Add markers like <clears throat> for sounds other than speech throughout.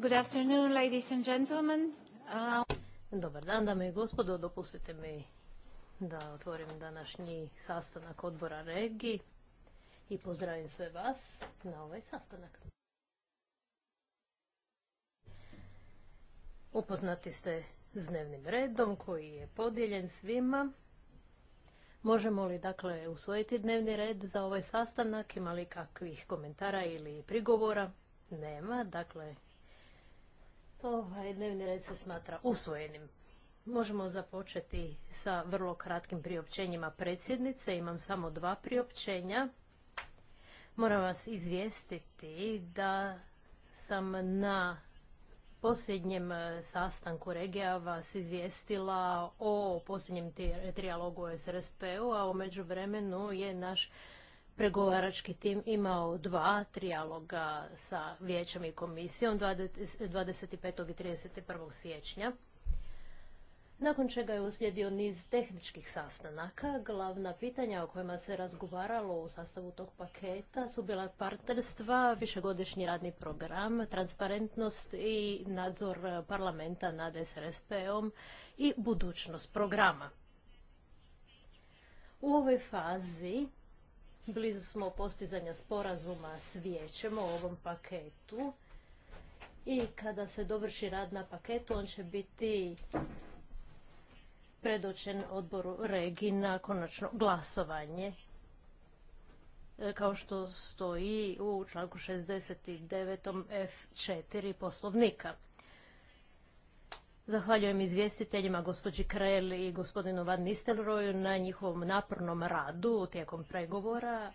Good afternoon, ladies and gentlemen. Uh, Dobar dan, dame i gospodo. Dopustite mi da otvorim današnji sastanak odbora Regi i pozdravim sve vas na ovaj sastanak. Upoznati ste s dnevnim redom koji je podijeljen svima. Možemo li dakle usvojiti dnevni red za ovaj sastanak? Ima li kakvih komentara ili prigovora? Nema, dakle ovaj dnevni red se smatra usvojenim. Možemo započeti sa vrlo kratkim priopćenjima predsjednice. Imam samo dva priopćenja. Moram vas izvijestiti da sam na posljednjem e, sastanku regija vas izvijestila o posljednjem trijalogu o SRSP-u, a u međuvremenu je naš pregovarački tim imao dva trialoga sa vijećem i komisijom 25. i 31. siječnja nakon čega je uslijedio niz tehničkih sastanaka. Glavna pitanja o kojima se razgovaralo u sastavu tog paketa su bila partnerstva, višegodišnji radni program, transparentnost i nadzor parlamenta nad SRSP-om i budućnost programa. U ovoj fazi blizu smo postizanja sporazuma s vijećem o ovom paketu i kada se dovrši rad na paketu on će biti predočen odboru regi na konačno glasovanje e, kao što stoji u članku 69. F4 poslovnika. Zahvaljujem izvjestiteljima gospođi Krel i gospodinu Van Nistelroju na njihovom napornom radu tijekom pregovora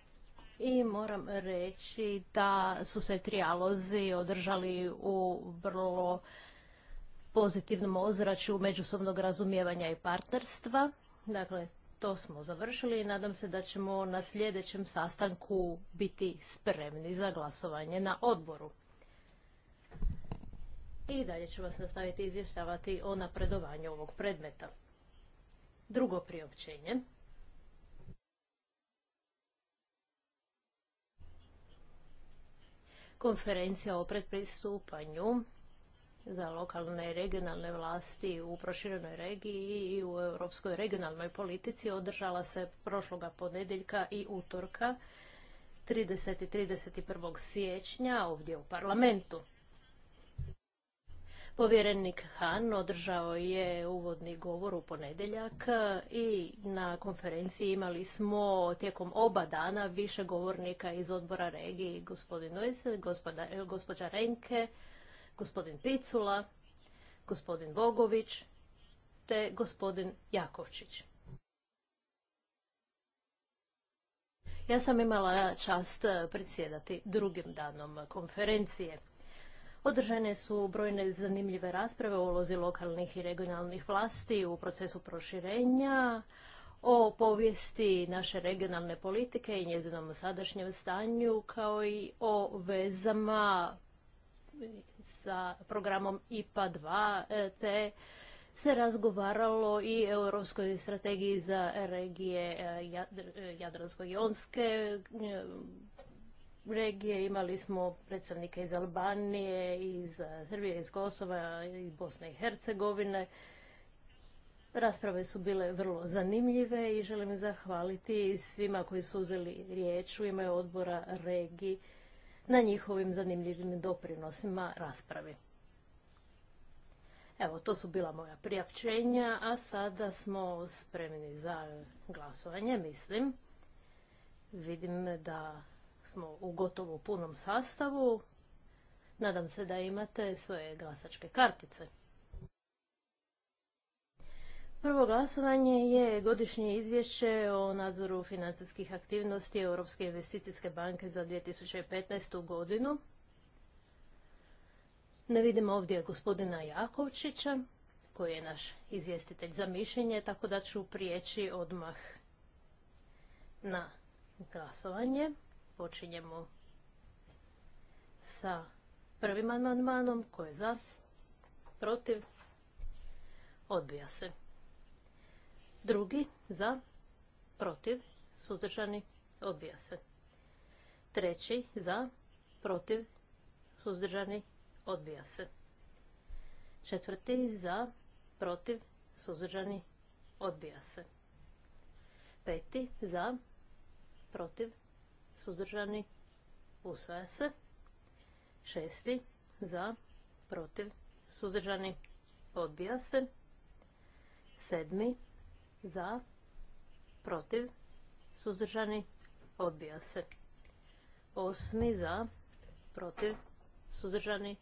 i moram reći da su se trijalozi održali u vrlo pozitivnom ozračju međusobnog razumijevanja i partnerstva. Dakle, to smo završili i nadam se da ćemo na sljedećem sastanku biti spremni za glasovanje na odboru. I dalje ću vas nastaviti izvještavati o napredovanju ovog predmeta. Drugo priopćenje. Konferencija o predpristupanju za lokalne i regionalne vlasti u proširenoj regiji i u europskoj regionalnoj politici održala se prošloga ponedjeljka i utorka 30. i 31. siječnja ovdje u parlamentu. Povjerenik Han održao je uvodni govor u ponedjeljak i na konferenciji imali smo tijekom oba dana više govornika iz odbora regiji, gospodin Noise, gospođa Renke, gospodin Picula, gospodin Bogović te gospodin Jakovčić. Ja sam imala čast predsjedati drugim danom konferencije. Održane su brojne zanimljive rasprave o ulozi lokalnih i regionalnih vlasti u procesu proširenja, o povijesti naše regionalne politike i njezinom sadašnjem stanju, kao i o vezama sa programom IPA 2 e, te se razgovaralo i o europskoj strategiji za regije e, e, Jadransko-Jonske regije. Imali smo predstavnike iz Albanije, iz Srbije, iz Kosova, iz Bosne i Hercegovine. Rasprave su bile vrlo zanimljive i želim zahvaliti svima koji su uzeli riječ u ime odbora regiji na njihovim zanimljivim doprinosima raspravi. Evo, to su bila moja priopćenja, a sada smo spremni za glasovanje, mislim. Vidim da smo u gotovo punom sastavu. Nadam se da imate svoje glasačke kartice. Prvo glasovanje je godišnje izvješće o nadzoru financijskih aktivnosti Europske investicijske banke za 2015. godinu. Ne vidimo ovdje gospodina Jakovčića, koji je naš izvjestitelj za mišljenje, tako da ću prijeći odmah na glasovanje. Počinjemo sa prvim amandmanom, koji je za, protiv, odbija se. Drugi za, protiv, suzdržani, odbija se. Treći za, protiv, suzdržani, odbija se. Četvrti za, protiv, suzdržani, odbija se. Peti za, protiv, suzdržani, usvaja se. Šesti za, protiv, suzdržani, odbija se. Sedmi za, protiv, suzdržani, odbija se. Osmi za, protiv, suzdržani,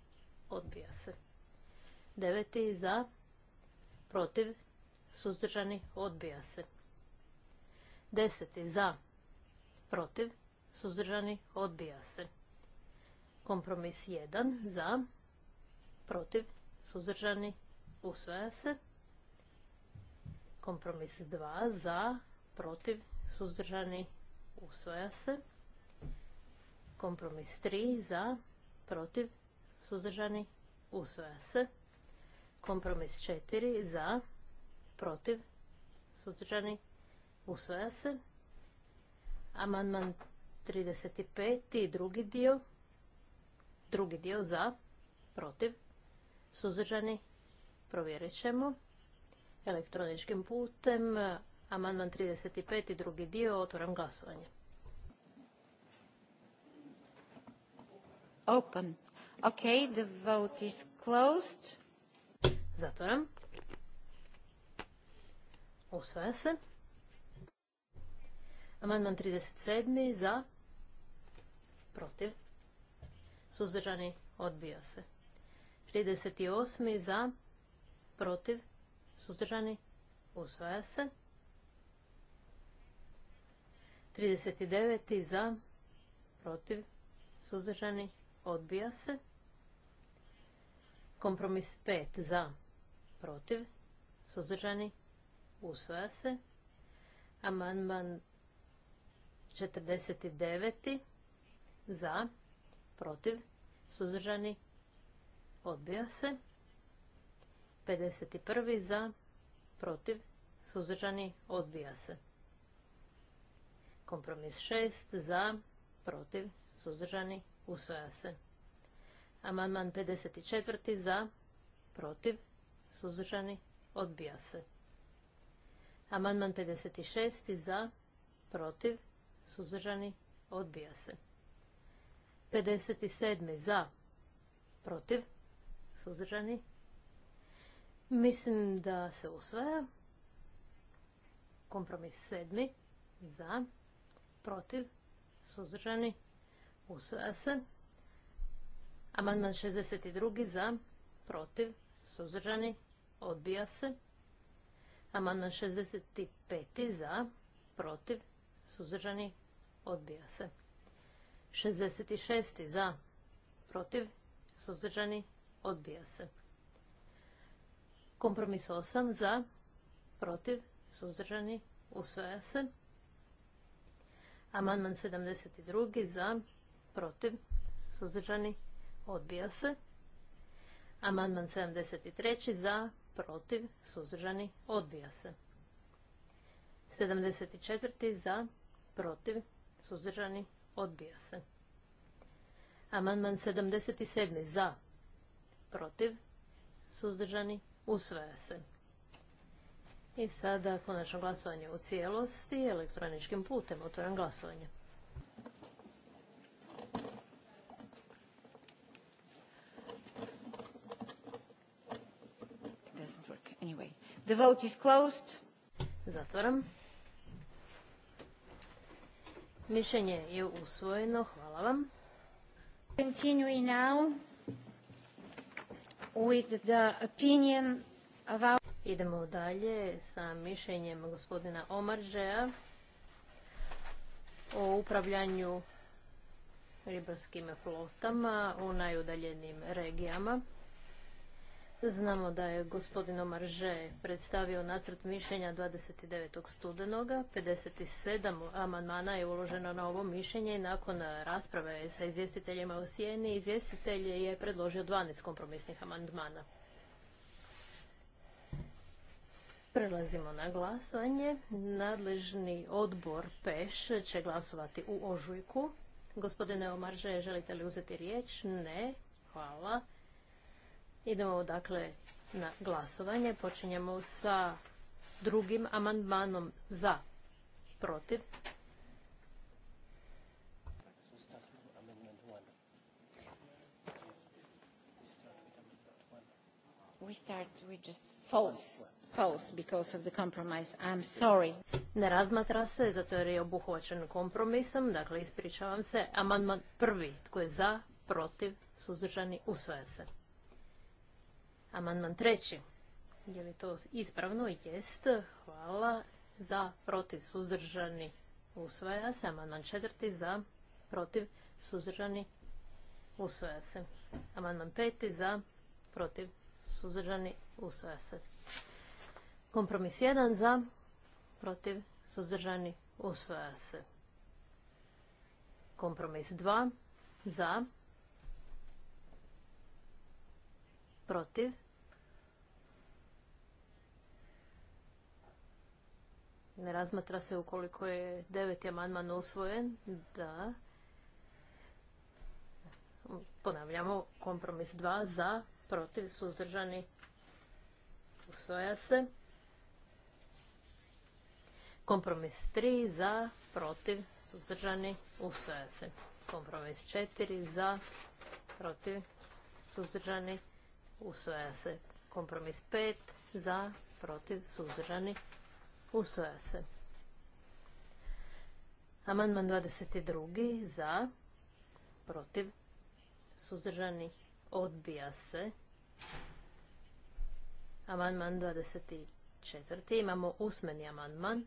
odbija se. Deveti za, protiv, suzdržani, odbija se. Deseti za, protiv, suzdržani, odbija se. Kompromis 1 za, protiv, suzdržani, usvaja se. Kompromis 2 za, protiv, suzdržani, usvaja se. Kompromis 3 za, protiv, suzdržani, usvaja se. Kompromis 4 za, protiv, suzdržani, usvaja se. Amandman 35 i drugi dio, drugi dio za, protiv, suzdržani, provjerit ćemo elektroničkim putem. Amandman 35 i drugi dio, otvoram glasovanje. Open. Okay, the vote is closed. Zatvoram. Usvaja se. Amandman 37. Za. Protiv. Suzdržani odbija se. 38. Za. Protiv. Suzdržani? Usvaja se. 39. za, protiv, suzdržani, odbija se. Kompromis 5 za, protiv, suzdržani, usvaja se. Amandman 49. za, protiv, suzdržani, odbija se. 51. za, protiv, suzdržani, odbija se. Kompromis 6 za, protiv, suzdržani, usvoja se. Amandman 54. za, protiv, suzdržani, odbija se. Amandman 56. za, protiv, suzdržani, odbija se. 57. za, protiv, suzdržani, Mislim da se usvaja. Kompromis sedmi. Za. Protiv. Suzdržani. Usvaja se. Amandman 62. Za. Protiv. Suzdržani. Odbija se. Amandman 65. Za. Protiv. Suzdržani. Odbija se. 66. Za. Protiv. Suzdržani. Odbija se. Kompromis 8 za, protiv, suzdržani, usvaja se. Amandman 72 za, protiv, suzdržani, odbija se. Amandman 73 za, protiv, suzdržani, odbija se. 74 za, protiv, suzdržani, odbija se. Amandman 77 za, protiv, suzdržani, Usvaja se. I sada konačno glasovanje u cijelosti elektroničkim putem. Otvoram glasovanje. the vote is closed. Zatvaram. Mišljenje je usvojeno. Hvala vam. Continue now with the opinion of our... Idemo dalje sa mišljenjem gospodina Omaržeja o upravljanju ribarskim flotama u najudaljenim regijama. Znamo da je gospodin Omarže predstavio nacrt mišljenja 29. studenoga. 57 amandmana je uloženo na ovo mišljenje i nakon rasprave sa izvjestiteljima u Sijeni izvjestitelj je predložio 12 kompromisnih amandmana. Prelazimo na glasovanje. Nadležni odbor PEŠ će glasovati u ožujku. Gospodine Omarže, želite li uzeti riječ? Ne. Hvala. Idemo dakle na glasovanje. Počinjemo sa drugim amandmanom za, protiv. Ne razmatra se, zato jer je obuhvaćen kompromisom, dakle ispričavam se. Amandman prvi, tko je za, protiv, suzdržani, usvaja se. Amandman treći. Je li to ispravno? Jest. Hvala. Za, protiv, suzdržani. Usvaja se. Amandman četvrti. Za, protiv, suzdržani. Usvaja se. Amandman peti. Za, protiv, suzdržani. Usvaja se. Kompromis jedan za, protiv, suzdržani, usvaja se. Kompromis dva za, protiv, ne razmatra se ukoliko je deveti amandman usvojen, da, ponavljamo, kompromis 2 za, protiv, suzdržani, usvoja se. Kompromis 3 za, protiv, suzdržani, usvoja se. Kompromis 4 za, protiv, suzdržani, usvaja se. Kompromis 5 za, protiv, suzdržani, usvaja se. Amandman 22. za, protiv, suzdržani, odbija se. Amandman 24. Imamo usmeni amandman.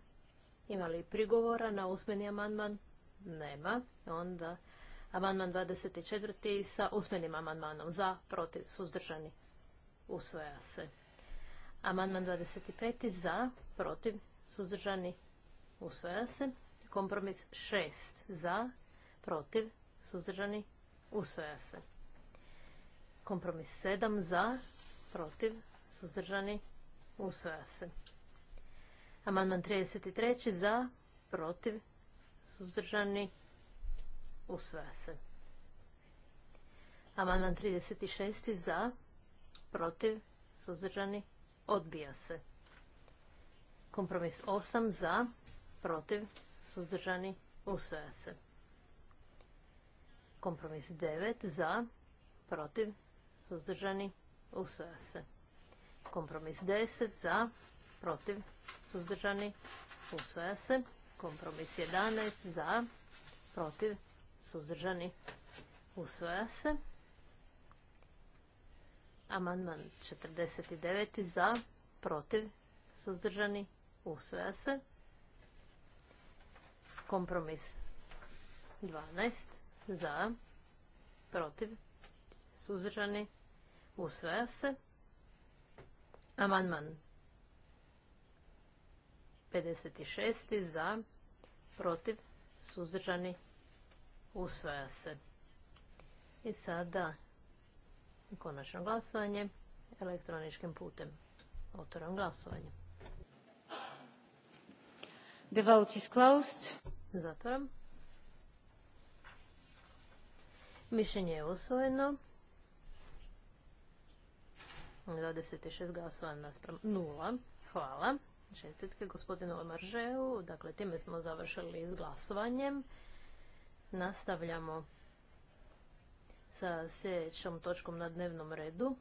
Ima li prigovora na usmeni amandman? Nema. Onda amandman 24. sa usmenim amandmanom za, protiv, suzdržani, usvaja se. Amandman 25. za, protiv, suzdržani, usvaja se. Kompromis 6 za, protiv, suzdržani, usvaja se. Kompromis 7 za, protiv, suzdržani, usvaja se. Amandman 33. za, protiv, suzdržani, usvaja se. Amandman 36. za, protiv, suzdržani, odbija se. Kompromis 8 za, protiv, suzdržani, usvaja se. Kompromis 9 za, protiv, suzdržani, usvaja se. Kompromis 10 za, protiv, suzdržani, usvaja se. Kompromis 11 za, protiv, suzdržani, usvaja se. Amandman 49. za, protiv, suzdržani, usvoja se. Kompromis 12. za, protiv, suzdržani, usvoja se. Amandman 56. za, protiv, suzdržani, usvoja se. I sada Konačno glasovanje elektroničkim putem. Otvoram glasovanje. The vote is closed. Zatvoram. Mišljenje je usvojeno. 26 glasova naspram nula. Hvala. Čestitke gospodinu Omaržeju. Dakle, time smo završili s glasovanjem. Nastavljamo sa sljedećom točkom na dnevnom redu.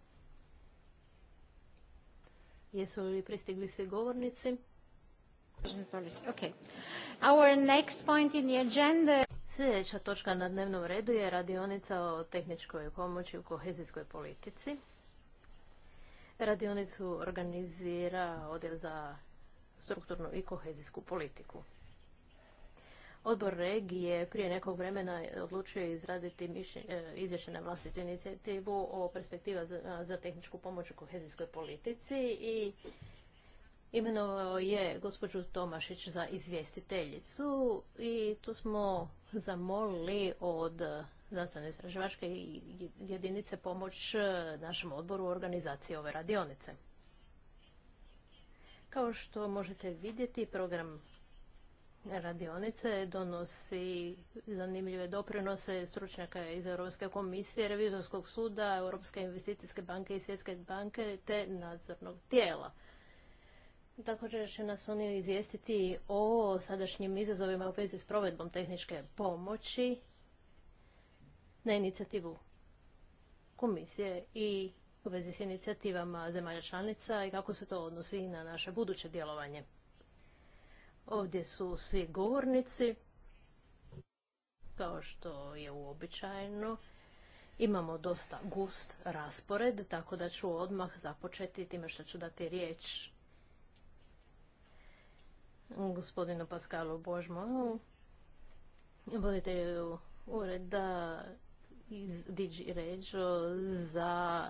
Jesu li pristigli svi govornici? Sljedeća točka na dnevnom redu je radionica o tehničkoj pomoći u kohezijskoj politici. Radionicu organizira Odjel za strukturnu i kohezijsku politiku. Odbor regije prije nekog vremena odlučio izraditi e, izvješće na vlastitu inicijativu o perspektiva za, tehničku pomoć u kohezijskoj politici i imenovao je gospođu Tomašić za izvjestiteljicu i tu smo zamolili od znanstveno istraživačke jedinice pomoć e, našem odboru u organizaciji ove radionice. Kao što možete vidjeti, program radionice, donosi zanimljive doprinose stručnjaka iz Europske komisije, Revizorskog suda, Europske investicijske banke i Svjetske banke te nadzornog tijela. Također će nas oni izvijestiti o sadašnjim izazovima u vezi s provedbom tehničke pomoći na inicijativu komisije i u vezi s inicijativama zemalja članica i kako se to odnosi na naše buduće djelovanje. Ovdje su svi govornici, kao što je uobičajeno. Imamo dosta gust raspored, tako da ću odmah započeti time što ću dati riječ gospodinu Paskalu Božmanu, voditelju ureda iz Digi Regio za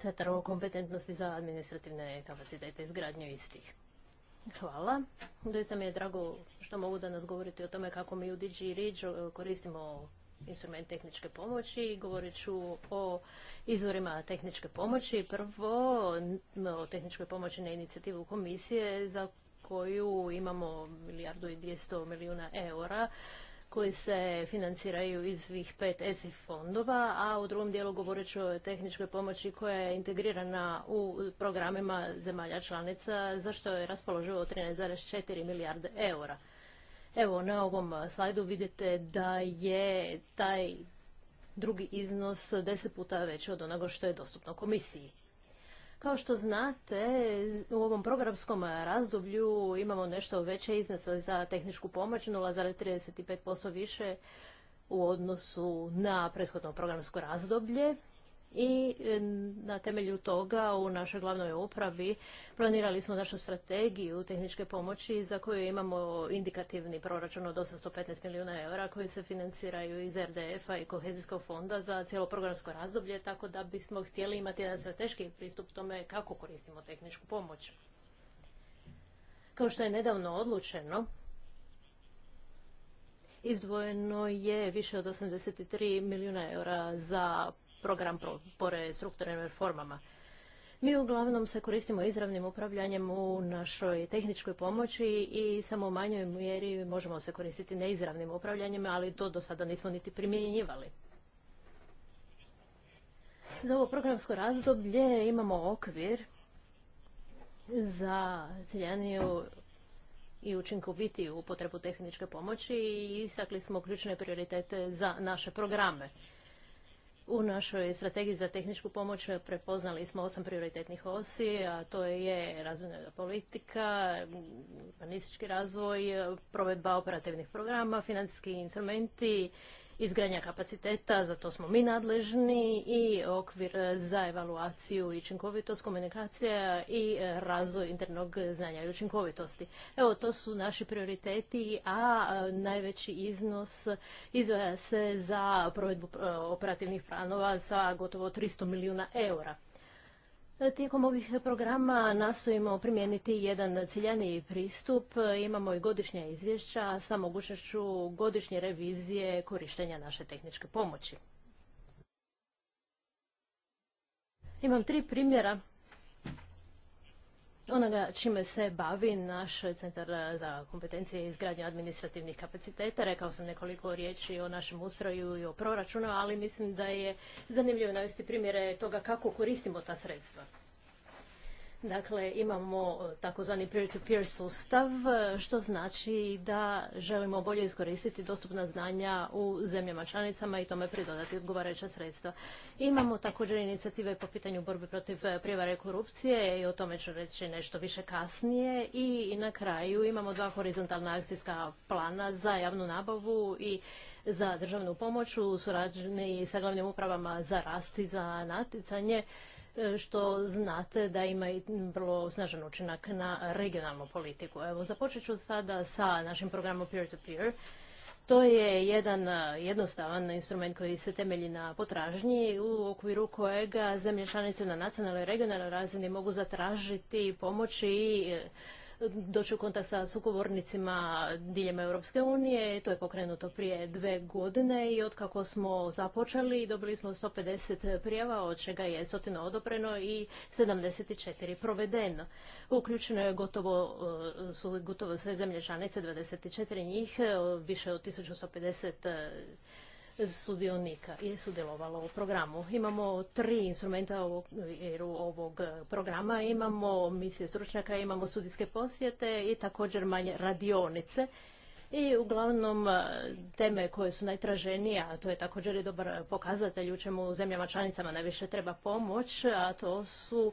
Centar kompetentnosti za administrativne kapacitete izgradnju istih. Hvala. Doista mi je drago što mogu danas govoriti o tome kako mi u DG Ridge e, koristimo instrument tehničke pomoći i govorit ću o izvorima tehničke pomoći. Prvo, o tehničkoj pomoći na inicijativu komisije za koju imamo milijardu i 200 milijuna eura koji se financiraju iz svih pet ESI fondova, a u drugom dijelu govorit ću o tehničkoj pomoći koja je integrirana u programima zemalja članica, za što je raspoloživo 13,4 milijarde eura. Evo, na ovom slajdu vidite da je taj drugi iznos deset puta veći od onoga što je dostupno komisiji. Kao što znate, u ovom programskom razdoblju imamo nešto veće iznose za tehničku pomoć, 0,35% više u odnosu na prethodno programsko razdoblje i e, na temelju toga u našoj glavnoj upravi planirali smo našu strategiju tehničke pomoći za koju imamo indikativni proračun od 815 milijuna eura koji se financiraju iz RDF-a i kohezijskog fonda za cijelo programsko razdoblje, tako da bismo htjeli imati jedan strateški pristup tome kako koristimo tehničku pomoć. Kao što je nedavno odlučeno, izdvojeno je više od 83 milijuna eura za program pore strukturnim reformama. Mi uglavnom se koristimo izravnim upravljanjem u našoj tehničkoj pomoći i samo u manjoj mjeri možemo se koristiti neizravnim upravljanjem, ali to do sada nismo niti primjenjivali. Za ovo programsko razdoblje imamo okvir za ciljaniju i učinkovitiju upotrebu tehničke pomoći i istakli smo ključne prioritete za naše programe. U našoj strategiji za tehničku pomoć prepoznali smo osam prioritetnih osi, a to je razvojna politika, urbanistički razvoj, provedba operativnih programa, financijski instrumenti, Izgranja kapaciteta, za to smo mi nadležni i okvir za evaluaciju i učinkovitost, komunikacija i razvoj internog znanja i učinkovitosti. Evo, to su naši prioriteti, a najveći iznos izvaja se za provedbu e, operativnih planova sa gotovo 300 milijuna eura. Tijekom ovih programa nastojimo primijeniti jedan ciljaniji pristup. Imamo i godišnja izvješća sa mogućnošću godišnje revizije korištenja naše tehničke pomoći. Imam tri primjera onoga čime se bavi naš Centar za kompetencije i izgradnje administrativnih kapaciteta. Rekao sam nekoliko riječi o našem ustroju i o proračunu, ali mislim da je zanimljivo navesti primjere toga kako koristimo ta sredstva. Dakle, imamo e, takozvani peer-to-peer sustav, e, što znači da želimo bolje iskoristiti dostupna znanja u zemljama članicama i tome pridodati odgovarajuća sredstva. Imamo također inicijative po pitanju borbe protiv e, prijevare korupcije i o tome ću reći nešto više kasnije. I na kraju imamo dva horizontalna akcijska plana za javnu nabavu i za državnu pomoć u suradnji sa glavnim upravama za rast i za naticanje E, što znate da ima i vrlo snažan učinak na regionalnu politiku. Evo, započet ću sada sa našim programom Peer-to-Peer. to je jedan e, jednostavan instrument koji se temelji na potražnji u okviru kojega zemlje članice na nacionalnoj i regionalnoj razini mogu zatražiti pomoći. i e, doći u kontakt sa sugovornicima diljem Europske unije. To je pokrenuto prije dve godine i otkako smo započeli dobili smo 150 prijava, od čega je stotino odobreno i 74 provedeno. Uključeno je gotovo, e, su gotovo sve zemlje članice, 24 njih, e, više od 1150 sudionika je sudjelovalo u programu. Imamo tri instrumenta u ovog programa. Imamo misije stručnjaka, imamo studijske posjete i također manje radionice. I uglavnom teme koje su najtraženije, a to je također i dobar pokazatelj u čemu zemljama članicama najviše treba pomoć, a to su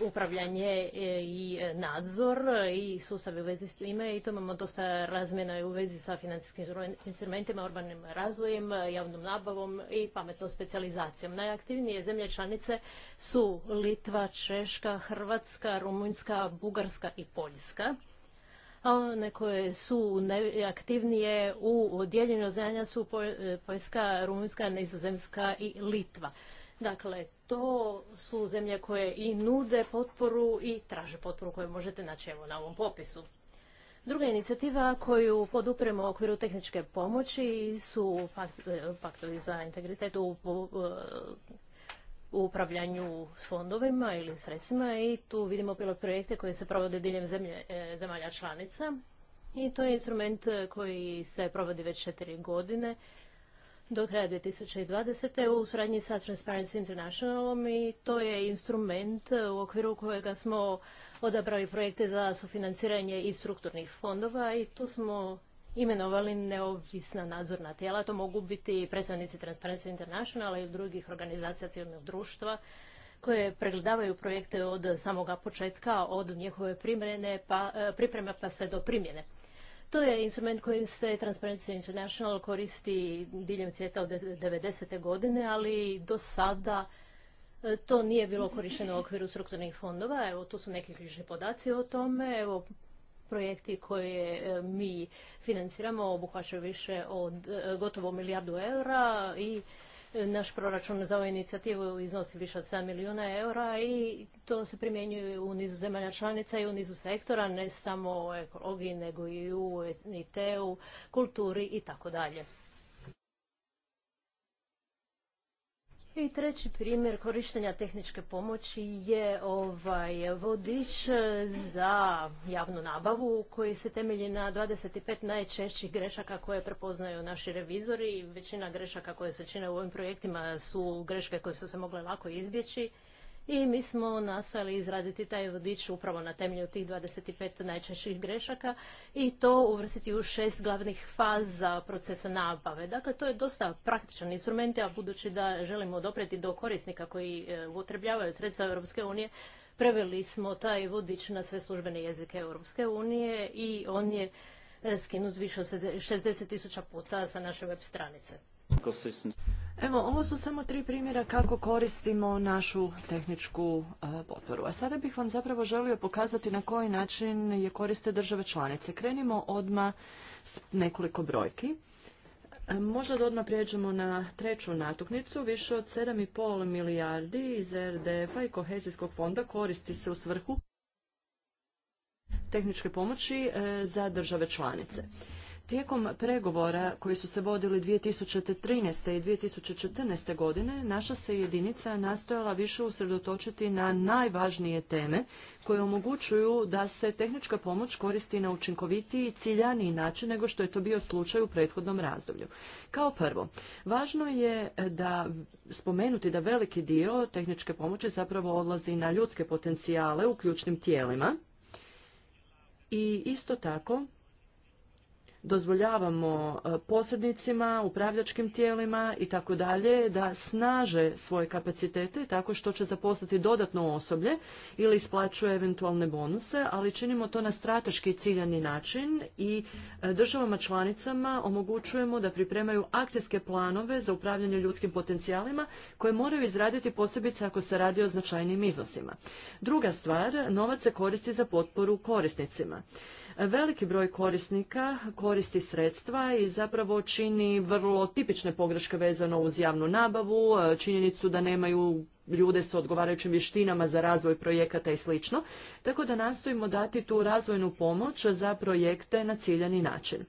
upravljanje e, i nadzor e, i sustave u vezi s time i tu imamo dosta razmjena u vezi sa financijskim instrumentima, urbanim razvojem, e, javnom nabavom i pametnom specijalizacijom. Najaktivnije zemlje članice su Litva, Češka, Hrvatska, Rumunjska, Bugarska i Poljska. A one koje su najaktivnije u dijeljenju znanja su Poljska, Rumunjska, Nizozemska i Litva. Dakle, to su zemlje koje i nude potporu i traže potporu koju možete naći evo na ovom popisu. Druga inicijativa koju podupiremo u okviru tehničke pomoći su e, paktovi za integritet u upravljanju s fondovima ili sredstvima i tu vidimo pilot projekte koje se provode diljem e, zemalja članica. I to je instrument koji se provodi već četiri godine do kraja 2020. u suradnji sa Transparency Internationalom i to je instrument u okviru kojega smo odabrali projekte za sufinanciranje iz strukturnih fondova i tu smo imenovali neovisna nadzorna tijela. To mogu biti predstavnici Transparency Internationala i drugih organizacija civilnog društva koje pregledavaju projekte od samoga početka, od njihove primjene, pa, pripreme pa sve do primjene. To je instrument koji se Transparency International koristi diljem svijeta od 90. godine, ali do sada e, to nije bilo korišteno u okviru strukturnih fondova. Evo, tu su neki ključni podaci o tome. Evo, projekti koje e, mi financiramo obuhvaćaju više od e, gotovo milijardu eura i naš proračun za ovu inicijativu iznosi više od 7 milijuna eura i to se primjenjuje u nizu zemalja članica i u nizu sektora, ne samo u ekologiji, nego i u etniteu, kulturi i tako dalje. I treći primjer korištenja tehničke pomoći je ovaj vodič e, za javnu nabavu koji se temelji na 25 najčešćih grešaka koje prepoznaju naši revizori. Većina grešaka koje se čine u ovim projektima su greške koje su se mogle lako izbjeći i mi smo nastojali izraditi taj vodič upravo na temelju tih 25 najčešćih grešaka i to uvrstiti u šest glavnih faza procesa nabave. Dakle, to je dosta praktičan instrument, a budući da želimo dopreti do korisnika koji e, upotrebljavaju sredstva Europske unije, preveli smo taj vodič na sve službene jezike Europske unije i on je e, skinut više od 60.000 tisuća puta sa naše web stranice. Evo, ovo su samo tri primjera kako koristimo našu tehničku e, potporu. A sada bih vam zapravo želio pokazati na koji način je koriste države članice. Krenimo odmah s nekoliko brojki. E, možda da odmah prijeđemo na treću natuknicu. Više od 7,5 milijardi iz RDF-a i kohezijskog fonda koristi se u svrhu tehničke pomoći e, za države članice. Tijekom pregovora koji su se vodili 2013. i 2014. godine, naša se jedinica nastojala više usredotočiti na najvažnije teme koje omogućuju da se tehnička pomoć koristi na učinkovitiji i ciljaniji način nego što je to bio slučaj u prethodnom razdoblju. Kao prvo, važno je da spomenuti da veliki dio tehničke pomoći zapravo odlazi na ljudske potencijale u ključnim tijelima i isto tako dozvoljavamo e, posrednicima, upravljačkim tijelima i tako dalje da snaže svoje kapacitete tako što će zaposliti dodatno osoblje ili isplaćuje eventualne bonuse, ali činimo to na strateški ciljani način i e, državama članicama omogućujemo da pripremaju akcijske planove za upravljanje ljudskim potencijalima koje moraju izraditi posebice ako se radi o značajnim iznosima. Druga stvar, novac se koristi za potporu korisnicima. Veliki broj korisnika koristi sredstva i zapravo čini vrlo tipične pogreške vezano uz javnu nabavu, e, činjenicu da nemaju ljude s odgovarajućim vještinama za razvoj projekata i sl. Tako da nastojimo dati tu razvojnu pomoć za projekte na ciljani način.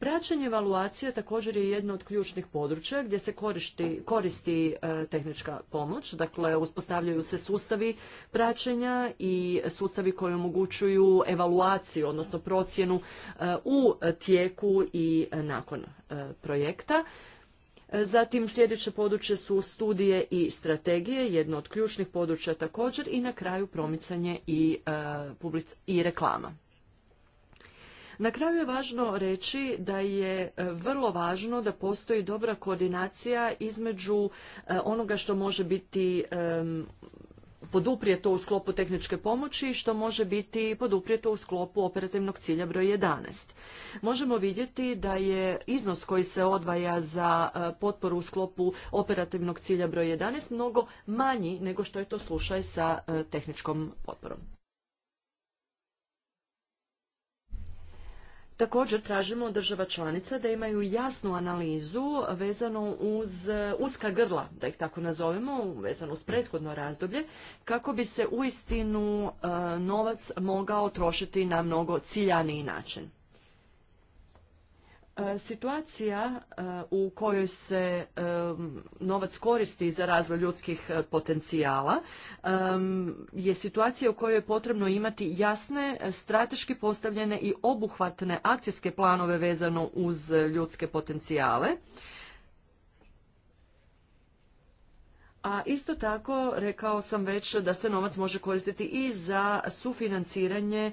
Praćenje evaluacija također je jedno od ključnih područja gdje se koristi, koristi e, tehnička pomoć, dakle uspostavljaju se sustavi praćenja i sustavi koji omogućuju evaluaciju, odnosno procjenu e, u tijeku i nakon e, projekta. Zatim sljedeće područje su studije i strategije, jedno od ključnih područja također i na kraju promicanje i, i reklama. Na kraju je važno reći da je e, vrlo važno da postoji dobra koordinacija između e, onoga što može biti poduprijeto u sklopu tehničke pomoći i što može biti poduprijeto u sklopu operativnog cilja broj 11. Možemo vidjeti da je iznos koji se odvaja za e, potporu u sklopu operativnog cilja broj 11 mnogo manji nego što je to slušaj sa tehničkom potporom. Također tražimo od država članica da imaju jasnu analizu vezano uz uska grla, da ih tako nazovemo, vezanu uz prethodno razdoblje, kako bi se uistinu e, novac mogao trošiti na mnogo ciljaniji način. E, situacija e, u kojoj se e, novac koristi za razvoj ljudskih potencijala je situacija u kojoj je potrebno imati jasne, strateški postavljene i obuhvatne akcijske planove vezano uz ljudske potencijale A isto tako rekao sam već da se novac može koristiti i za sufinanciranje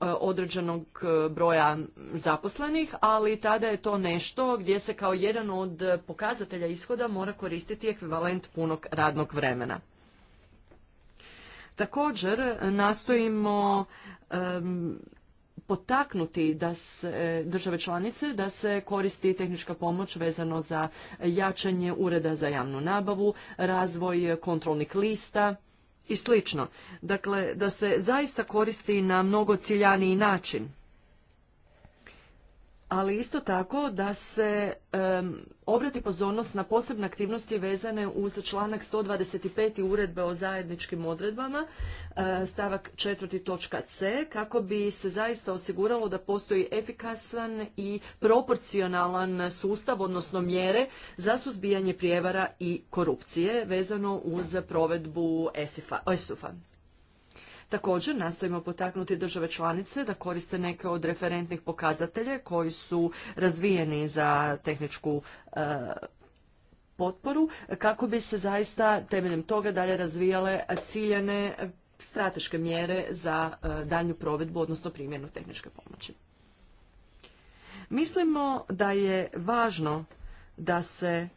određenog broja zaposlenih, ali tada je to nešto gdje se kao jedan od pokazatelja ishoda mora koristiti ekvivalent punog radnog vremena. Također nastojimo potaknuti da se, e, države članice da se koristi tehnička pomoć vezano za jačanje ureda za javnu nabavu, razvoj kontrolnih lista i slično. Dakle, da se zaista koristi na mnogo ciljaniji način ali isto tako da se obrati pozornost na posebne aktivnosti vezane uz članak 125. uredbe o zajedničkim odredbama, e, stavak 4. točka C, kako bi se zaista osiguralo da postoji efikasan i proporcionalan sustav, odnosno mjere za suzbijanje prijevara i korupcije vezano uz provedbu ESUFA. Također nastojimo potaknuti države članice da koriste neke od referentnih pokazatelje koji su razvijeni za tehničku e, potporu kako bi se zaista temeljem toga dalje razvijale ciljene strateške mjere za e, dalju provedbu, odnosno primjenu tehničke pomoći. Mislimo da je važno da se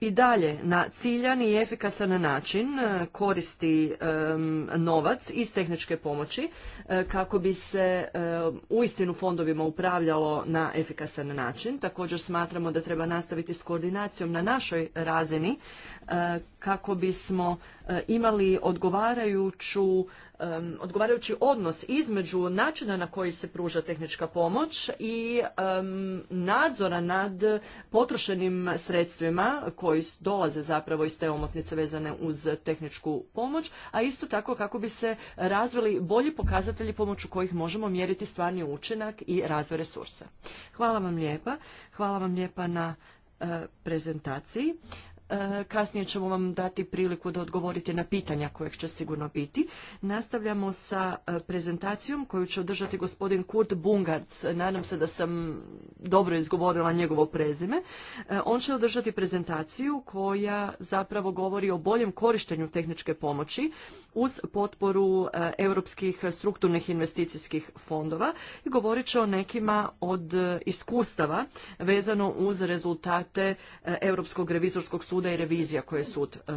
i dalje na ciljani i efikasan način e, koristi novac iz tehničke pomoći e, kako bi se u e, uistinu fondovima upravljalo na efikasan način. Također smatramo da treba nastaviti s koordinacijom na našoj razini kako bismo e, imali odgovarajuću, e, odgovarajući odnos između načina na koji se pruža tehnička pomoć i e, nadzora nad potrošenim sredstvima koji dolaze zapravo iz te omotnice vezane uz tehničku pomoć, a isto tako kako bi se razvili bolji pokazatelji pomoću kojih možemo mjeriti stvarni učinak i razvoj resursa. Hvala vam lijepa. Hvala vam lijepa na prezentaciji. E, kasnije ćemo vam dati priliku da odgovorite na pitanja kojeg će sigurno biti. Nastavljamo sa e, prezentacijom koju će održati gospodin Kurt Bungarc. Nadam se da sam dobro izgovorila njegovo prezime. E, on će održati prezentaciju koja zapravo govori o boljem korištenju tehničke pomoći uz potporu europskih strukturnih investicijskih fondova i govorit će o nekima od iskustava vezano uz rezultate Europskog revizorskog suda suda i revizija koje je sud e,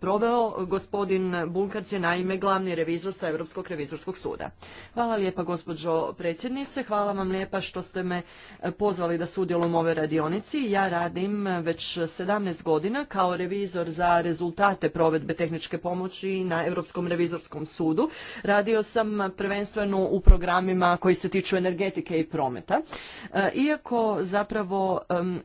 proveo. Gospodin Bunkac je naime glavni revizor sa Europskog revizorskog suda. Hvala lijepa gospođo predsjednice, hvala vam lijepa što ste me e, pozvali da sudjelujem u ovoj radionici. Ja radim već 17 godina kao revizor za rezultate provedbe tehničke pomoći na Europskom revizorskom sudu. Radio sam prvenstveno u programima koji se tiču energetike i prometa. E, iako zapravo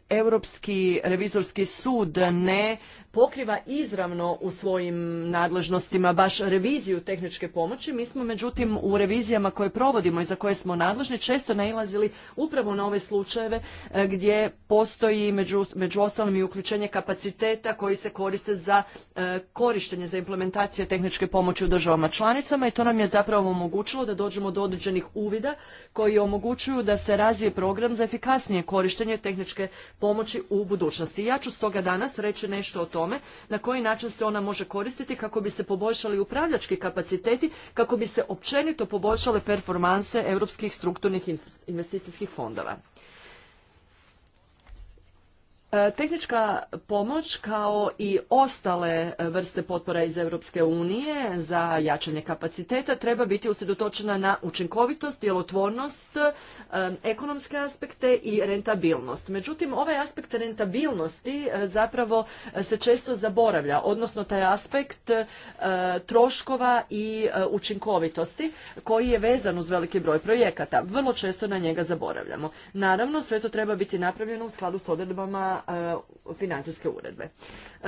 Europski revizorski sud ne pokriva izravno u svojim nadležnostima baš reviziju tehničke pomoći. Mi smo međutim u revizijama koje provodimo i za koje smo nadležni često nailazili upravo na ove slučajeve e, gdje postoji među, među ostalim i uključenje kapaciteta koji se koriste za e, korištenje, za implementacije tehničke pomoći u državama članicama i to nam je zapravo omogućilo da dođemo do određenih uvida koji omogućuju da se razvije program za efikasnije korištenje tehničke pomoći u budućnosti. Ja ću stoga danas reći nešto o tome tome na koji način se ona može koristiti kako bi se poboljšali upravljački kapaciteti, kako bi se općenito poboljšale performanse europskih strukturnih investicijskih fondova. E, tehnička pomoć kao i ostale vrste potpora iz Europske unije za jačanje kapaciteta treba biti usredotočena na učinkovitost, djelotvornost, e, ekonomske aspekte i rentabilnost. Međutim, ovaj aspekt rentabilnosti e, zapravo se često zaboravlja, odnosno taj aspekt troškova i učinkovitosti koji je vezan uz veliki broj projekata. Vrlo često na njega zaboravljamo. Naravno, sve to treba biti napravljeno u skladu s odredbama E, financijske uredbe.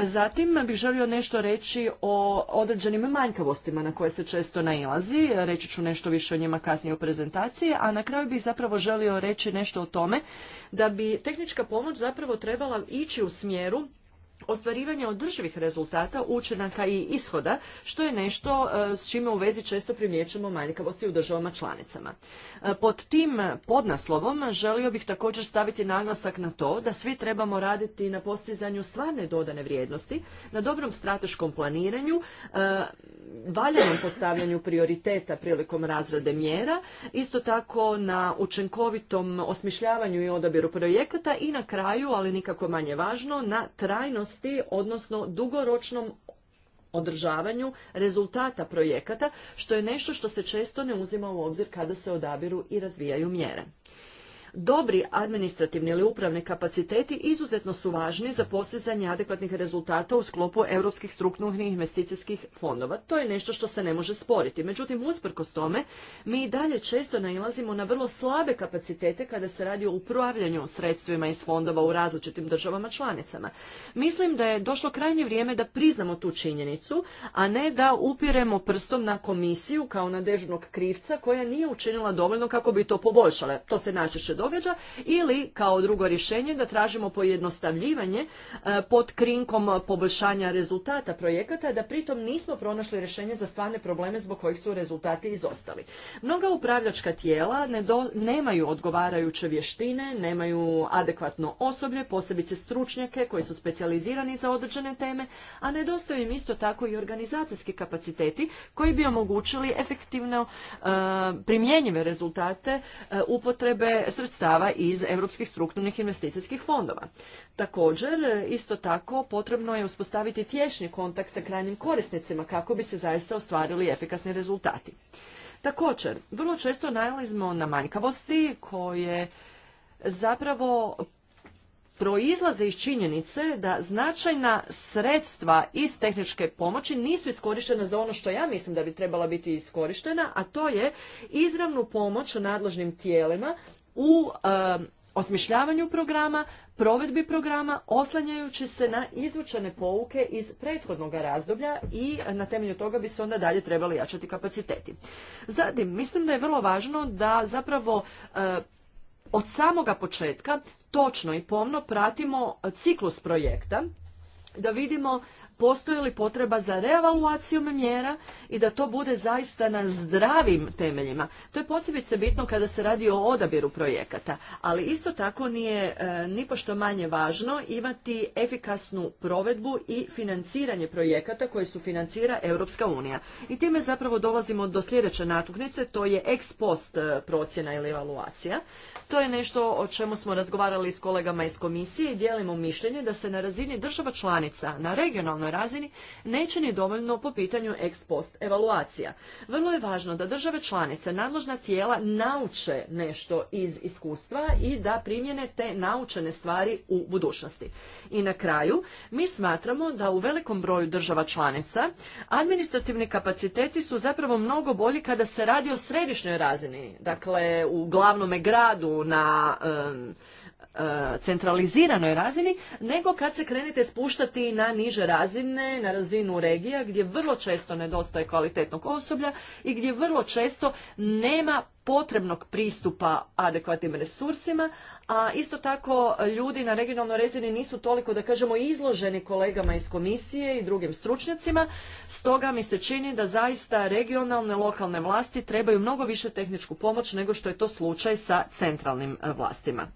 Zatim bih želio nešto reći o određenim manjkavostima na koje se često nailazi. Reći ću nešto više o njima kasnije u prezentaciji, a na kraju bih zapravo želio reći nešto o tome da bi tehnička pomoć zapravo trebala ići u smjeru ostvarivanje održivih rezultata, učenaka i ishoda, što je nešto e, s čime u vezi često primjećujemo manjkavosti u državama članicama. E, pod tim podnaslovom želio bih također staviti naglasak na to da svi trebamo raditi na postizanju stvarne dodane vrijednosti, na dobrom strateškom planiranju, e, valjanom postavljanju prioriteta prilikom razrade mjera, isto tako na učinkovitom osmišljavanju i odabiru projekata i na kraju, ali nikako manje važno, na trajnost održivosti, odnosno dugoročnom održavanju rezultata projekata, što je nešto što se često ne uzima u obzir kada se odabiru i razvijaju mjere. Dobri administrativni ili upravni kapaciteti izuzetno su važni za postizanje adekvatnih rezultata u sklopu europskih strukturnih investicijskih fondova. To je nešto što se ne može sporiti. Međutim, usprkos tome, mi i dalje često nailazimo na vrlo slabe kapacitete kada se radi o upravljanju sredstvima iz fondova u različitim državama članicama. Mislim da je došlo krajnje vrijeme da priznamo tu činjenicu, a ne da upiremo prstom na komisiju kao na dežurnog krivca koja nije učinila dovoljno kako bi to poboljšala. To se najčešće događa ili kao drugo rješenje da tražimo pojednostavljivanje e, pod krinkom poboljšanja rezultata projekata da pritom nismo pronašli rješenje za stvarne probleme zbog kojih su rezultati izostali. Mnoga upravljačka tijela ne nemaju odgovarajuće vještine, nemaju adekvatno osoblje, posebice stručnjake koji su specijalizirani za određene teme, a nedostaju im isto tako i organizacijski kapaciteti koji bi omogućili efektivno e, primjenjive rezultate e, upotrebe sredstava iz europskih strukturnih investicijskih fondova. Također, isto tako, potrebno je uspostaviti tješni kontakt sa krajnjim korisnicima kako bi se zaista ostvarili efikasni rezultati. Također, vrlo često nailazimo na manjkavosti koje zapravo proizlaze iz činjenice da značajna sredstva iz tehničke pomoći nisu iskorištena za ono što ja mislim da bi trebala biti iskorištena, a to je izravnu pomoć nadležnim tijelima u osmišljavanju programa, provedbi programa, oslanjajući se na izvučene pouke iz prethodnog razdoblja i na temelju toga bi se onda dalje trebali jačati kapaciteti. Zatim, mislim da je vrlo važno da zapravo od samoga početka točno i pomno pratimo ciklus projekta, da vidimo postoji li potreba za reavaluacijom mjera i da to bude zaista na zdravim temeljima. To je posebice bitno kada se radi o odabiru projekata, ali isto tako nije e, nipošto manje važno imati efikasnu provedbu i financiranje projekata koje su financira Europska unija. I time zapravo dolazimo do sljedeće natuknice, to je ex post e, procjena ili evaluacija. To je nešto o čemu smo razgovarali s kolegama iz komisije i dijelimo mišljenje da se na razini država članica, na regionalnoj razini neće ni dovoljno po pitanju ex post evaluacija. Vrlo je važno da države članice, nadležna tijela nauče nešto iz iskustva i da primjene te naučene stvari u budućnosti. I na kraju, mi smatramo da u velikom broju država članica administrativni kapaciteti su zapravo mnogo bolji kada se radi o središnjoj razini, dakle u glavnom gradu na E, centraliziranoj razini, nego kad se krenete spuštati na niže razine, na razinu regija, gdje vrlo često nedostaje kvalitetnog osoblja i gdje vrlo često nema potrebnog pristupa adekvatnim resursima, a isto tako ljudi na regionalnoj razini nisu toliko, da kažemo, izloženi kolegama iz komisije i drugim stručnjacima, stoga mi se čini da zaista regionalne lokalne vlasti trebaju mnogo više tehničku pomoć nego što je to slučaj sa centralnim e, vlastima.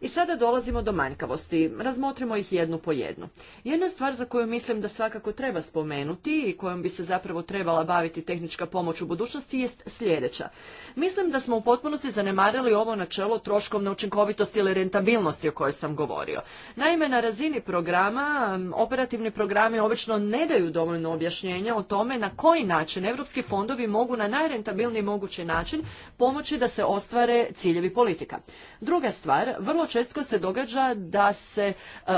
I sada dolazimo do manjkavosti. Razmotrimo ih jednu po jednu. Jedna stvar za koju mislim da svakako treba spomenuti i kojom bi se zapravo trebala baviti tehnička pomoć u budućnosti jest sljedeća. Mislim da smo u potpunosti zanemarili ovo načelo troškovne učinkovitosti ili rentabilnosti o kojoj sam govorio. Naime, na razini programa, operativni programi obično ne daju dovoljno objašnjenja o tome na koji način evropski fondovi mogu na najrentabilniji mogući način pomoći da se ostvare ciljevi politika. Druga stvar, vrlo vrlo često se događa da se e,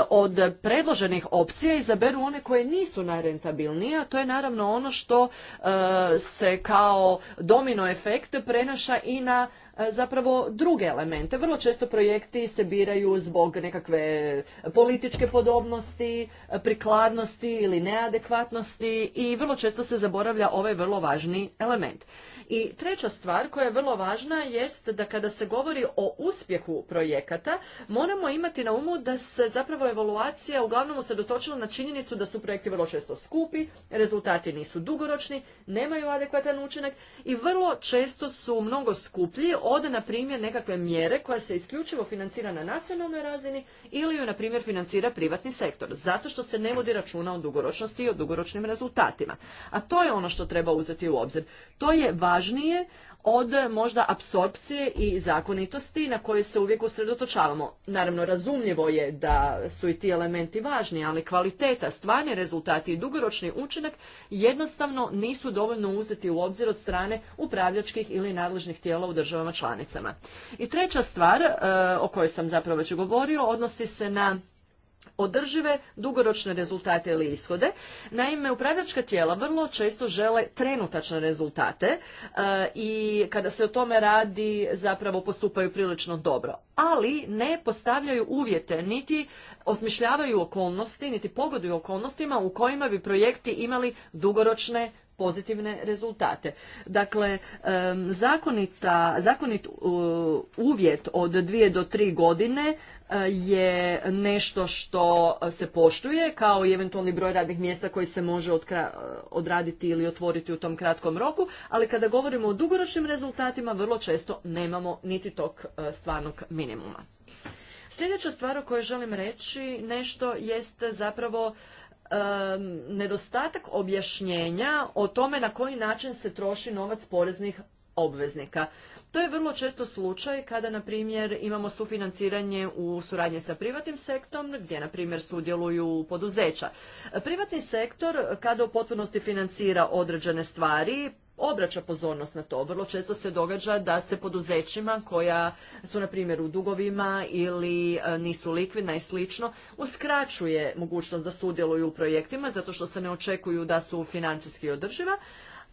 od predloženih opcija izaberu one koje nisu najrentabilnije, a to je naravno ono što e, se kao domino efekt prenaša i na e, zapravo druge elemente. Vrlo često projekti se biraju zbog nekakve političke podobnosti, prikladnosti ili neadekvatnosti i vrlo često se zaboravlja ovaj vrlo važni element. I treća stvar koja je vrlo važna jest da kada se govori o uspjehu projekata, moramo imati na umu da se zapravo evaluacija uglavnom usredotočila na činjenicu da su projekti vrlo često skupi, rezultati nisu dugoročni, nemaju adekvatan učinak i vrlo često su mnogo skuplji od, na primjer, nekakve mjere koja se isključivo financira na nacionalnoj razini ili ju, na primjer, financira privatni sektor, zato što se ne vodi računa o dugoročnosti i o dugoročnim rezultatima. A to je ono što treba uzeti u obzir. To je važnije od možda apsorpcije i zakonitosti na koje se uvijek usredotočavamo. Naravno, razumljivo je da su i ti elementi važni, ali kvaliteta, stvarni rezultati i dugoročni učinak jednostavno nisu dovoljno uzeti u obzir od strane upravljačkih ili nadležnih tijela u državama članicama. I treća stvar e, o kojoj sam zapravo već govorio odnosi se na održive dugoročne rezultate ili ishode. Naime, upravljačka tijela vrlo često žele trenutačne rezultate e, i kada se o tome radi zapravo postupaju prilično dobro. Ali ne postavljaju uvjete, niti osmišljavaju okolnosti, niti pogoduju okolnostima u kojima bi projekti imali dugoročne pozitivne rezultate. Dakle, zakonita, zakonit uvjet od dvije do tri godine e, je nešto što se poštuje kao i eventualni broj radnih mjesta koji se može odraditi ili otvoriti u tom kratkom roku, ali kada govorimo o dugoročnim rezultatima vrlo često nemamo niti tog e, stvarnog minimuma. Sljedeća stvar o kojoj želim reći nešto jest zapravo nedostatak objašnjenja o tome na koji način se troši novac poreznih obveznika. To je vrlo često slučaj kada, na primjer, imamo sufinanciranje u suradnji sa privatnim sektorom, gdje, na primjer, sudjeluju poduzeća. Privatni sektor, kada u potpunosti financira određene stvari, obraća pozornost na to. Vrlo često se događa da se poduzećima koja su na primjer u dugovima ili e, nisu likvidna i slično uskraćuje mogućnost da sudjeluju u projektima zato što se ne očekuju da su financijski održiva,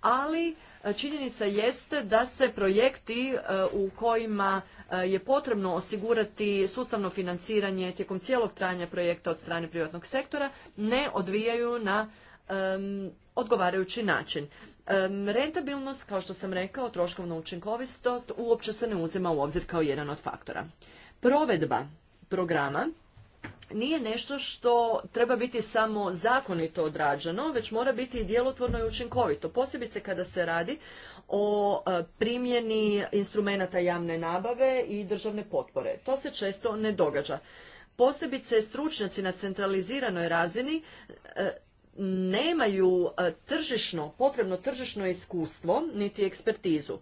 ali e, činjenica jeste da se projekti e, u kojima je potrebno osigurati sustavno financiranje tijekom cijelog trajanja projekta od strane privatnog sektora ne odvijaju na odgovarajući način. Rentabilnost, kao što sam rekao, troškovna učinkovitost uopće se ne uzima u obzir kao jedan od faktora. Provedba programa nije nešto što treba biti samo zakonito odrađeno, već mora biti i djelotvorno i učinkovito. Posebice kada se radi o e, primjeni instrumenata javne nabave i državne potpore. To se često ne događa. Posebice stručnjaci na centraliziranoj razini e, nemaju e, tržišno, potrebno tržišno iskustvo, niti ekspertizu.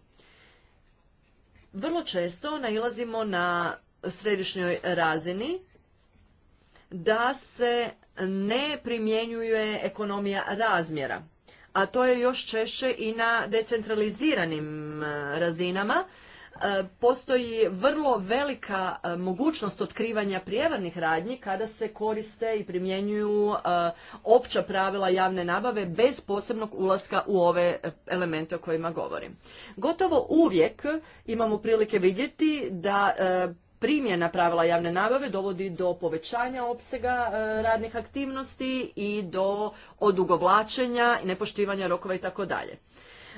Vrlo često nailazimo na središnjoj razini da se ne primjenjuje ekonomija razmjera, a to je još češće i na decentraliziranim e, razinama E, postoji vrlo velika e, mogućnost otkrivanja prijevarnih radnji kada se koriste i primjenjuju e, opća pravila javne nabave bez posebnog ulaska u ove elemente o kojima govorim. Gotovo uvijek imamo prilike vidjeti da primjena pravila javne nabave dovodi do povećanja opsega radnih aktivnosti i do odugovlačenja i nepoštivanja rokova i tako dalje.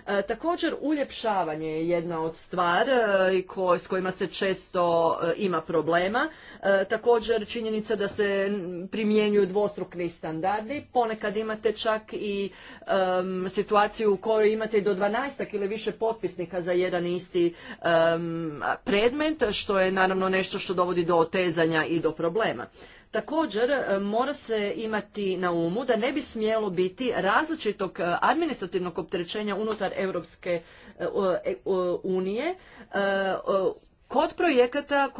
E, također uljepšavanje je jedna od stvar e, s kojima se često e, ima problema. Također činjenica da se primjenjuju dvostrukni standardi. Ponekad imate čak i situaciju u kojoj imate do 12 ili više potpisnika za jedan isti predmet, što je naravno nešto što dovodi do otezanja i do problema. Također e, mora se imati na umu da ne bi smjelo biti različitog e, administrativnog opterećenja unutar Europske e, unije kod projekata e,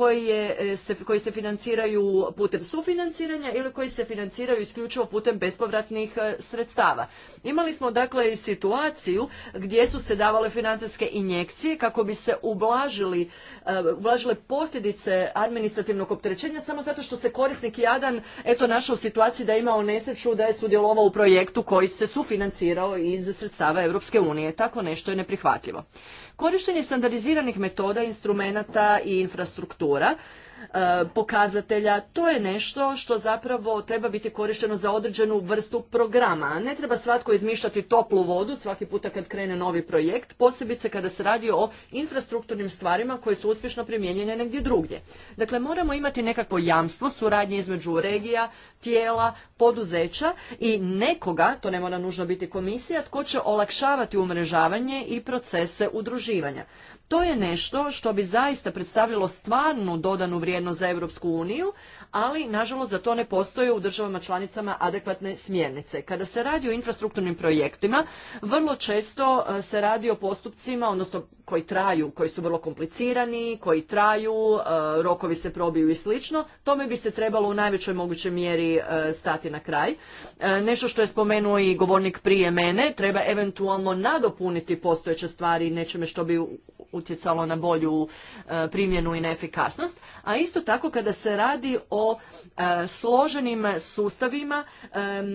koji, se, financiraju putem sufinanciranja ili koji se financiraju isključivo putem bespovratnih e, sredstava. Imali smo dakle i situaciju gdje su se davale financijske injekcije kako bi se ublažili, e, ublažile posljedice administrativnog opterećenja samo zato što se korisnik jadan eto našao u situaciji da je imao nesreću da je sudjelovao u projektu koji se sufinancirao iz sredstava Europske unije. Tako nešto je neprihvatljivo. Korištenje standardiziranih metoda, instrumenata i infrastruktura E, pokazatelja. To je nešto što zapravo treba biti korišteno za određenu vrstu programa. Ne treba svatko izmišljati toplu vodu svaki puta kad krene novi projekt, posebice kada se radi o infrastrukturnim stvarima koje su uspješno primijenjene negdje drugdje. Dakle, moramo imati nekakvo jamstvo suradnje između regija, tijela, poduzeća i nekoga, to ne mora nužno biti komisija, tko će olakšavati umrežavanje i procese udruživanja. To je nešto što bi zaista predstavljalo stvarnu dodanu vrijednost za Europsku uniju, ali nažalost za to ne postoje u državama članicama adekvatne smjernice. Kada se radi o infrastrukturnim projektima, vrlo često e, se radi o postupcima, odnosno koji traju, koji su vrlo komplicirani, koji traju, e, rokovi se probiju i slično. Tome bi se trebalo u najvećoj mogućoj mjeri e, stati na kraj. Nešto što je spomenuo i govornik prije mene, treba eventualno nadopuniti postojeće stvari nečime što bi utjecalo na bolju e, primjenu i na efikasnost, a isto tako kada se radi o e, složenim sustavima e,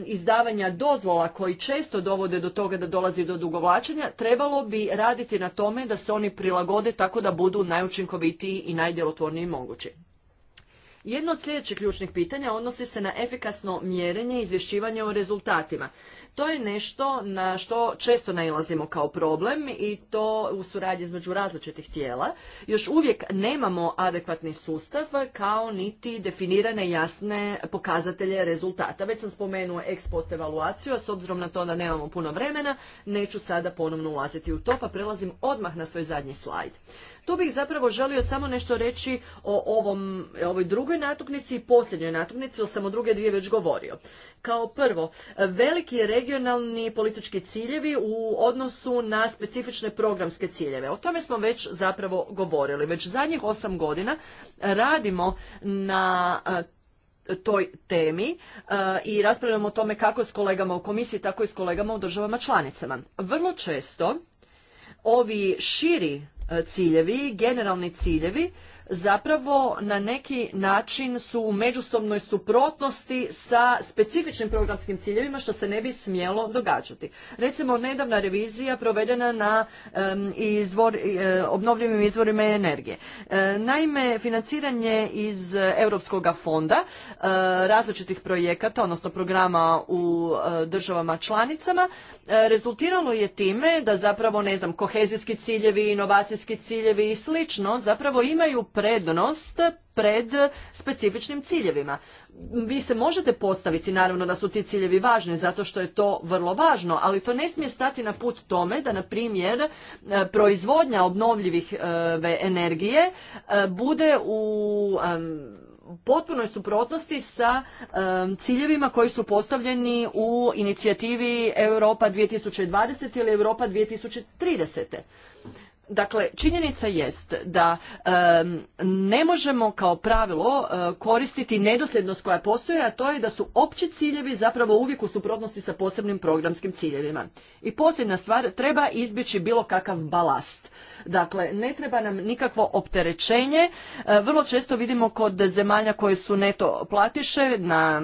izdavanja dozvola koji često dovode do toga da dolazi do dugovlačenja, trebalo bi raditi na tome da se oni prilagode tako da budu najučinkovitiji i najdjelotvorniji mogući. Jedno od sljedećih ključnih pitanja odnosi se na efikasno mjerenje i izvješćivanje o rezultatima. To je nešto na što često nailazimo kao problem i to u suradnji između različitih tijela. Još uvijek nemamo adekvatni sustav kao niti definirane jasne pokazatelje rezultata. Već sam spomenuo ex post evaluaciju, a s obzirom na to da nemamo puno vremena, neću sada ponovno ulaziti u to, pa prelazim odmah na svoj zadnji slajd. Tu bih zapravo želio samo nešto reći o ovom, ovoj drugoj natuknici i posljednjoj natuknici, jer sam o druge dvije već govorio. Kao prvo, veliki je regionalni politički ciljevi u odnosu na specifične programske ciljeve. O tome smo već zapravo govorili. Već zadnjih osam godina radimo na e, toj temi e, i raspravljamo o tome kako s kolegama u komisiji, tako i s kolegama u državama članicama. Vrlo često ovi širi e, ciljevi, generalni ciljevi, zapravo na neki način su u međusobnoj suprotnosti sa specifičnim programskim ciljevima što se ne bi smjelo događati. Recimo, nedavna revizija provedena na e, obnovljivim izvorima energije. E, naime, financiranje iz Europskog fonda e, različitih projekata, odnosno programa u državama članicama, rezultiralo je time da zapravo, ne znam, kohezijski ciljevi, inovacijski ciljevi i slično zapravo imaju prednost pred specifičnim ciljevima. Vi se možete postaviti, naravno da su ti ciljevi važni, zato što je to vrlo važno, ali to ne smije stati na put tome da, na primjer, e, proizvodnja obnovljivih e, energije e, bude u potpunoj suprotnosti sa ciljevima koji su postavljeni u inicijativi Europa 2020 ili Europa 2030. Dakle, činjenica jest da ne možemo kao pravilo e, koristiti nedosljednost koja postoji, a to je da su opći ciljevi zapravo uvijek u suprotnosti sa posebnim programskim ciljevima. I posljedna stvar, treba izbjeći bilo kakav balast. Dakle, ne treba nam nikakvo opterećenje. E, vrlo često vidimo kod zemalja koje su neto platiše na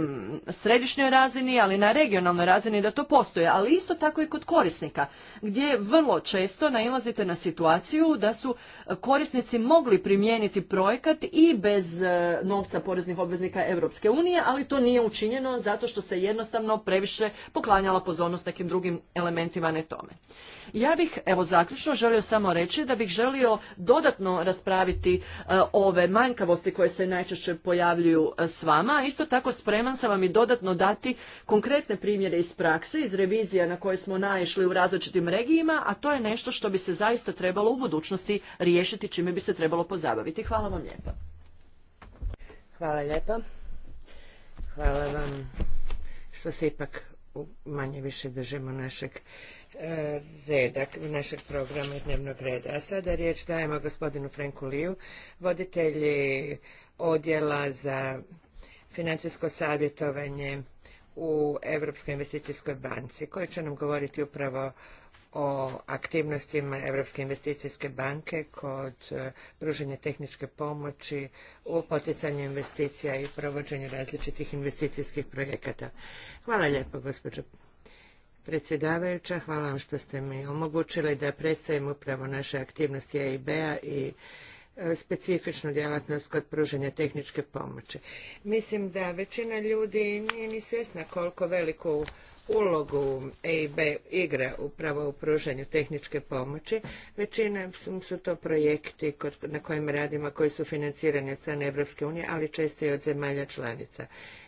središnjoj razini, ali na regionalnoj razini da to postoje, ali isto tako i kod korisnika, gdje vrlo često nailazite na situaciju da su korisnici mogli primijeniti projekat i bez e, novca poreznih obveznika Europske unije, ali to nije učinjeno zato što se jednostavno previše poklanjala pozornost nekim drugim elementima ne tome. Ja bih, evo zaključno, želio samo reći da bih želio dodatno raspraviti e, ove manjkavosti koje se najčešće pojavljuju e, s vama. Isto tako spreman sam vam i dodatno dati konkretne primjere iz prakse, iz revizija na koje smo naišli u različitim regijima, a to je nešto što bi se zaista trebalo u budućnosti riješiti, čime bi se trebalo pozabaviti. Hvala vam lijepa. Hvala lijepa. Hvala vam što se ipak manje više držimo našeg redak našeg programa i dnevnog reda. A sada riječ dajemo gospodinu Franku Liju, voditelji odjela za financijsko savjetovanje u Europskoj investicijskoj banci, koji će nam govoriti upravo o aktivnostima Europske investicijske banke kod e, pružanja tehničke pomoći u poticanju investicija i provođenju različitih investicijskih projekata. Hvala lijepo, gospođo Predsjedavajuća, hvala vam što ste mi omogućili da predstavim upravo naše aktivnosti EIB-a i e, specifičnu djelatnost kod pružanja tehničke pomoći. Mislim da većina ljudi nije ni svjesna koliko veliku ulogu EIB igra upravo u pružanju tehničke pomoći. Većina su to projekti na kojima radimo koji su financirani od strane Europske unije, ali često i od zemalja članica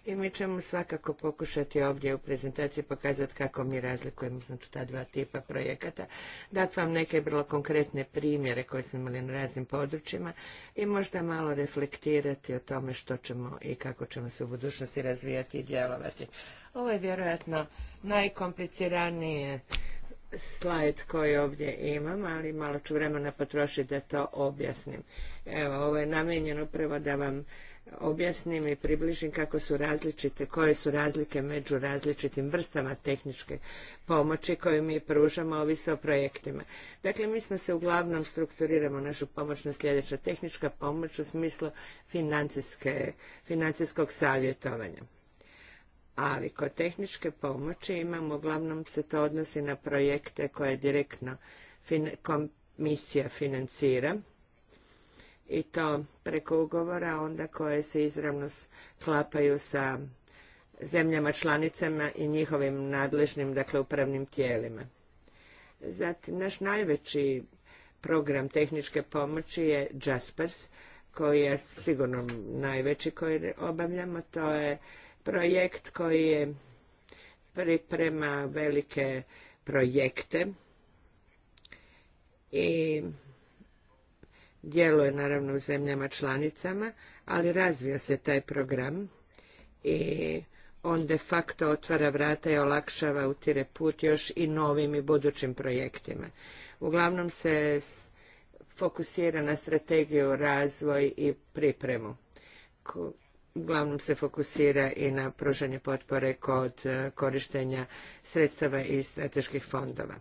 i mi ćemo svakako pokušati ovdje u prezentaciji pokazati kako mi razlikujemo znači, ta dva tipa projekata, dati vam neke vrlo konkretne primjere koje smo imali na raznim područjima i možda malo reflektirati o tome što ćemo i kako ćemo se u budućnosti razvijati i djelovati. Ovo je vjerojatno najkompliciraniji slajd koji ovdje imam, ali malo ću vremena potrošiti da to objasnim. Evo, ovo je namijenjeno prvo da vam objasnim i približim kako su različite, koje su razlike među različitim vrstama tehničke pomoći koju mi pružamo, ovisno o projektima. Dakle, mi smo se uglavnom strukturiramo našu pomoć na sljedeća tehnička pomoć u smislu financijskog savjetovanja. Ali kod tehničke pomoći imamo, uglavnom se to odnosi na projekte koje direktno komisija financira, i to preko ugovora onda koje se izravno sklapaju sa zemljama članicama i njihovim nadležnim, dakle upravnim tijelima. Zatim, naš najveći program tehničke pomoći je JASPERS, koji je sigurno najveći koji obavljamo. To je projekt koji je priprema velike projekte i djeluje naravno u zemljama članicama, ali razvio se taj program i on de facto otvara vrata i olakšava, utire put još i novim i budućim projektima. Uglavnom se fokusira na strategiju, razvoj i pripremu. Uglavnom se fokusira i na pružanje potpore kod e, korištenja sredstava i strateških fondova.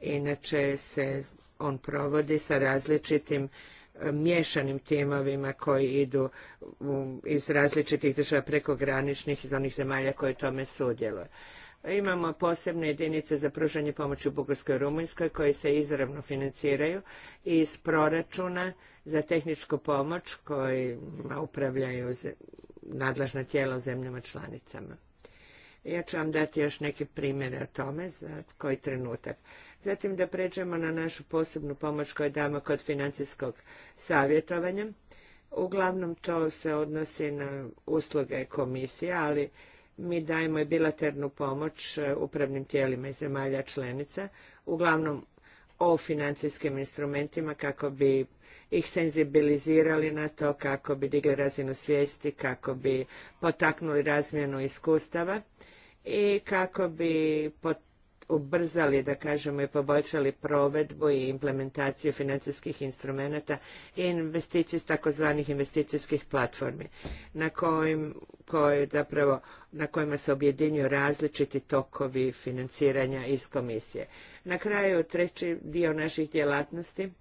Inače se on provodi sa različitim e, miješanim timovima koji idu iz različitih država prekograničnih iz onih zemalja koje tome sudjeluju. Imamo posebne jedinice za pružanje pomoći u Bugarskoj i Rumunjskoj koje se izravno financiraju iz proračuna za tehničku pomoć koji upravljaju nadležna tijela u zemljama članicama. Ja ću vam dati još neke primjere o tome za koji trenutak. Zatim da pređemo na našu posebnu pomoć koju damo kod financijskog savjetovanja. Uglavnom to se odnosi na usluge komisije, ali mi dajemo i bilaternu pomoć e, upravnim tijelima i zemalja članica, uglavnom o financijskim instrumentima kako bi ih senzibilizirali na to, kako bi digli razinu svijesti, kako bi potaknuli razmjenu iskustava i kako bi ubrzali, da kažemo, i poboljšali provedbu i implementaciju financijskih instrumenata i investicije takozvanih investicijskih platformi, na kojim, koje zapravo, na kojima se objedinjuju različiti tokovi financiranja iz komisije. Na kraju treći dio naših djelatnosti,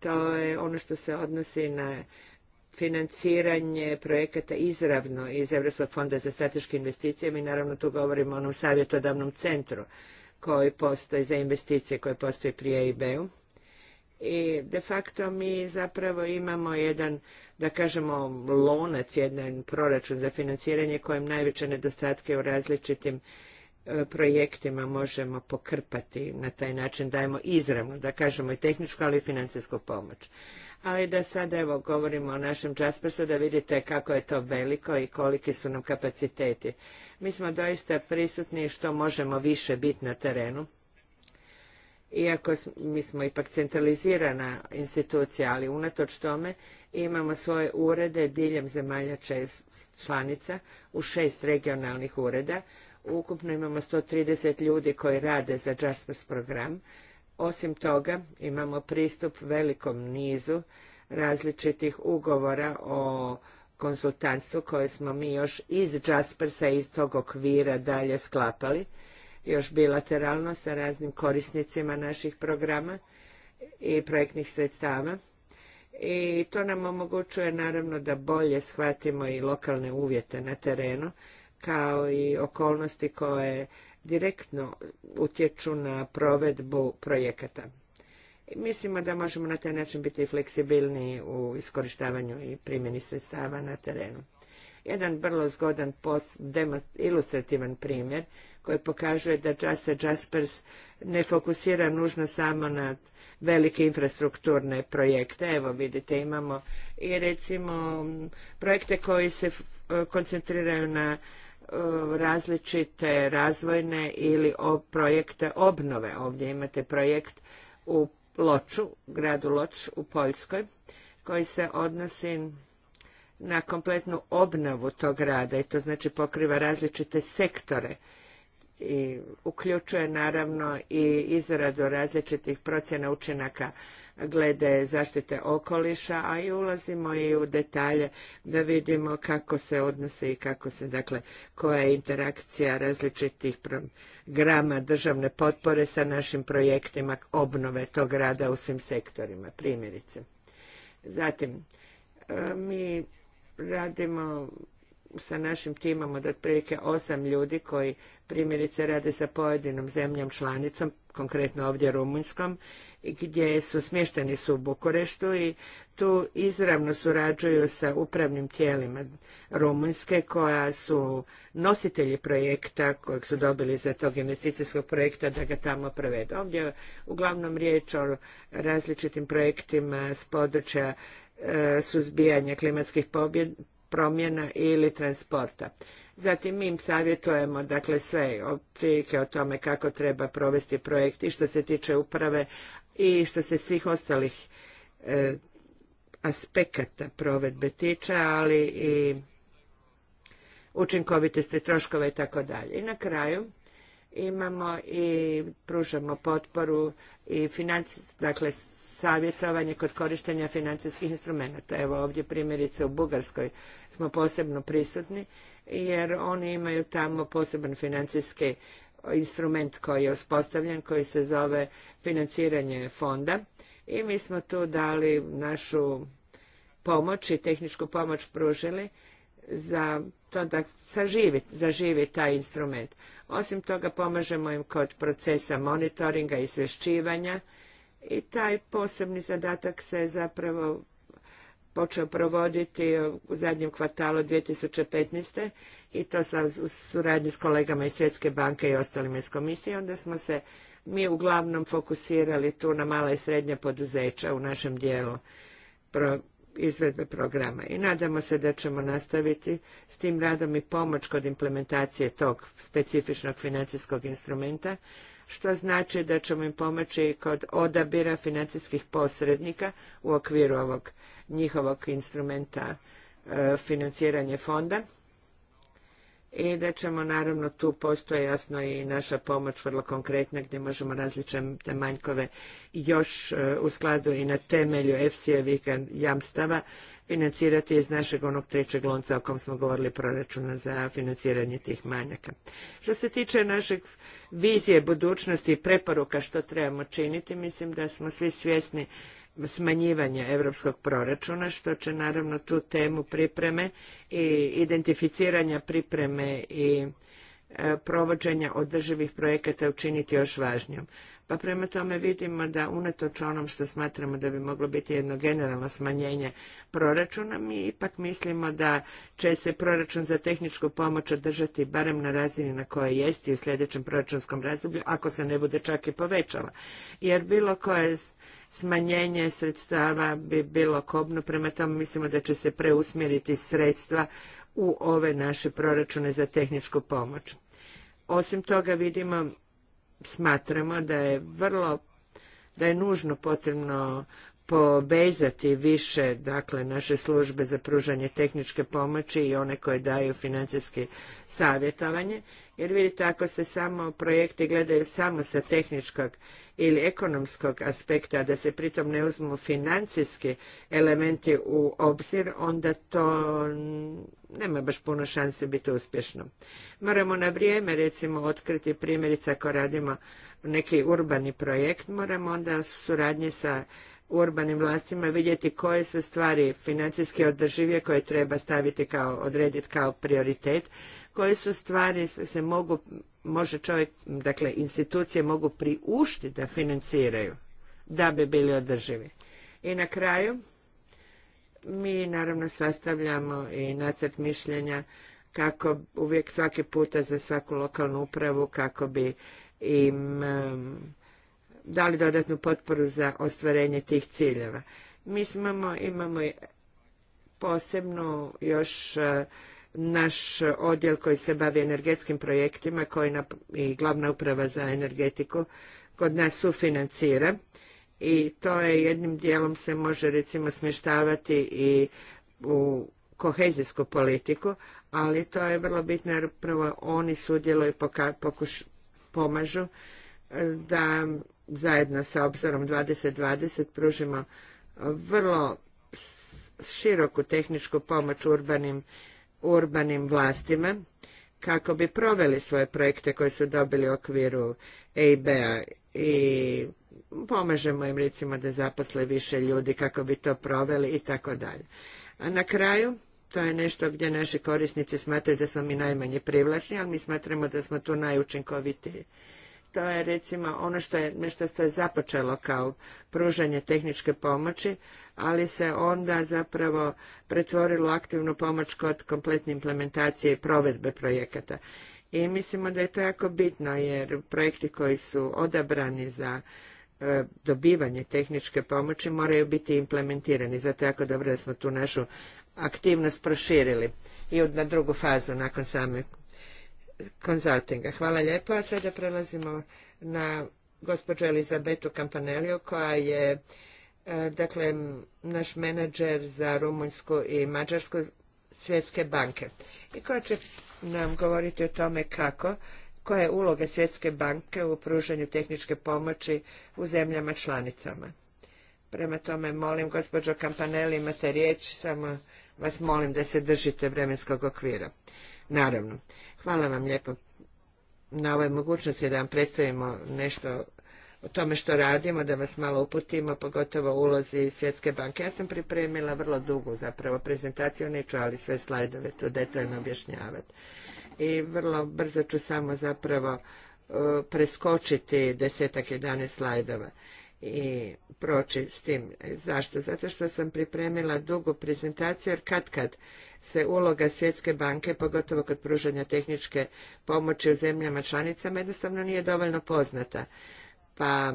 to je ono što se odnosi na financiranje projekata izravno iz Europskog fonda za strateške investicije. Mi naravno tu govorimo o onom savjetodavnom centru koji postoji za investicije koje postoji pri EIB-u. I de facto mi zapravo imamo jedan, da kažemo, lonac, jedan proračun za financiranje kojem najveće nedostatke u različitim E, projektima možemo pokrpati, na taj način dajemo izravno, da kažemo i tehničku, ali i financijsku pomoć. Ali da sada evo govorimo o našem Jaspersu, da vidite kako je to veliko i koliki su nam kapaciteti. Mi smo doista prisutni što možemo više biti na terenu. Iako mi smo ipak centralizirana institucija, ali unatoč tome imamo svoje urede diljem zemalja članica u šest regionalnih ureda Ukupno imamo 130 ljudi koji rade za Jaspers program. Osim toga imamo pristup velikom nizu različitih ugovora o konsultantstvu koje smo mi još iz Jaspersa, iz tog okvira dalje sklapali, još bilateralno sa raznim korisnicima naših programa i projektnih sredstava. I to nam omogućuje naravno da bolje shvatimo i lokalne uvjete na terenu kao i okolnosti koje direktno utječu na provedbu projekata. mislimo da možemo na taj način biti fleksibilniji u iskorištavanju i primjeni sredstava na terenu. Jedan vrlo zgodan ilustrativan primjer koji pokazuje da Just Jaspers ne fokusira nužno samo na velike infrastrukturne projekte. Evo vidite imamo i recimo projekte koji se koncentriraju na E, različite razvojne ili projekte obnove. Ovdje imate projekt u Loču, gradu Loč u Poljskoj, koji se odnosi na kompletnu obnovu tog grada i to znači pokriva različite sektore i uključuje naravno i izradu različitih procjena učinaka glede zaštite okoliša, a i ulazimo i u detalje da vidimo kako se odnose i kako se, dakle, koja je interakcija različitih programa državne potpore sa našim projektima obnove tog rada u svim sektorima, primjerice. Zatim, e, mi radimo sa našim timom od otprilike osam ljudi koji primjerice rade sa pojedinom zemljom članicom, konkretno ovdje Rumunjskom, gdje su smješteni su u Bukureštu i tu izravno surađuju sa upravnim tijelima Rumunjske koja su nositelji projekta kojeg su dobili za tog investicijskog projekta da ga tamo provedu. Ovdje je uglavnom riječ o različitim projektima s područja e, suzbijanja klimatskih promjena ili transporta. Zatim mi im savjetujemo dakle sve prilike o tome kako treba provesti projekt i što se tiče uprave, i što se svih ostalih e, aspekata provedbe tiče, ali i učinkovitosti troškova i tako dalje. I na kraju imamo i pružamo potporu i financi, dakle savjetovanje kod korištenja financijskih instrumenata. Evo ovdje primjerice u Bugarskoj smo posebno prisutni jer oni imaju tamo poseban financijski instrument koji je uspostavljen, koji se zove financiranje fonda i mi smo tu dali našu pomoć i tehničku pomoć pružili za to da zaživi taj instrument. Osim toga pomažemo im kod procesa monitoringa, izvješćivanja i taj posebni zadatak se zapravo počeo provoditi u zadnjem kvartalu 2015. i to u suradnji s kolegama iz Svjetske banke i ostalim iz komisije. Onda smo se mi uglavnom fokusirali tu na mala i srednja poduzeća u našem dijelu pro, izvedbe programa i nadamo se da ćemo nastaviti s tim radom i pomoć kod implementacije tog specifičnog financijskog instrumenta što znači da ćemo im pomoći kod odabira financijskih posrednika u okviru ovog njihovog instrumenta e, financiranje fonda i da ćemo naravno tu postoje jasno i naša pomoć vrlo konkretna gdje možemo različite manjkove još e, u skladu i na temelju efsi jamstava financirati iz našeg onog trećeg lonca o kom smo govorili proračuna za financiranje tih manjaka. Što se tiče našeg vizije budućnosti i preporuka što trebamo činiti, mislim da smo svi svjesni smanjivanja europskog proračuna, što će naravno tu temu pripreme i identificiranja pripreme i e, provođenja održivih projekata učiniti još važnijom. Pa prema tome vidimo da unatoč onom što smatramo da bi moglo biti jedno generalno smanjenje proračuna, mi ipak mislimo da će se proračun za tehničku pomoć održati barem na razini na kojoj jeste i u sljedećem proračunskom razdoblju, ako se ne bude čak i povećala. Jer bilo koje smanjenje sredstava bi bilo kobno, prema tome mislimo da će se preusmjeriti sredstva u ove naše proračune za tehničku pomoć. Osim toga vidimo smatramo da je vrlo, da je nužno potrebno povezati više dakle naše službe za pružanje tehničke pomoći i one koje daju financijski savjetovanje jer vidite ako se samo projekti gledaju samo sa tehničkog ili ekonomskog aspekta da se pritom ne uzmu financijski elementi u obzir onda to nema baš puno šanse biti uspješno moramo na vrijeme recimo otkriti primjerice ako radimo neki urbani projekt moramo onda u suradnji sa urbanim vlastima vidjeti koje su stvari financijski održivije koje treba staviti kao, odrediti kao prioritet, koje su stvari se mogu, može čovjek, dakle institucije mogu priuštiti da financiraju da bi bili održivi. I na kraju, mi naravno sastavljamo i nacrt mišljenja kako uvijek svaki puta za svaku lokalnu upravu kako bi im dali dodatnu potporu za ostvarenje tih ciljeva. Mi imamo posebno još e, naš odjel koji se bavi energetskim projektima koji na, i glavna uprava za energetiku kod nas sufinancira i to je jednim dijelom se može recimo smještavati i u kohezijsku politiku, ali to je vrlo bitno jer upravo oni sudjeluju i pomažu e, da zajedno sa obzorom 2020 pružimo vrlo široku tehničku pomoć urbanim, urbanim vlastima kako bi proveli svoje projekte koje su dobili u okviru EIB-a i pomažemo im recimo da zaposle više ljudi kako bi to proveli i tako dalje. A na kraju, to je nešto gdje naši korisnici smatraju da smo mi najmanje privlačni, ali mi smatramo da smo tu najučinkovitiji to je recimo ono što je nešto što je započelo kao pružanje tehničke pomoći, ali se onda zapravo pretvorilo aktivnu pomoć kod kompletne implementacije i provedbe projekata. I mislimo da je to jako bitno jer projekti koji su odabrani za e, dobivanje tehničke pomoći moraju biti implementirani. Zato je jako dobro da smo tu našu aktivnost proširili i na drugu fazu nakon same konzultinga. Hvala lijepo, a sada prelazimo na gospođu Elizabetu Campanelio, koja je e, dakle naš menadžer za Rumunjsku i Mađarsku svjetske banke i koja će nam govoriti o tome kako, koja je uloga svjetske banke u pružanju tehničke pomoći u zemljama članicama. Prema tome, molim, gospođo Campanelli, imate riječ, samo vas molim da se držite vremenskog okvira. Naravno. Hvala vam lijepo na ovoj mogućnosti da vam predstavimo nešto o tome što radimo, da vas malo uputimo, pogotovo ulozi Svjetske banke. Ja sam pripremila vrlo dugu zapravo prezentaciju, neću ali sve slajdove to detaljno objašnjavati. I vrlo brzo ću samo zapravo e, preskočiti desetak, dane slajdova i proći s tim. Zašto? Zato što sam pripremila dugu prezentaciju jer kad kad se uloga Svjetske banke, pogotovo kod pružanja tehničke pomoći u zemljama članicama, jednostavno nije dovoljno poznata. Pa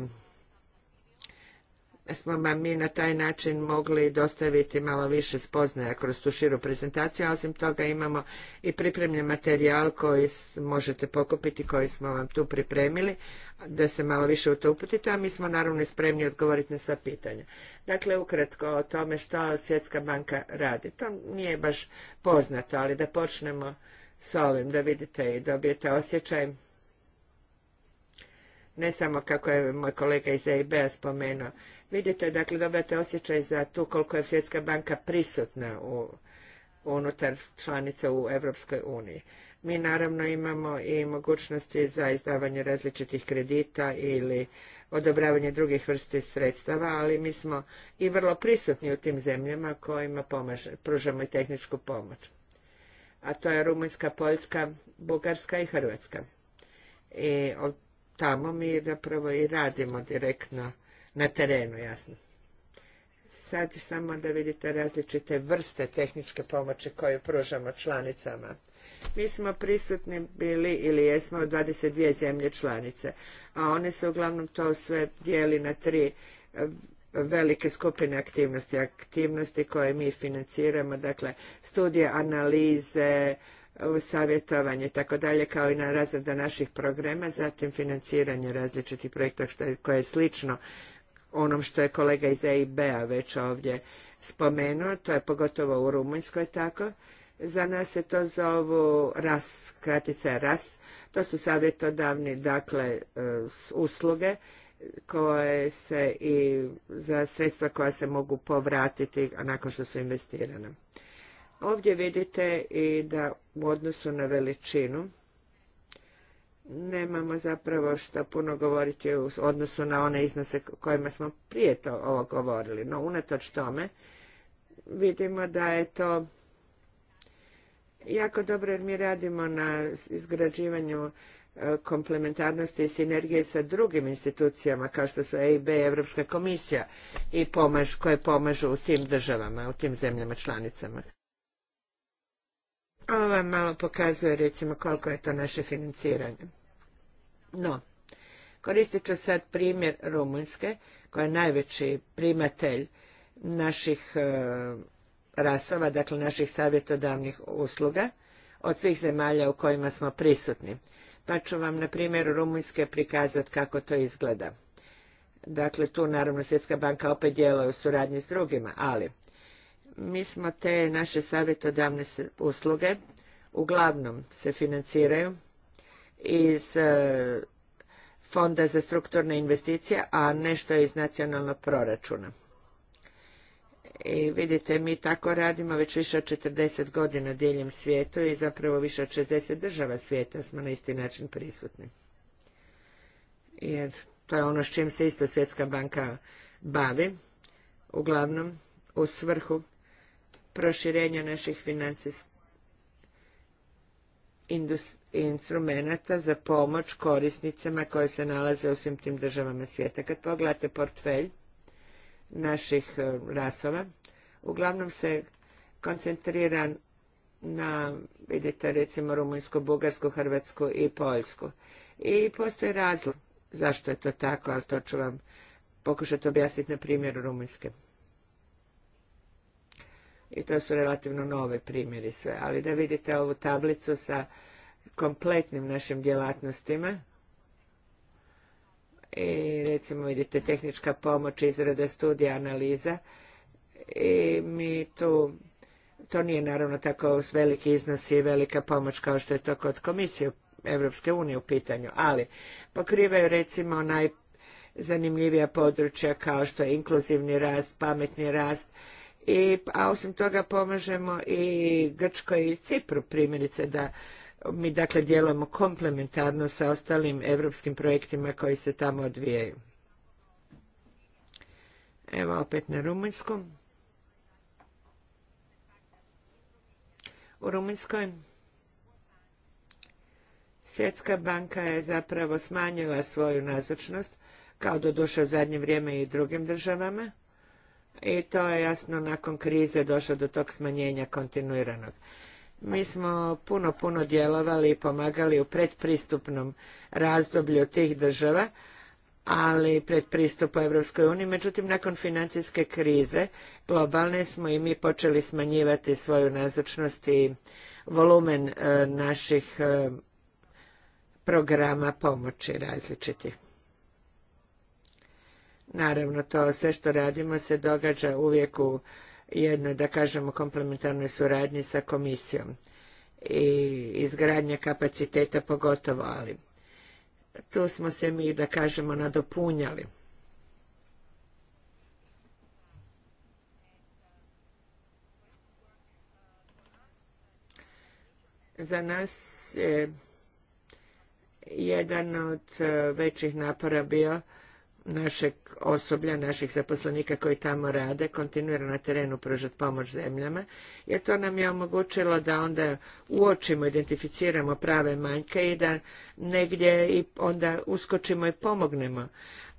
smo vam mi na taj način mogli dostaviti malo više spoznaja kroz tu širu prezentaciju, a osim toga imamo i pripremljen materijal koji možete pokupiti, koji smo vam tu pripremili, da se malo više u to uputite, a mi smo naravno spremni odgovoriti na sva pitanja. Dakle, ukratko o tome što Svjetska banka radi. To nije baš poznato, ali da počnemo s ovim, da vidite i dobijete osjećaj ne samo kako je moj kolega iz EIB-a spomenuo, Vidite, dakle, dobijate osjećaj za to koliko je Svjetska banka prisutna u, unutar članica u Europskoj uniji. Mi naravno imamo i mogućnosti za izdavanje različitih kredita ili odobravanje drugih vrsti sredstava, ali mi smo i vrlo prisutni u tim zemljama kojima pružamo i tehničku pomoć. A to je Rumunjska, Poljska, Bugarska i Hrvatska. I tamo mi zapravo i radimo direktno na terenu, jasno. Sad samo da vidite različite vrste tehničke pomoći koje pružamo članicama. Mi smo prisutni bili ili jesmo u 22 zemlje članice, a one se uglavnom to sve dijeli na tri eh, velike skupine aktivnosti. Aktivnosti koje mi financiramo, dakle studije, analize, savjetovanje tako dalje, kao i na razreda naših programa, zatim financiranje različitih projekta koje je slično onom što je kolega iz EIB-a već ovdje spomenuo, to je pogotovo u Rumunjskoj tako. Za nas se to zovu RAS, kratica RAS, to su savjetodavni, dakle, e, usluge koje se i za sredstva koja se mogu povratiti nakon što su investirana. Ovdje vidite i da u odnosu na veličinu nemamo zapravo što puno govoriti u odnosu na one iznose kojima smo prije to ovo govorili. No, unatoč tome, vidimo da je to jako dobro jer mi radimo na izgrađivanju e, komplementarnosti i sinergije sa drugim institucijama kao što su EIB Europska komisija i pomaž, koje pomažu u tim državama, u tim zemljama članicama. Ovo vam malo pokazuje recimo koliko je to naše financiranje. No, koristit ću sad primjer Rumunjske, koja je najveći primatelj naših e, rasova, dakle naših savjetodavnih usluga od svih zemalja u kojima smo prisutni. Pa ću vam na primjeru Rumunjske prikazati kako to izgleda. Dakle, tu naravno Svjetska banka opet djeluje u suradnji s drugima, ali mi smo te naše savjetodavne usluge uglavnom se financiraju iz e, Fonda za strukturne investicije, a nešto je iz nacionalnog proračuna. I vidite, mi tako radimo već više od 40 godina diljem svijetu i zapravo više od 60 država svijeta smo na isti način prisutni. Jer to je ono s čim se isto Svjetska banka bavi, uglavnom u svrhu proširenja naših financijskih instrumenata za pomoć korisnicama koje se nalaze u svim tim državama svijeta. Kad pogledate portfelj naših e, rasova, uglavnom se koncentriran na, vidite, recimo Rumunjsku, Bugarsku, Hrvatsku i Poljsku. I postoji razlog zašto je to tako, ali to ću vam pokušati objasniti na primjeru Rumunjske i to su relativno nove primjeri sve, ali da vidite ovu tablicu sa kompletnim našim djelatnostima i recimo vidite tehnička pomoć, izrada studija, analiza i mi tu to nije naravno tako veliki iznos i velika pomoć kao što je to kod komisije Evropske unije u pitanju, ali pokrivaju recimo najzanimljivija područja kao što je inkluzivni rast, pametni rast, a osim toga pomažemo i Grčkoj i Cipru primjerice da mi dakle djelujemo komplementarno sa ostalim europskim projektima koji se tamo odvijaju. Evo opet na rumunjskom. U Rumunjskoj Svjetska banka je zapravo smanjila svoju nazočnost, kao doduše u zadnje vrijeme i drugim državama, i to je jasno nakon krize došlo do tog smanjenja kontinuiranog. Mi smo puno, puno djelovali i pomagali u predpristupnom razdoblju tih država, ali pred pristup Evropskoj uniji. Međutim, nakon financijske krize globalne smo i mi počeli smanjivati svoju nazočnost i volumen e, naših e, programa pomoći različitih. Naravno, to sve što radimo se događa uvijek u jednoj, da kažemo, komplementarnoj suradnji sa komisijom i izgradnje kapaciteta pogotovo, ali tu smo se mi, da kažemo, nadopunjali. Za nas je jedan od e, većih napora bio našeg osoblja, naših zaposlenika koji tamo rade, kontinuirano na terenu pružati pomoć zemljama, jer to nam je omogućilo da onda uočimo, identificiramo prave manjke i da negdje i onda uskočimo i pomognemo.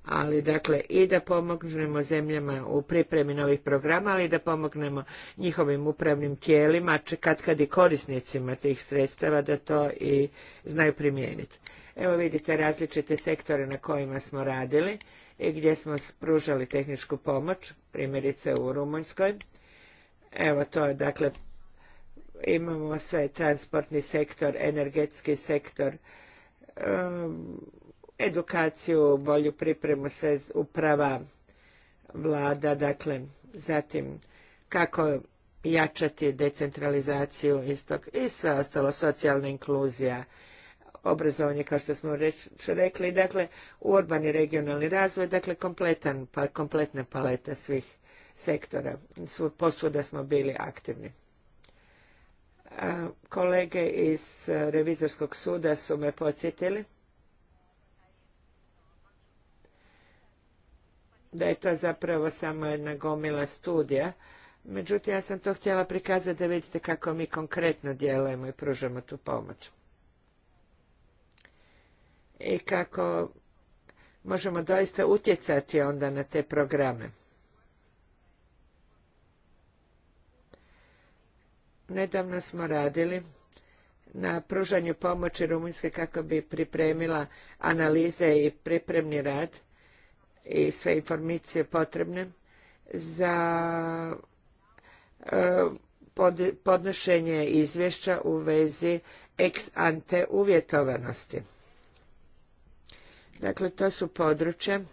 Ali dakle i da pomognemo zemljama u pripremi novih programa, ali i da pomognemo njihovim upravnim tijelima, kad kad i korisnicima tih sredstava da to i znaju primijeniti. Evo vidite različite sektore na kojima smo radili i gdje smo pružali tehničku pomoć, primjerice u Rumunjskoj. Evo to je dakle, imamo sve transportni sektor, energetski sektor, edukaciju, bolju pripremu, sve uprava, vlada, dakle, zatim kako jačati decentralizaciju istog i sve ostalo, socijalna inkluzija obrazovanje, kao što smo reč, rekli, dakle, urbani regionalni razvoj, dakle, kompletan, pa, kompletna paleta svih sektora. Posvuda smo bili aktivni. kolege iz e, revizorskog suda su me podsjetili da je to zapravo samo jedna gomila studija. Međutim, ja sam to htjela prikazati da vidite kako mi konkretno djelujemo i pružamo tu pomoć i kako možemo doista utjecati onda na te programe. Nedavno smo radili na pružanju pomoći Rumunjske kako bi pripremila analize i pripremni rad i sve informacije potrebne za e, podnošenje izvješća u vezi ex ante uvjetovanosti. Dakle, to su područje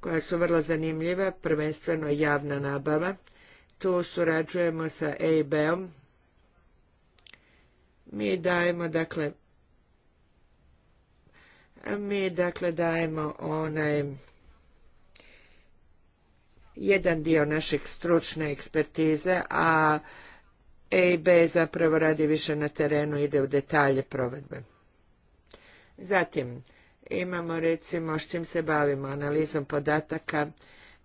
koja su vrlo zanimljiva, prvenstveno javna nabava. Tu surađujemo sa EIB-om. Mi dajemo, dakle, mi dakle dajemo onaj jedan dio našeg stručne ekspertize, a EIB zapravo radi više na terenu, ide u detalje provedbe. Zatim, imamo recimo s čim se bavimo, analizom podataka,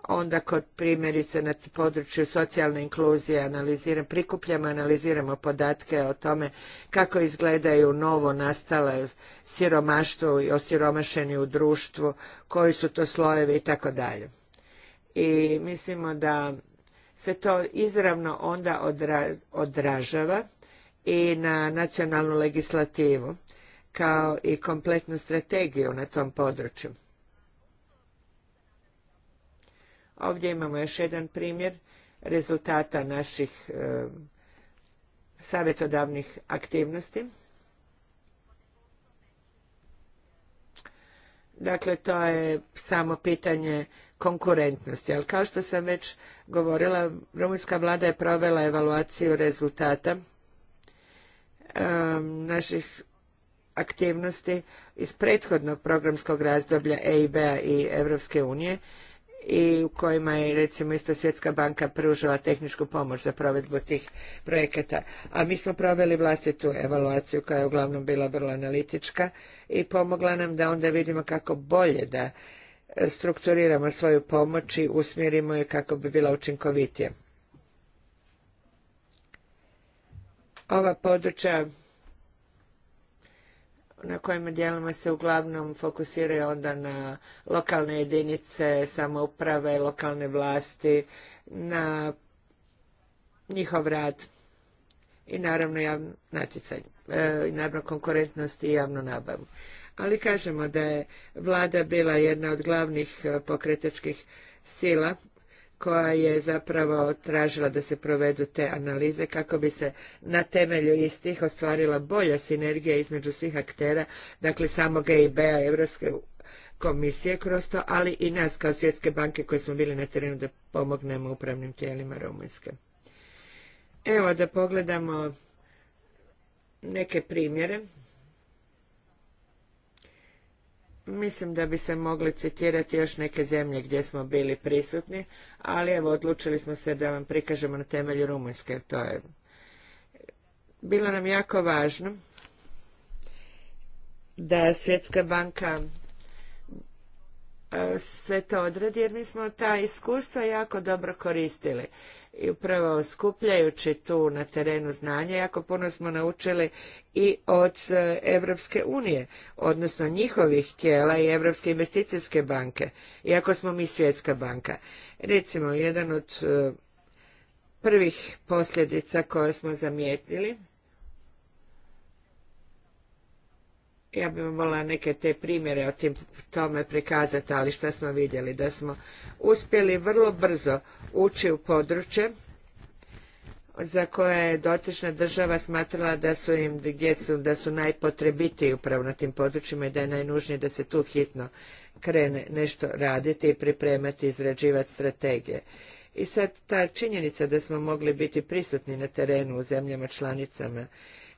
onda kod primjerice na području socijalne inkluzije analiziramo, prikupljamo, analiziramo podatke o tome kako izgledaju novo nastale siromaštvo i osiromašeni u društvu, koji su to slojevi i tako dalje. I mislimo da se to izravno onda odražava i na nacionalnu legislativu kao i kompletnu strategiju na tom području. Ovdje imamo još jedan primjer rezultata naših e, savjetodavnih aktivnosti. Dakle, to je samo pitanje konkurentnosti, ali kao što sam već govorila, rumunjska vlada je provela evaluaciju rezultata e, naših aktivnosti iz prethodnog programskog razdoblja EIB-a i Europske unije i u kojima je recimo isto Svjetska banka pružila tehničku pomoć za provedbu tih projekata. A mi smo proveli vlastitu evaluaciju koja je uglavnom bila vrlo analitička i pomogla nam da onda vidimo kako bolje da strukturiramo svoju pomoć i usmjerimo je kako bi bila učinkovitija. Ova područja na kojima dijelima se uglavnom fokusiraju onda na lokalne jedinice, samouprave, lokalne vlasti, na njihov rad i naravno natjecanje, i naravno konkurentnost i javnu nabavu. Ali kažemo da je vlada bila jedna od glavnih e, pokretačkih sila koja je zapravo tražila da se provedu te analize kako bi se na temelju istih ostvarila bolja sinergija između svih aktera, dakle samog EIB-a, Europske komisije kroz to, ali i nas kao Svjetske banke koje smo bili na terenu da pomognemo upravnim tijelima Rumunjske. Evo da pogledamo neke primjere Mislim da bi se mogli citirati još neke zemlje gdje smo bili prisutni, ali evo odlučili smo se da vam prikažemo na temelju Rumunjske. To je bilo nam jako važno da Svjetska banka se to odredi jer mi smo ta iskustva jako dobro koristili i upravo skupljajući tu na terenu znanje, jako puno smo naučili i od e, Evropske unije, odnosno njihovih tijela i Evropske investicijske banke, iako smo mi svjetska banka. Recimo, jedan od e, prvih posljedica koje smo zamijetili ja bih volila neke te primjere o tim, tome prikazati, ali što smo vidjeli, da smo uspjeli vrlo brzo ući u područje za koje je dotična država smatrala da su im djecu da su najpotrebitiji upravo na tim područjima i da je najnužnije da se tu hitno krene nešto raditi i pripremati, izrađivati strategije. I sad ta činjenica da smo mogli biti prisutni na terenu u zemljama članicama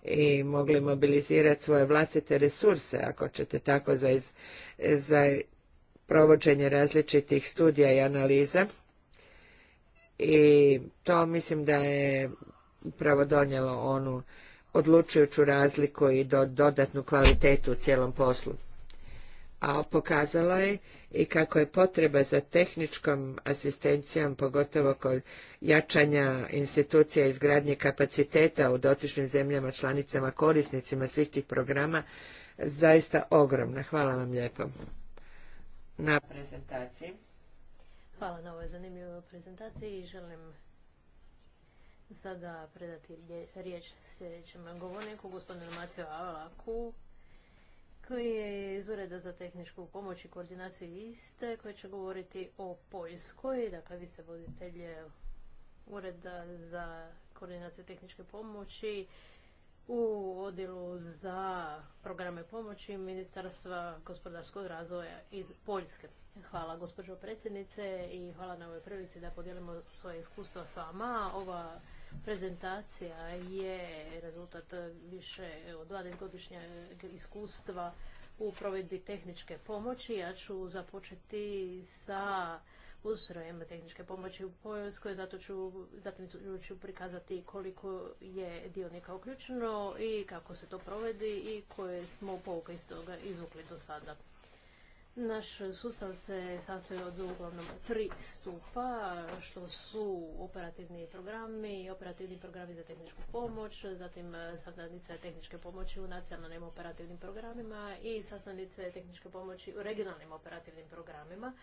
i mogli mobilizirati svoje vlastite resurse, ako ćete tako, za, za provođenje različitih studija i analiza. I to mislim da je upravo donijelo onu odlučujuću razliku i do, dodatnu kvalitetu u cijelom poslu a pokazala je i kako je potreba za tehničkom asistencijom, pogotovo kod jačanja institucija izgradnje kapaciteta u dotičnim zemljama, članicama, korisnicima svih tih programa, zaista ogromna. Hvala vam lijepo na prezentaciji. Hvala na ovoj zanimljivoj prezentaciji i želim sada predati riječ sljedećem govorniku, gospodinu Maciju Alaku, koji je iz Ureda za tehničku pomoć i koordinaciju iste, koji će govoriti o Poljskoj. Dakle, vi ste voditelj Ureda za koordinaciju tehničke pomoći u odjelu za programe pomoći Ministarstva gospodarskog razvoja iz Poljske. Hvala gospođo predsjednice i hvala na ovoj prilici da podijelimo svoje iskustva s vama. Ova prezentacija je rezultat više od 20-godišnjeg iskustva u provedbi tehničke pomoći. Ja ću započeti sa ustrojem tehničke pomoći u Poljskoj, zato ću, zatim ću prikazati koliko je dionika uključeno i kako se to provedi i koje smo pouke iz toga izvukli do sada. Naš sustav se sastoji od uglavnom tri stupa, što su operativni programi, operativni programi za tehničku pomoć, zatim e, sastavnice tehničke pomoći u nacionalnim operativnim programima i sastavnice tehničke pomoći u regionalnim operativnim programima.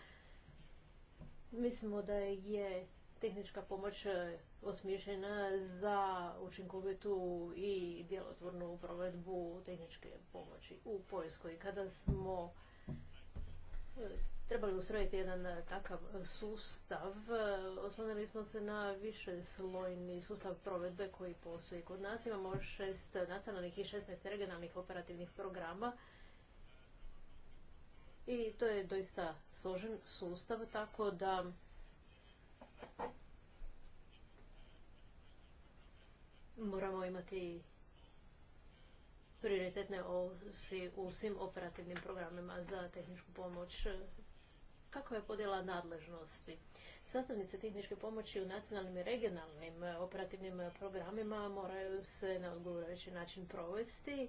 Mislimo da je tehnička pomoć e, osmišljena za učinkovitu i djelotvornu provedbu tehničke pomoći u Poljskoj. Kada smo trebali ustrojiti jedan e, takav sustav, e, oslonili smo se na više slojni sustav provedbe koji postoji kod nas. Imamo šest nacionalnih i 16 regionalnih operativnih programa i to je doista složen sustav, tako da moramo imati prioritetne osi u svim operativnim programima za tehničku pomoć. Kako je podjela nadležnosti? Sastavnice tehničke pomoći u nacionalnim i regionalnim operativnim programima moraju se na odgovarajući način provesti,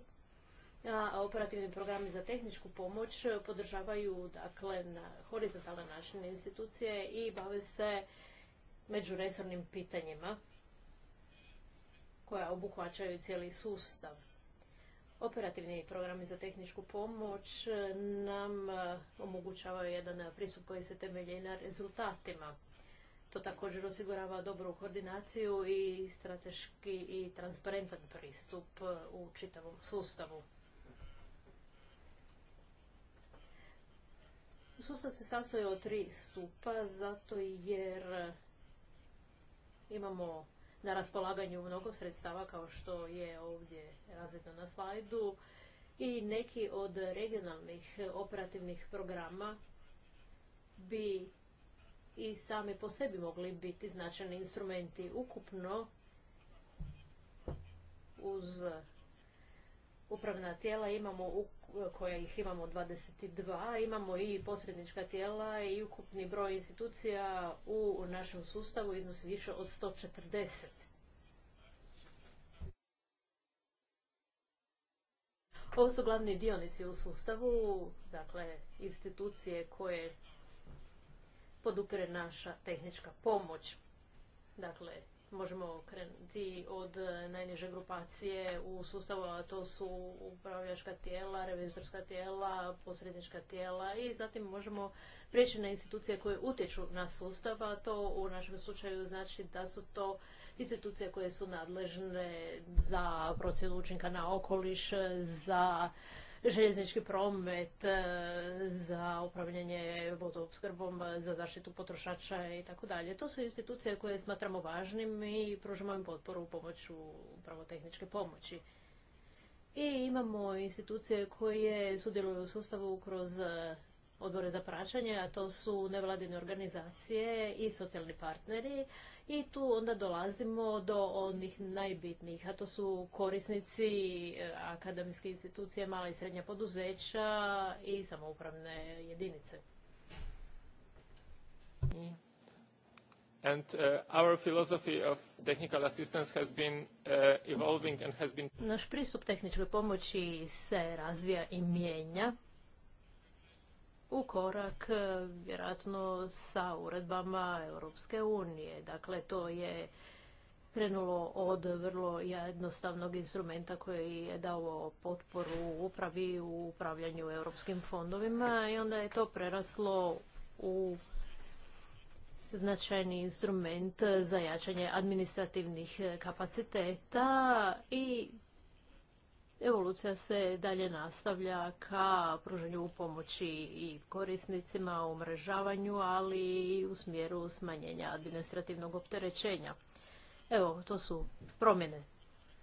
a operativni programi za tehničku pomoć podržavaju dakle, na horizontalan način institucije i bave se međuresornim pitanjima koja obuhvaćaju cijeli sustav. Operativni programi za tehničku pomoć e, nam e, omogućavaju jedan pristup koji se temelji na rezultatima. To također osigurava dobru koordinaciju i strateški i transparentan pristup e, u čitavom sustavu. Sustav se sastoji od tri stupa zato jer imamo na raspolaganju mnogo sredstava kao što je ovdje razvidno na slajdu i neki od regionalnih operativnih programa bi i sami po sebi mogli biti značajni instrumenti ukupno uz upravna tijela imamo u koja ih imamo 22, imamo i posrednička tijela i ukupni broj institucija u našem sustavu iznosi više od 140. Ovo su glavni dionici u sustavu, dakle institucije koje podupire naša tehnička pomoć. Dakle, možemo krenuti od e, najniže grupacije u sustavu, a to su upravljačka tijela, revizorska tijela, posrednička tijela i zatim možemo prijeći na institucije koje utječu na sustav, a to u našem slučaju znači da su to institucije koje su nadležne za procjenu učinka na okoliš, za željeznički promet, e, za upravljanje vodoopskrbom, za zaštitu potrošača i tako dalje. To su institucije koje smatramo važnim i pružamo im potporu u pomoću upravo tehničke pomoći. I imamo institucije koje sudjeluju u sustavu kroz odbore za praćanje, a to su nevladine organizacije i socijalni partneri, i tu onda dolazimo do onih najbitnijih, a to su korisnici, e, akademske institucije, mala i srednja poduzeća i samoupravne jedinice. Naš pristup tehničkoj pomoći se razvija i mijenja u korak e, vjerojatno sa uredbama Europske unije. Dakle, to je krenulo od vrlo jednostavnog instrumenta koji je dao potporu upravi u upravljanju europskim fondovima i onda je to preraslo u značajni instrument za jačanje administrativnih kapaciteta i Evolucija se dalje nastavlja ka pružanju pomoći i korisnicima, mrežavanju, ali i u smjeru smanjenja administrativnog opterećenja. Evo, to su promjene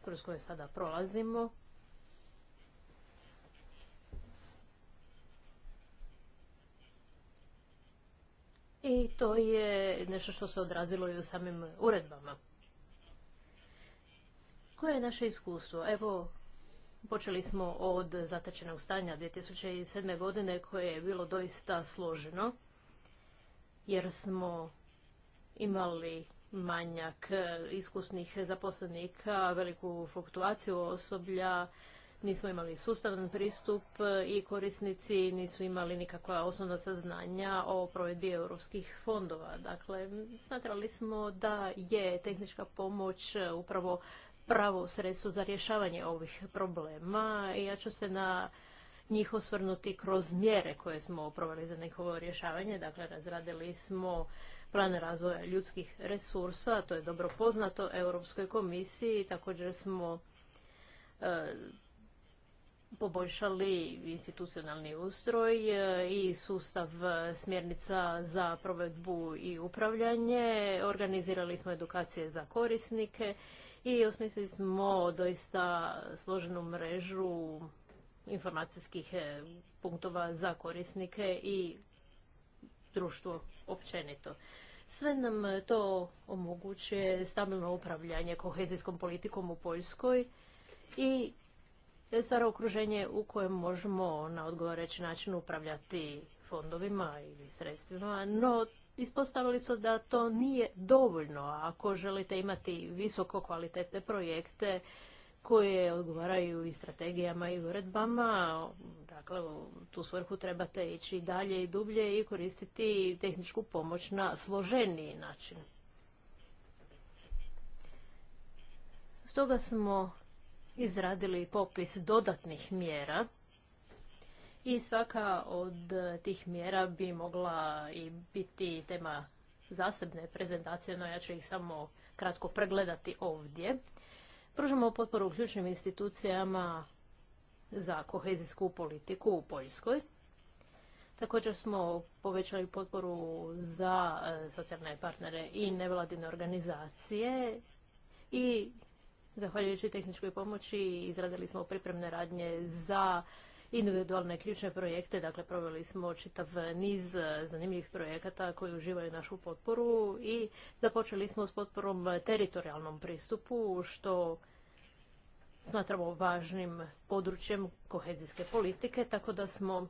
kroz koje sada prolazimo. I to je nešto što se odrazilo i u samim uredbama. Koje je naše iskustvo? Evo, Počeli smo od zatečenog stanja 2007. godine koje je bilo doista složeno jer smo imali manjak iskusnih zaposlenika, veliku fluktuaciju osoblja, nismo imali sustavan pristup i korisnici nisu imali nikakva osnovna saznanja o provedbi europskih fondova. Dakle, smatrali smo da je tehnička pomoć upravo pravo sredstvo za rješavanje ovih problema i ja ću se na njih osvrnuti kroz mjere koje smo proveli za njihovo rješavanje. Dakle, razradili smo plan razvoja ljudskih resursa, to je dobro poznato Europskoj komisiji. Također smo e, poboljšali institucionalni ustroj e, i sustav smjernica za provedbu i upravljanje. Organizirali smo edukacije za korisnike i osmislili smo doista složenu mrežu informacijskih e, punktova za korisnike i društvo općenito. Sve nam to omogućuje stabilno upravljanje kohezijskom politikom u Poljskoj i stvara okruženje u kojem možemo na odgovarajući način upravljati fondovima ili sredstvima, no ispostavili su da to nije dovoljno ako želite imati visoko kvalitetne projekte koje odgovaraju i strategijama i uredbama. Dakle, u tu svrhu trebate ići dalje i dublje i koristiti tehničku pomoć na složeniji način. Stoga smo izradili popis dodatnih mjera i svaka od tih mjera bi mogla i biti tema zasebne prezentacije, no ja ću ih samo kratko pregledati ovdje. Pružamo potporu ključnim institucijama za kohezijsku politiku u Poljskoj. Također smo povećali potporu za e, socijalne partnere i nevladine organizacije i zahvaljujući tehničkoj pomoći izradili smo pripremne radnje za individualne ključne projekte. Dakle, proveli smo čitav niz eh, zanimljivih projekata koji uživaju našu potporu i započeli smo s potporom teritorijalnom pristupu, što smatramo važnim područjem kohezijske politike, tako da smo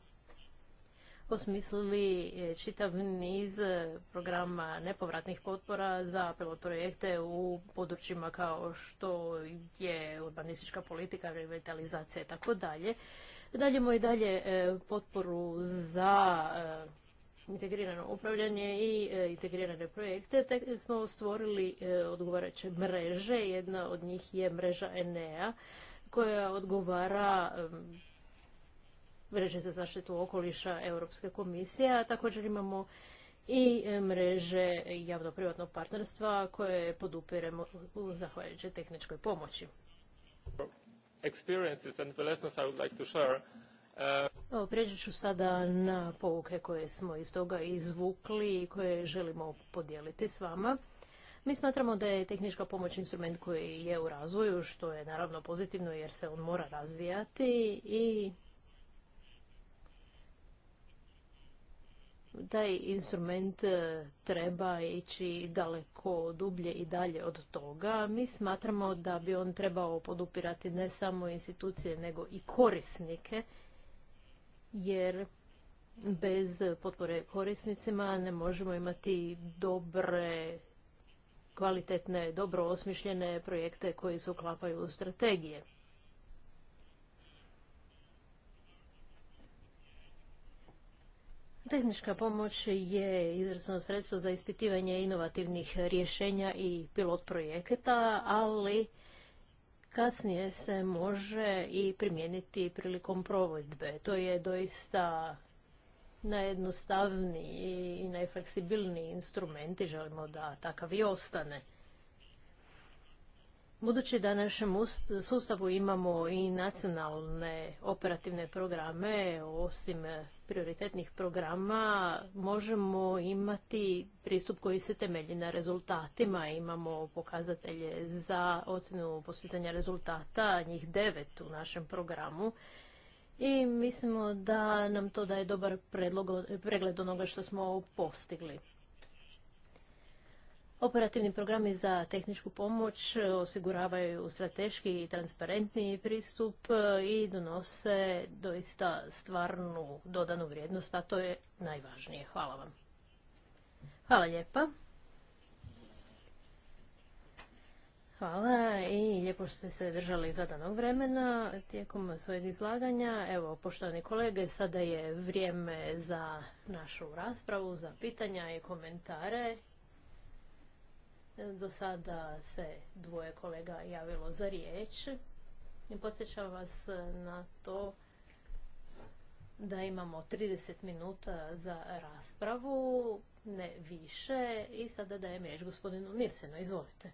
osmislili eh, čitav niz eh, programa nepovratnih potpora za pilot projekte u područjima kao što je urbanistička politika, revitalizacija i tako dalje. Daljemo i dalje e, potporu za e, integrirano upravljanje i e, integrirane projekte, tek smo stvorili odgovarajuće mreže. Jedna od njih je mreža Enea koja odgovara mreže za zaštitu okoliša Europske komisije, također imamo i mreže javno-privatnog partnerstva koje podupiremo zahvaljujući tehničkoj pomoći experiences and lessons I would like to share. Uh, ću sada na pouke koje smo iz toga izvukli i koje želimo podijeliti s vama. Mi smatramo da je tehnička pomoć instrument koji je u razvoju, što je naravno pozitivno jer se on mora razvijati i taj instrument e, treba ići daleko dublje i dalje od toga. Mi smatramo da bi on trebao podupirati ne samo institucije nego i korisnike jer bez potpore korisnicima ne možemo imati dobre, kvalitetne, dobro osmišljene projekte koji se uklapaju u strategije. Tehnička pomoć je izrazno sredstvo za ispitivanje inovativnih rješenja i pilot projekata, ali kasnije se može i primijeniti prilikom provodbe. To je doista najjednostavniji i najfleksibilniji instrument i želimo da takav i ostane. Budući da našem sustavu imamo i nacionalne operativne programe, osim e, prioritetnih programa, možemo imati pristup koji se temelji na rezultatima. Imamo pokazatelje za ocjenu postizanja rezultata, njih devet u našem programu. I mislimo da nam to daje dobar pregled onoga što smo postigli. Operativni programi za tehničku pomoć osiguravaju strateški i transparentni pristup e, i donose doista stvarnu dodanu vrijednost, a to je najvažnije. Hvala vam. Hvala lijepa. Hvala i lijepo ste se držali zadanog vremena tijekom svojeg izlaganja. Evo, poštovani kolege, sada je vrijeme za našu raspravu, za pitanja i komentare. Do sada se dvoje kolega javilo za riječ. I posjećam vas na to da imamo 30 minuta za raspravu, ne više. I sada dajem riječ gospodinu Nirsenu. Izvolite.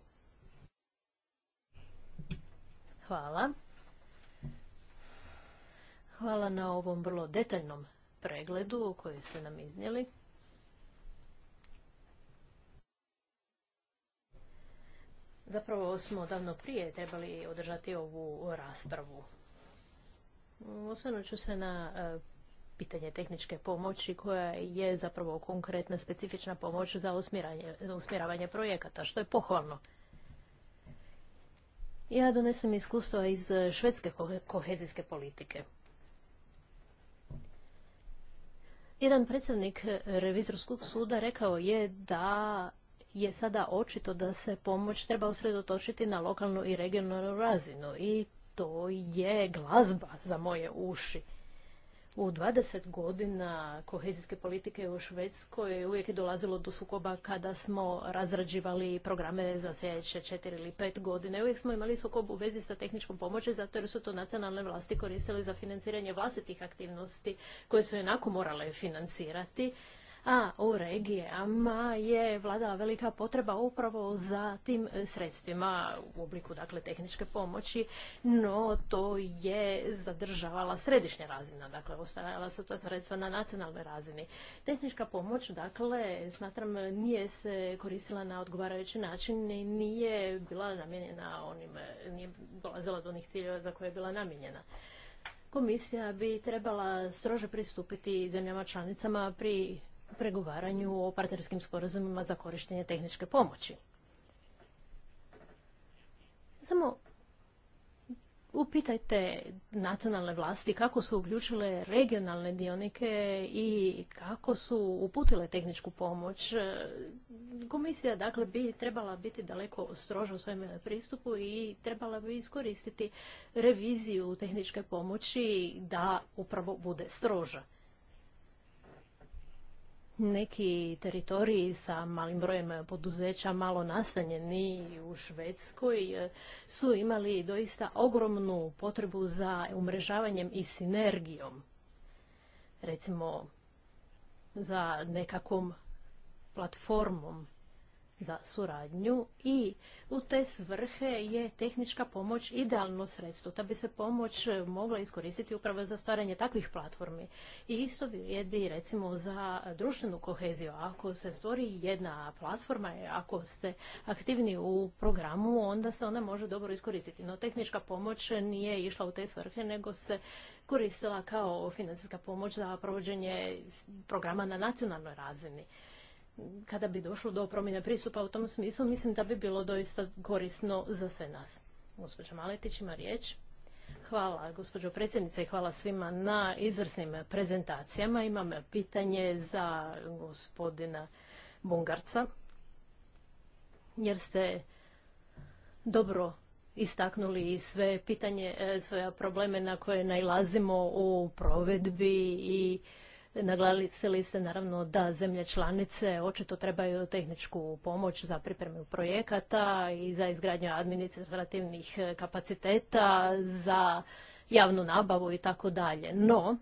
Hvala. Hvala na ovom vrlo detaljnom pregledu koji ste nam iznijeli. Zapravo smo davno prije trebali održati ovu raspravu. Osvrnut ću se na e, pitanje tehničke pomoći koja je zapravo konkretna specifična pomoć za usmjeravanje projekata, što je pohvalno. Ja donesem iskustva iz švedske kohezijske politike. Jedan predstavnik revizorskog suda rekao je da je sada očito da se pomoć treba usredotočiti na lokalnu i regionalnu razinu i to je glazba za moje uši. U 20 godina kohezijske politike u Švedskoj uvijek je dolazilo do sukoba kada smo razrađivali programe za sljedeće 4 ili 5 godine. Uvijek smo imali sukob u vezi sa tehničkom pomoći zato jer su to nacionalne vlasti koristile za financiranje vlastitih aktivnosti koje su jednako morale financirati a u regijama je vlada velika potreba upravo za tim e, sredstvima u obliku dakle tehničke pomoći, no to je zadržavala središnja razina, dakle ostajala su to sredstva na nacionalnoj razini. Tehnička pomoć, dakle, smatram nije se koristila na odgovarajući način i nije bila namijenjena onim, nije dolazila do onih ciljeva za koje je bila namijenjena. Komisija bi trebala strože pristupiti zemljama članicama pri pregovaranju o partnerskim sporazumima za korištenje tehničke pomoći. Samo upitajte nacionalne vlasti kako su uključile regionalne dionike i kako su uputile tehničku pomoć. Komisija dakle bi trebala biti daleko stroža u svojem pristupu i trebala bi iskoristiti reviziju tehničke pomoći da upravo bude stroža neki teritoriji sa malim brojem poduzeća, malo nastanjeni u Švedskoj, e, su imali doista ogromnu potrebu za umrežavanjem i sinergijom. Recimo, za nekakvom platformom za suradnju i u te svrhe je tehnička pomoć idealno sredstvo da bi se pomoć mogla iskoristiti upravo za stvaranje takvih platformi. I isto vrijedi recimo za društvenu koheziju. Ako se stvori jedna platforma, e, ako ste aktivni u programu, onda se ona može dobro iskoristiti. No tehnička pomoć nije išla u te svrhe, nego se koristila kao financijska pomoć za provođenje programa na nacionalnoj razini kada bi došlo do promjene pristupa u tom smislu, mislim da bi bilo doista korisno za sve nas. Gospođa Maletić ima riječ. Hvala gospođo predsjednice i hvala svima na izvrsnim prezentacijama. Imam pitanje za gospodina Bungarca, jer ste dobro istaknuli i sve pitanje, e, svoje probleme na koje najlazimo u provedbi i Naglasili ste naravno da zemlje članice očito trebaju tehničku pomoć za pripremu projekata i za izgradnju administrativnih kapaciteta, za javnu nabavu i tako dalje. No,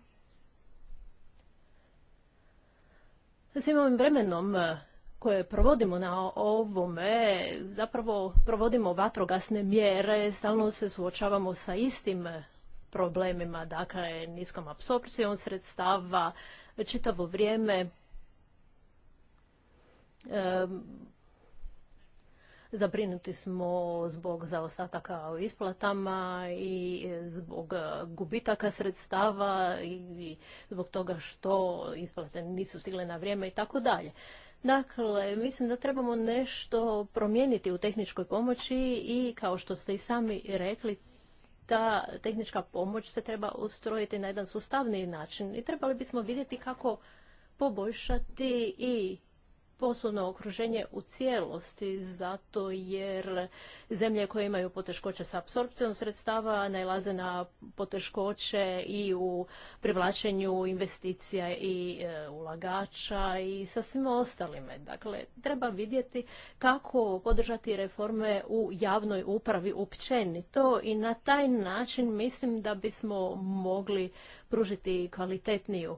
svim ovim vremenom koje provodimo na ovome, zapravo provodimo vatrogasne mjere, stalno se suočavamo sa istim problemima, dakle niskom apsorpcijom sredstava, čitavo vrijeme zabrinuti smo zbog zaostataka o isplatama i zbog e, gubitaka sredstava i zbog toga što isplate nisu stigle na vrijeme i tako dalje. Dakle, mislim da trebamo nešto promijeniti u tehničkoj pomoći i kao što ste i sami rekli, ta tehnička pomoć se treba ustrojiti na jedan sustavniji način i trebali bismo vidjeti kako poboljšati i poslovno okruženje u cijelosti, zato jer zemlje koje imaju poteškoće s apsorpcijom sredstava nailaze na poteškoće i u privlačenju investicija i e, ulagača i sa svim ostalime. Dakle, treba vidjeti kako podržati reforme u javnoj upravi općenito i na taj način mislim da bismo mogli pružiti kvalitetniju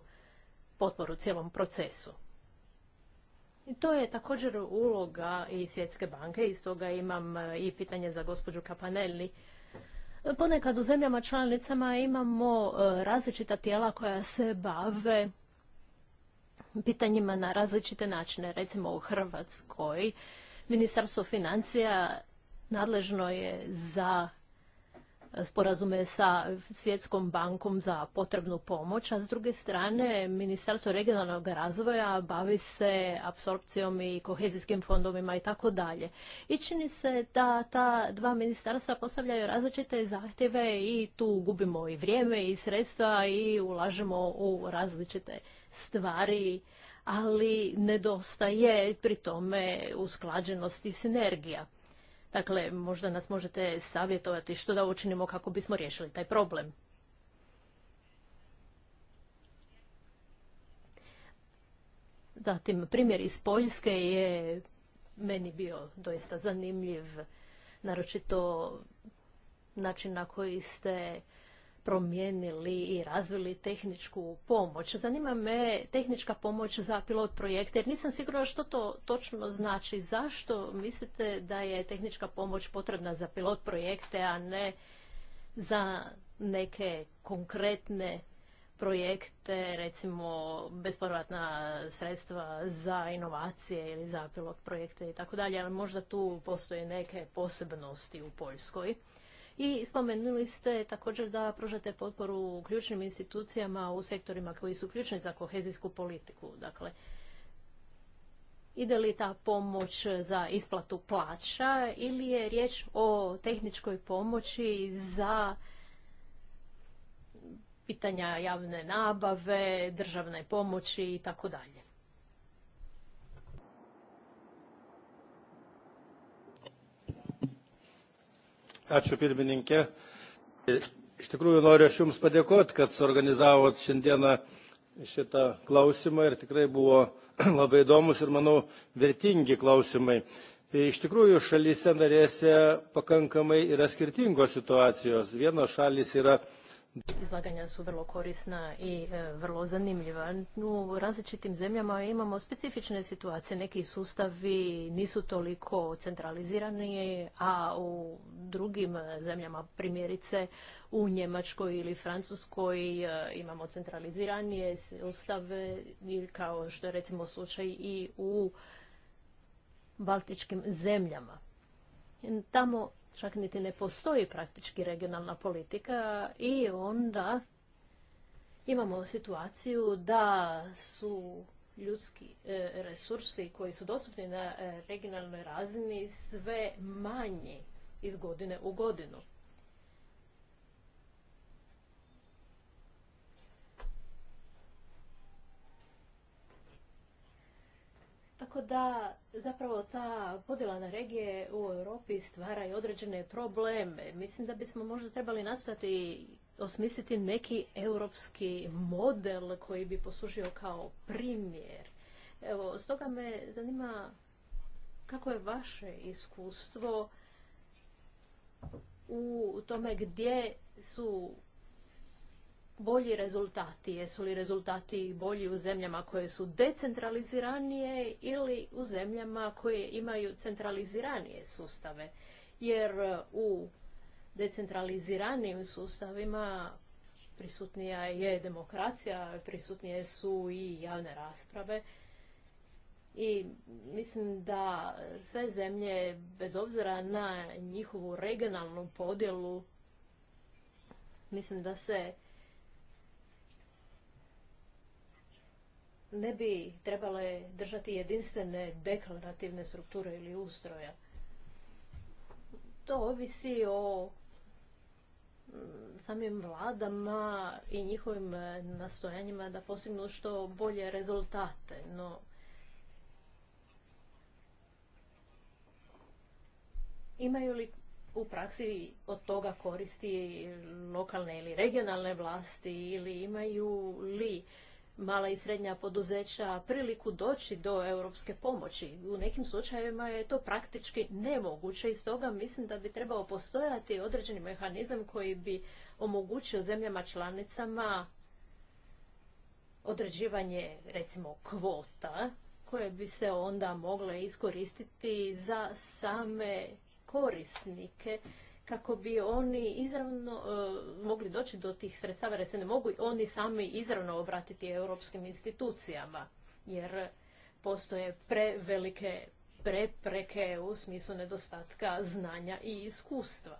potporu cijelom procesu. To je također uloga i Svjetske banke i toga imam e, i pitanje za gospođu Kapanelli. Ponekad u zemljama članicama imamo e, različita tijela koja se bave pitanjima na različite načine. Recimo u Hrvatskoj Ministarstvo financija nadležno je za sporazume sa Svjetskom bankom za potrebnu pomoć, a s druge strane Ministarstvo regionalnog razvoja bavi se apsorpcijom i kohezijskim fondovima i tako dalje. I čini se da ta dva ministarstva postavljaju različite zahtjeve i tu gubimo i vrijeme i sredstva i ulažemo u različite stvari, ali nedostaje pri tome usklađenost i sinergija. Dakle, možda nas možete savjetovati što da učinimo kako bismo riješili taj problem. Zatim, primjer iz Poljske je meni bio doista zanimljiv, naročito način na koji ste promijenili i razvili tehničku pomoć. Zanima me tehnička pomoć za pilot projekte, jer nisam sigurna što to točno znači. Zašto mislite da je tehnička pomoć potrebna za pilot projekte, a ne za neke konkretne projekte, recimo bespovratna sredstva za inovacije ili za pilot projekte i tako dalje, ali možda tu postoje neke posebnosti u Poljskoj. I spomenuli ste također da pružate potporu ključnim institucijama u sektorima koji su ključni za kohezijsku politiku. Dakle, ide li ta pomoć za isplatu plaća ili je riječ o tehničkoj pomoći za pitanja javne nabave, državne pomoći i tako dalje. Ačiū pirmininkė. Iš tikrųjų noriu aš Jums padėkoti, kad suorganizavot šiandieną šitą klausimą ir tikrai buvo <clears throat> labai įdomus ir, manau, vertingi klausimai. Iš tikrųjų, šalyse narėse pakankamai yra skirtingos situacijos. Vienos šalys yra Izlaganja su vrlo korisna i e, vrlo zanimljiva. U različitim zemljama imamo specifične situacije. Neki sustavi nisu toliko centralizirani, a u drugim zemljama, primjerice u Njemačkoj ili Francuskoj e, imamo centraliziranije sustave, kao što je recimo slučaj i u baltičkim zemljama. Tamo čak niti ne postoji praktički regionalna politika i onda imamo situaciju da su ljudski e, resursi koji su dostupni na e, regionalnoj razini sve manji iz godine u godinu. Tako da zapravo ta podjela na regije u Europi stvara i određene probleme. Mislim da bismo možda trebali nastati osmisliti neki europski model koji bi poslužio kao primjer. Evo, stoga me zanima kako je vaše iskustvo u tome gdje su bolji rezultati? Jesu li rezultati bolji u zemljama koje su decentraliziranije ili u zemljama koje imaju centraliziranije sustave? Jer uh, u decentraliziranim sustavima prisutnija je demokracija, prisutnije su i javne rasprave. I mislim da sve zemlje, bez obzira na njihovu regionalnu podjelu, mislim da se ne bi trebale držati jedinstvene deklarativne strukture ili ustroja. To ovisi o mm, samim vladama i njihovim nastojanjima da postignu što bolje rezultate. No, imaju li u praksi od toga koristi lokalne ili regionalne vlasti ili imaju li mala i srednja poduzeća priliku doći do europske pomoći. U nekim slučajevima je to praktički nemoguće i stoga mislim da bi trebao postojati određeni mehanizam koji bi omogućio zemljama članicama određivanje recimo kvota koje bi se onda mogle iskoristiti za same korisnike kako bi oni izravno e, mogli doći do tih sredstava jer se ne mogu oni sami izravno obratiti europskim institucijama jer postoje prevelike prepreke u smislu nedostatka znanja i iskustva.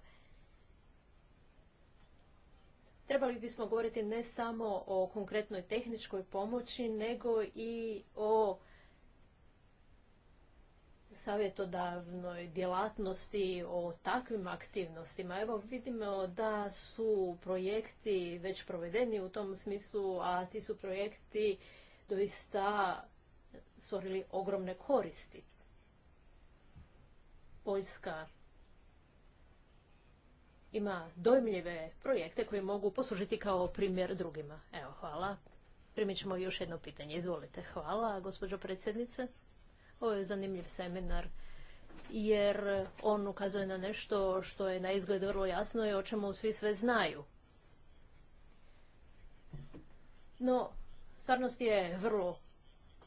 Trebali bismo govoriti ne samo o konkretnoj tehničkoj pomoći, nego i o savjetodavnoj djelatnosti, o takvim aktivnostima. Evo vidimo da su projekti već provedeni u tom smislu, a ti su projekti doista stvorili ogromne koristi. Poljska ima dojmljive projekte koji mogu poslužiti kao primjer drugima. Evo, hvala. Primit ćemo još jedno pitanje. Izvolite. Hvala, gospođo predsjednice. Ovo je zanimljiv seminar jer on ukazuje na nešto što je na izgled vrlo jasno i o čemu svi sve znaju. No, stvarnost je vrlo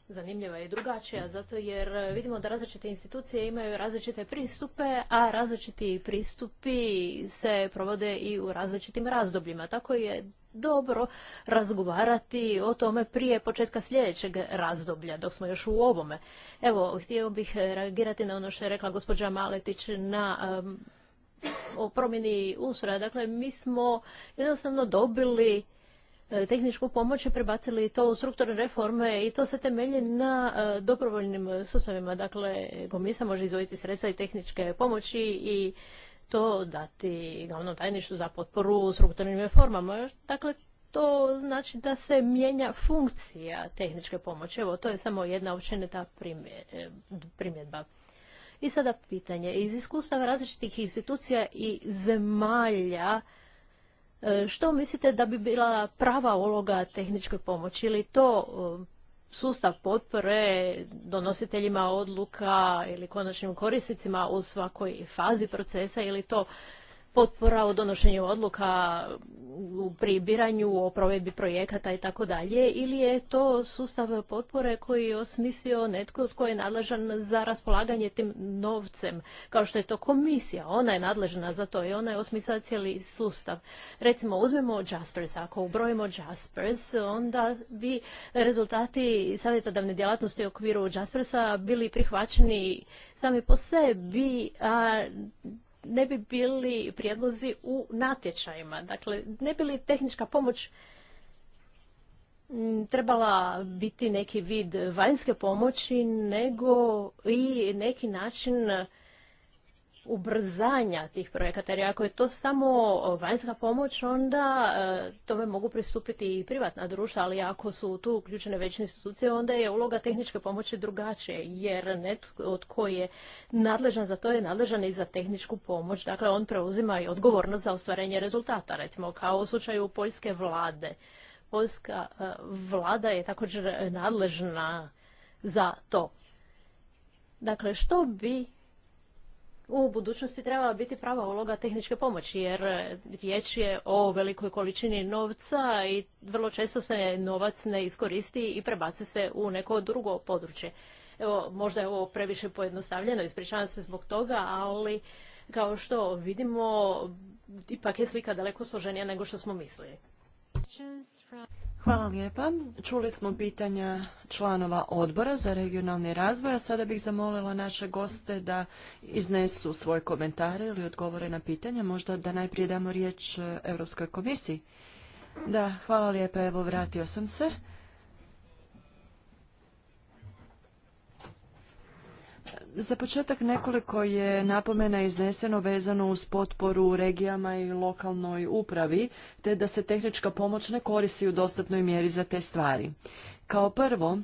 zanimljiva i drugačija, zato jer vidimo da različite institucije imaju različite pristupe, a različiti pristupi se provode i u različitim razdobljima. Tako je dobro razgovarati o tome prije početka sljedećeg razdoblja, dok smo još u ovome. Evo, htio bih reagirati na ono što je rekla gospođa Maletić na o promjeni ustroja. Dakle, mi smo jednostavno dobili e, tehničku pomoć i prebacili to u strukturne reforme i to se temelji na e, dobrovoljnim sustavima. Dakle, komisija može izvojiti sredstva i tehničke pomoći i to dati glavnom tajništvu za potporu strukturnim reformama. Dakle, to znači da se mijenja funkcija tehničke pomoći. Evo, to je samo jedna općenita e, primjedba. I sada pitanje. Iz iskustava različitih institucija i zemalja, e, što mislite da bi bila prava uloga tehničke pomoći? Ili to e, sustav potpore donositeljima odluka ili konačnim korisnicima u svakoj fazi procesa ili to potpora u donošenju odluka u pribiranju o provedbi projekata i tako dalje ili je to sustav potpore koji je osmislio netko tko je nadležan za raspolaganje tim novcem kao što je to komisija ona je nadležna za to i ona je osmislila cijeli sustav recimo uzmemo Jaspers ako ubrojimo Jaspers onda bi rezultati savjetodavne djelatnosti u okviru Jaspersa bili prihvaćeni sami po sebi a ne bi bili prijedlozi u natječajima. Dakle, ne bi li tehnička pomoć trebala biti neki vid vanjske pomoći, nego i neki način ubrzanja tih projekata, jer ako je to samo vanjska pomoć, onda e, tome mogu pristupiti i privatna društva, ali ako su tu uključene već institucije, onda je uloga tehničke pomoći drugačije, jer netko od koji je nadležan za to je nadležan i za tehničku pomoć, dakle on preuzima i odgovornost za ostvarenje rezultata, recimo kao u slučaju poljske vlade. Poljska e, vlada je također nadležna za to. Dakle, što bi u budućnosti treba biti prava uloga tehničke pomoći jer e, riječ je o velikoj količini novca i vrlo često se novac ne iskoristi i prebaci se u neko drugo područje. Evo, možda je ovo previše pojednostavljeno, ispričavam se zbog toga, ali kao što vidimo, ipak je slika daleko složenija nego što smo mislili. Hvala lijepa. Čuli smo pitanja članova odbora za regionalni razvoj, a sada bih zamolila naše goste da iznesu svoje komentare ili odgovore na pitanja. Možda da najprije damo riječ Europskoj komisiji. Da, hvala lijepa, evo vratio sam se. Za početak nekoliko je napomena izneseno vezano uz potporu regijama i lokalnoj upravi, te da se tehnička pomoć ne koristi u dostatnoj mjeri za te stvari. Kao prvo,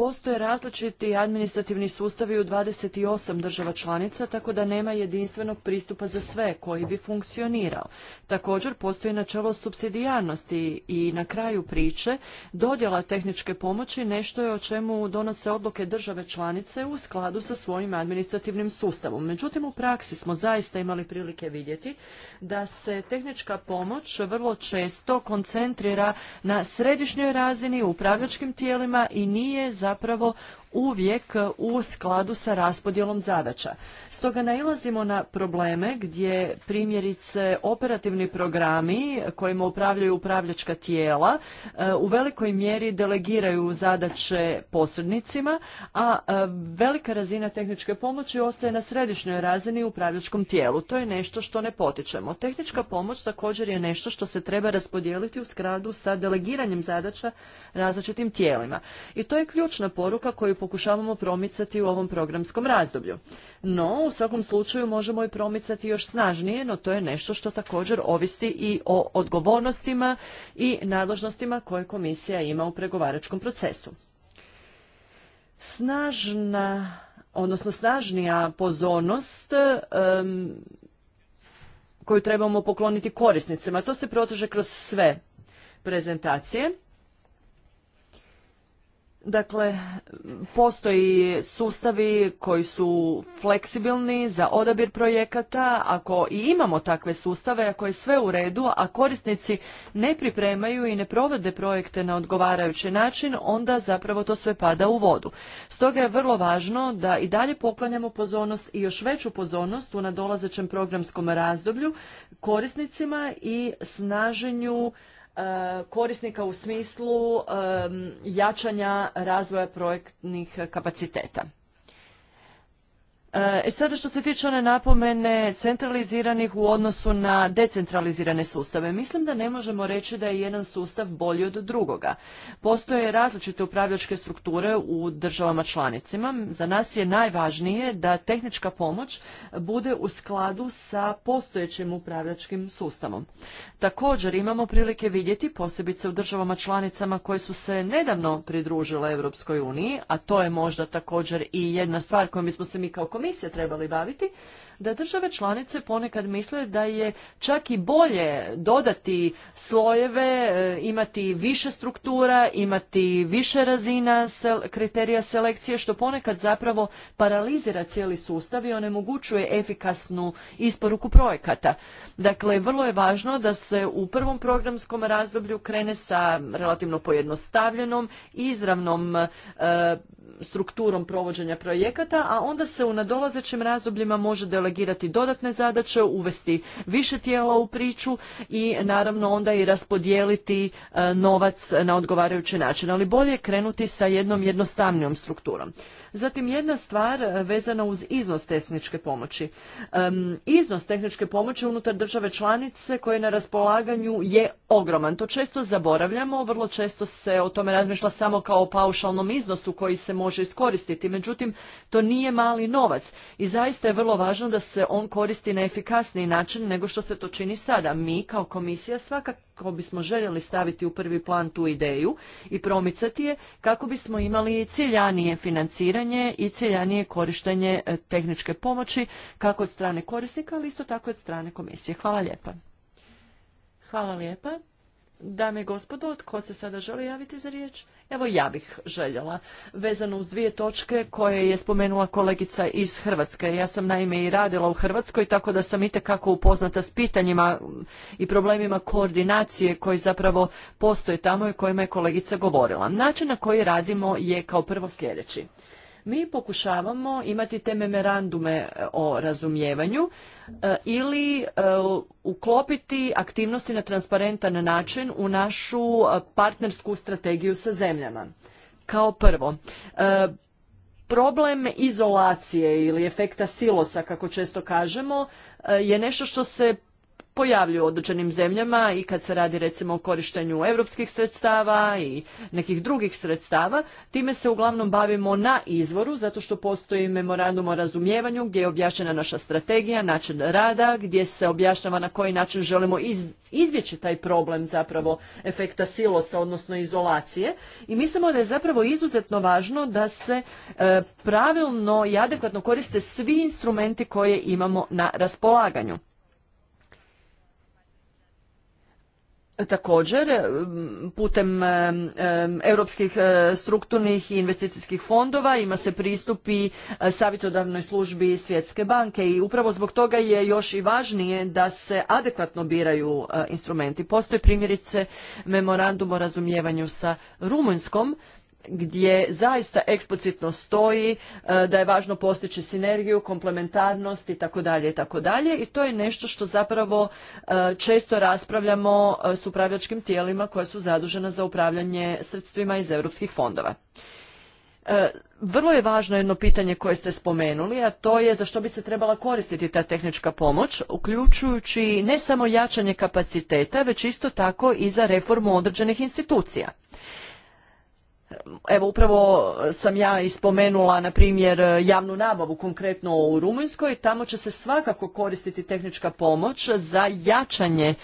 Postoje različiti administrativni sustavi u 28 država članica, tako da nema jedinstvenog pristupa za sve koji bi funkcionirao. Također postoji načelo subsidijarnosti i na kraju priče dodjela tehničke pomoći nešto je o čemu donose odluke države članice u skladu sa svojim administrativnim sustavom. Međutim, u praksi smo zaista imali prilike vidjeti da se tehnička pomoć vrlo često koncentrira na središnjoj razini u upravljačkim tijelima i nije za zapravo uvijek u skladu sa raspodjelom zadaća. Stoga nailazimo na probleme gdje primjerice operativni programi kojima upravljaju upravljačka tijela e, u velikoj mjeri delegiraju zadaće posrednicima, a e, velika razina tehničke pomoći ostaje na središnjoj razini u upravljačkom tijelu. To je nešto što ne potičemo. Tehnička pomoć također je nešto što se treba raspodijeliti u skladu sa delegiranjem zadaća različitim tijelima. I to je ključna poruka koju pokušavamo promicati u ovom programskom razdoblju. No, u svakom slučaju možemo i promicati još snažnije, no to je nešto što također ovisi i o odgovornostima i nadležnostima koje komisija ima u pregovaračkom procesu. Snažna, odnosno snažnija pozornost koju trebamo pokloniti korisnicima. To se proteže kroz sve prezentacije. Dakle, postoji sustavi koji su fleksibilni za odabir projekata, ako i imamo takve sustave, ako je sve u redu, a korisnici ne pripremaju i ne provode projekte na odgovarajući način, onda zapravo to sve pada u vodu. Stoga je vrlo važno da i dalje poklanjamo pozornost i još veću pozornost u nadolazećem programskom razdoblju korisnicima i snaženju E, korisnika u smislu jačanja razvoja projektnih kapaciteta. E, e sada što se tiče one napomene centraliziranih u odnosu na decentralizirane sustave, mislim da ne možemo reći da je jedan sustav bolji od drugoga. Postoje različite upravljačke strukture u državama članicima. Za nas je najvažnije da tehnička pomoć bude u skladu sa postojećim upravljačkim sustavom. Također imamo prilike vidjeti posebice u državama članicama koje su se nedavno pridružile Europskoj uniji, a to je možda također i jedna stvar kojom bismo se mi kao se trebali baviti, da države članice ponekad misle da je čak i bolje dodati slojeve, e, imati više struktura, imati više razina kriterija selekcije, što ponekad zapravo paralizira cijeli sustav i onemogućuje efikasnu isporuku projekata. Dakle, vrlo je važno da se u prvom programskom razdoblju krene sa relativno pojednostavljenom, izravnom e, strukturom provođenja projekata, a onda se u nadolazećim razdobljima može delegirati dodatne zadaće, uvesti više tijela u priču i naravno onda i raspodijeliti e, novac na odgovarajući način. Ali bolje je krenuti sa jednom jednostavnijom strukturom. Zatim jedna stvar e, vezana uz iznos tehničke pomoći. iznos tehničke pomoći unutar države članice koje je na raspolaganju je ogroman. To često zaboravljamo, vrlo često se o tome razmišlja samo kao o paušalnom iznosu koji se može iskoristiti. Međutim, to nije mali novac i zaista je vrlo važno da se on koristi na efikasniji način nego što se to čini sada. Mi kao komisija svakako bismo željeli staviti u prvi plan tu ideju i promicati je kako bismo imali ciljanije financiranje informiranje i ciljanije korištenje e, tehničke pomoći kako od strane korisnika, ali isto tako od strane komisije. Hvala lijepa. Hvala lijepa. Dame i gospodo, tko se sada želi javiti za riječ? Evo ja bih željela, vezano uz dvije točke koje je spomenula kolegica iz Hrvatske. Ja sam naime i radila u Hrvatskoj, tako da sam itekako upoznata s pitanjima i problemima koordinacije koji zapravo postoje tamo i kojima je kolegica govorila. Način na koji radimo je kao prvo sljedeći. Mi pokušavamo imati te memorandume e, o razumijevanju e, ili e, uklopiti aktivnosti na transparentan način u našu partnersku strategiju sa zemljama. Kao prvo, problem izolacije ili efekta silosa, kako često kažemo, je nešto što se pojavljuju u određenim zemljama i kad se radi recimo o korištenju europskih sredstava i nekih drugih sredstava. Time se uglavnom bavimo na izvoru zato što postoji memorandum o razumijevanju gdje je objašnjena naša strategija, način rada, gdje se objašnjava na koji način želimo izbjeći taj problem zapravo efekta silosa, odnosno izolacije. I mislimo da je zapravo izuzetno važno da se e, pravilno i adekvatno koriste svi instrumenti koje imamo na raspolaganju. Također, putem europskih e, strukturnih i investicijskih fondova ima se pristup i e, savjetodavnoj službi Svjetske banke i upravo zbog toga je još i važnije da se adekvatno biraju e, instrumenti. Postoje primjerice memorandum o razumijevanju sa Rumunjskom gdje zaista eksplicitno stoji e, da je važno postići sinergiju, komplementarnost i tako dalje i tako dalje i to je nešto što zapravo e, često raspravljamo e, s upravljačkim tijelima koja su zadužena za upravljanje sredstvima iz europskih fondova. Vrlo je važno jedno pitanje koje ste spomenuli, a to je za što bi se trebala koristiti ta tehnička pomoć, uključujući ne samo jačanje kapaciteta, već isto tako i za reformu određenih institucija. Evo upravo sam ja ispomenula na primjer javnu nabavu konkretno u Rumunjskoj, tamo će se svakako koristiti tehnička pomoć za jačanje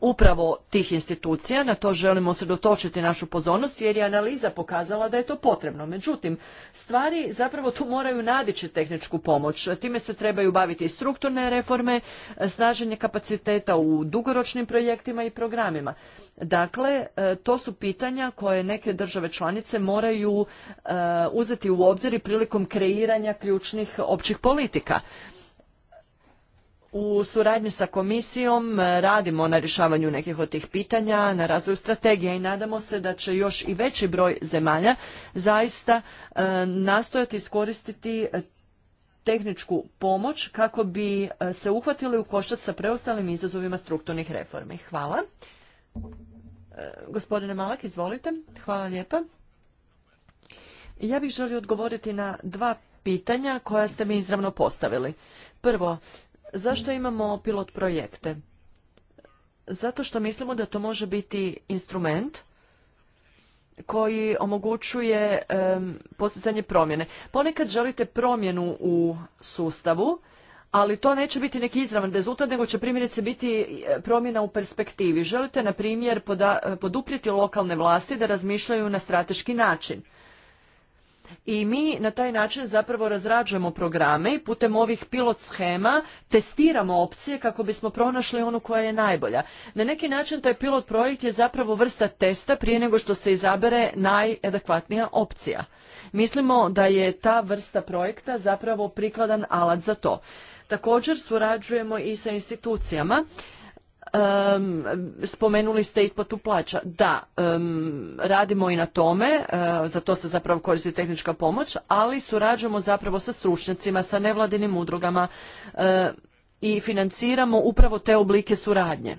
upravo tih institucija, na to želimo sredotočiti našu pozornost jer je analiza pokazala da je to potrebno. Međutim, stvari zapravo tu moraju nadići tehničku pomoć. Time se trebaju baviti i strukturne reforme, snaženje kapaciteta u dugoročnim projektima i programima. Dakle, e, to su pitanja koje neke države članice moraju e, uzeti u obzir i prilikom kreiranja ključnih općih politika. U suradnji sa komisijom e, radimo na rješavanju nekih od tih pitanja, na razvoju strategije i nadamo se da će još i veći broj zemalja zaista e, nastojati iskoristiti e, tehničku pomoć kako bi se uhvatili u koštac sa preostalim izazovima strukturnih reformi. Hvala. Gospodine Malak, izvolite. Hvala lijepa. Ja bih želio odgovoriti na dva pitanja koja ste mi izravno postavili. Prvo, Zašto imamo pilot projekte? Zato što mislimo da to može biti instrument koji omogućuje um, promjene. Ponekad želite promjenu u sustavu, ali to neće biti neki izravan rezultat, nego će primjerice biti e, promjena u perspektivi. Želite, na primjer, poduprijeti lokalne vlasti da razmišljaju na strateški način i mi na taj način zapravo razrađujemo programe i putem ovih pilot schema testiramo opcije kako bismo pronašli onu koja je najbolja. Na neki način taj pilot projekt je zapravo vrsta testa prije nego što se izabere najadekvatnija opcija. Mislimo da je ta vrsta projekta zapravo prikladan alat za to. Također surađujemo i sa institucijama spomenuli ste isplatu plaća. Da, radimo i na tome, uh, za to se zapravo koristi tehnička pomoć, ali surađujemo zapravo sa stručnjacima, sa nevladinim udrugama e, i financiramo upravo te oblike suradnje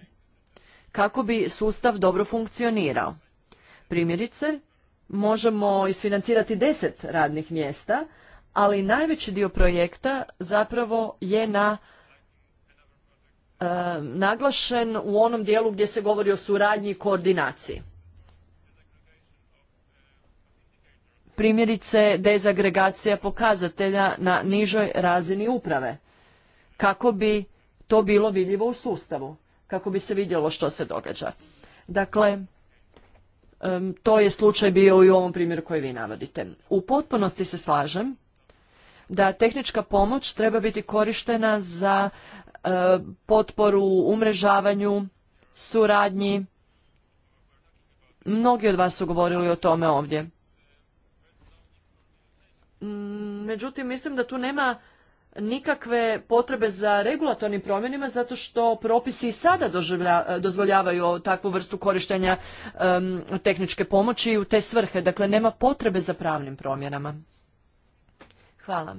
kako bi sustav dobro funkcionirao. Primjerice, možemo isfinancirati deset radnih mjesta, ali najveći dio projekta zapravo je na Eh, naglašen u onom dijelu gdje se govori o suradnji i koordinaciji. Primjerice dezagregacija pokazatelja na nižoj razini uprave kako bi to bilo vidljivo u sustavu, kako bi se vidjelo što se događa. Dakle, to je slučaj bio i u ovom primjeru koji vi navodite. U potpunosti se slažem da tehnička pomoć treba biti korištena za E, potporu umrežavanju, suradnji. Mnogi od vas su govorili o tome ovdje. Mm, međutim, mislim da tu nema nikakve potrebe za regulatornim promjenima zato što propisi i sada dozvoljavaju takvu vrstu korištenja tehničke pomoći u te svrhe. Dakle, nema potrebe za pravnim promjenama. Hvala.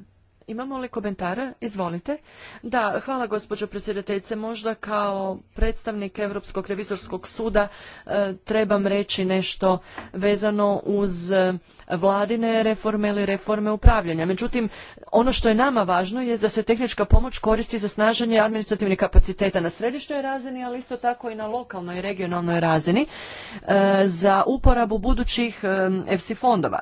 Imamo li komentara? Izvolite. Da, hvala gospođo predsjedateljice. Možda kao predstavnik Europskog revizorskog suda e, trebam reći nešto vezano uz e, vladine reforme ili reforme upravljanja. Međutim, ono što je nama važno je da se tehnička pomoć koristi za snaženje administrativnih kapaciteta na središnjoj razini, ali isto tako i na lokalnoj i regionalnoj razini e, za uporabu budućih EFSI fondova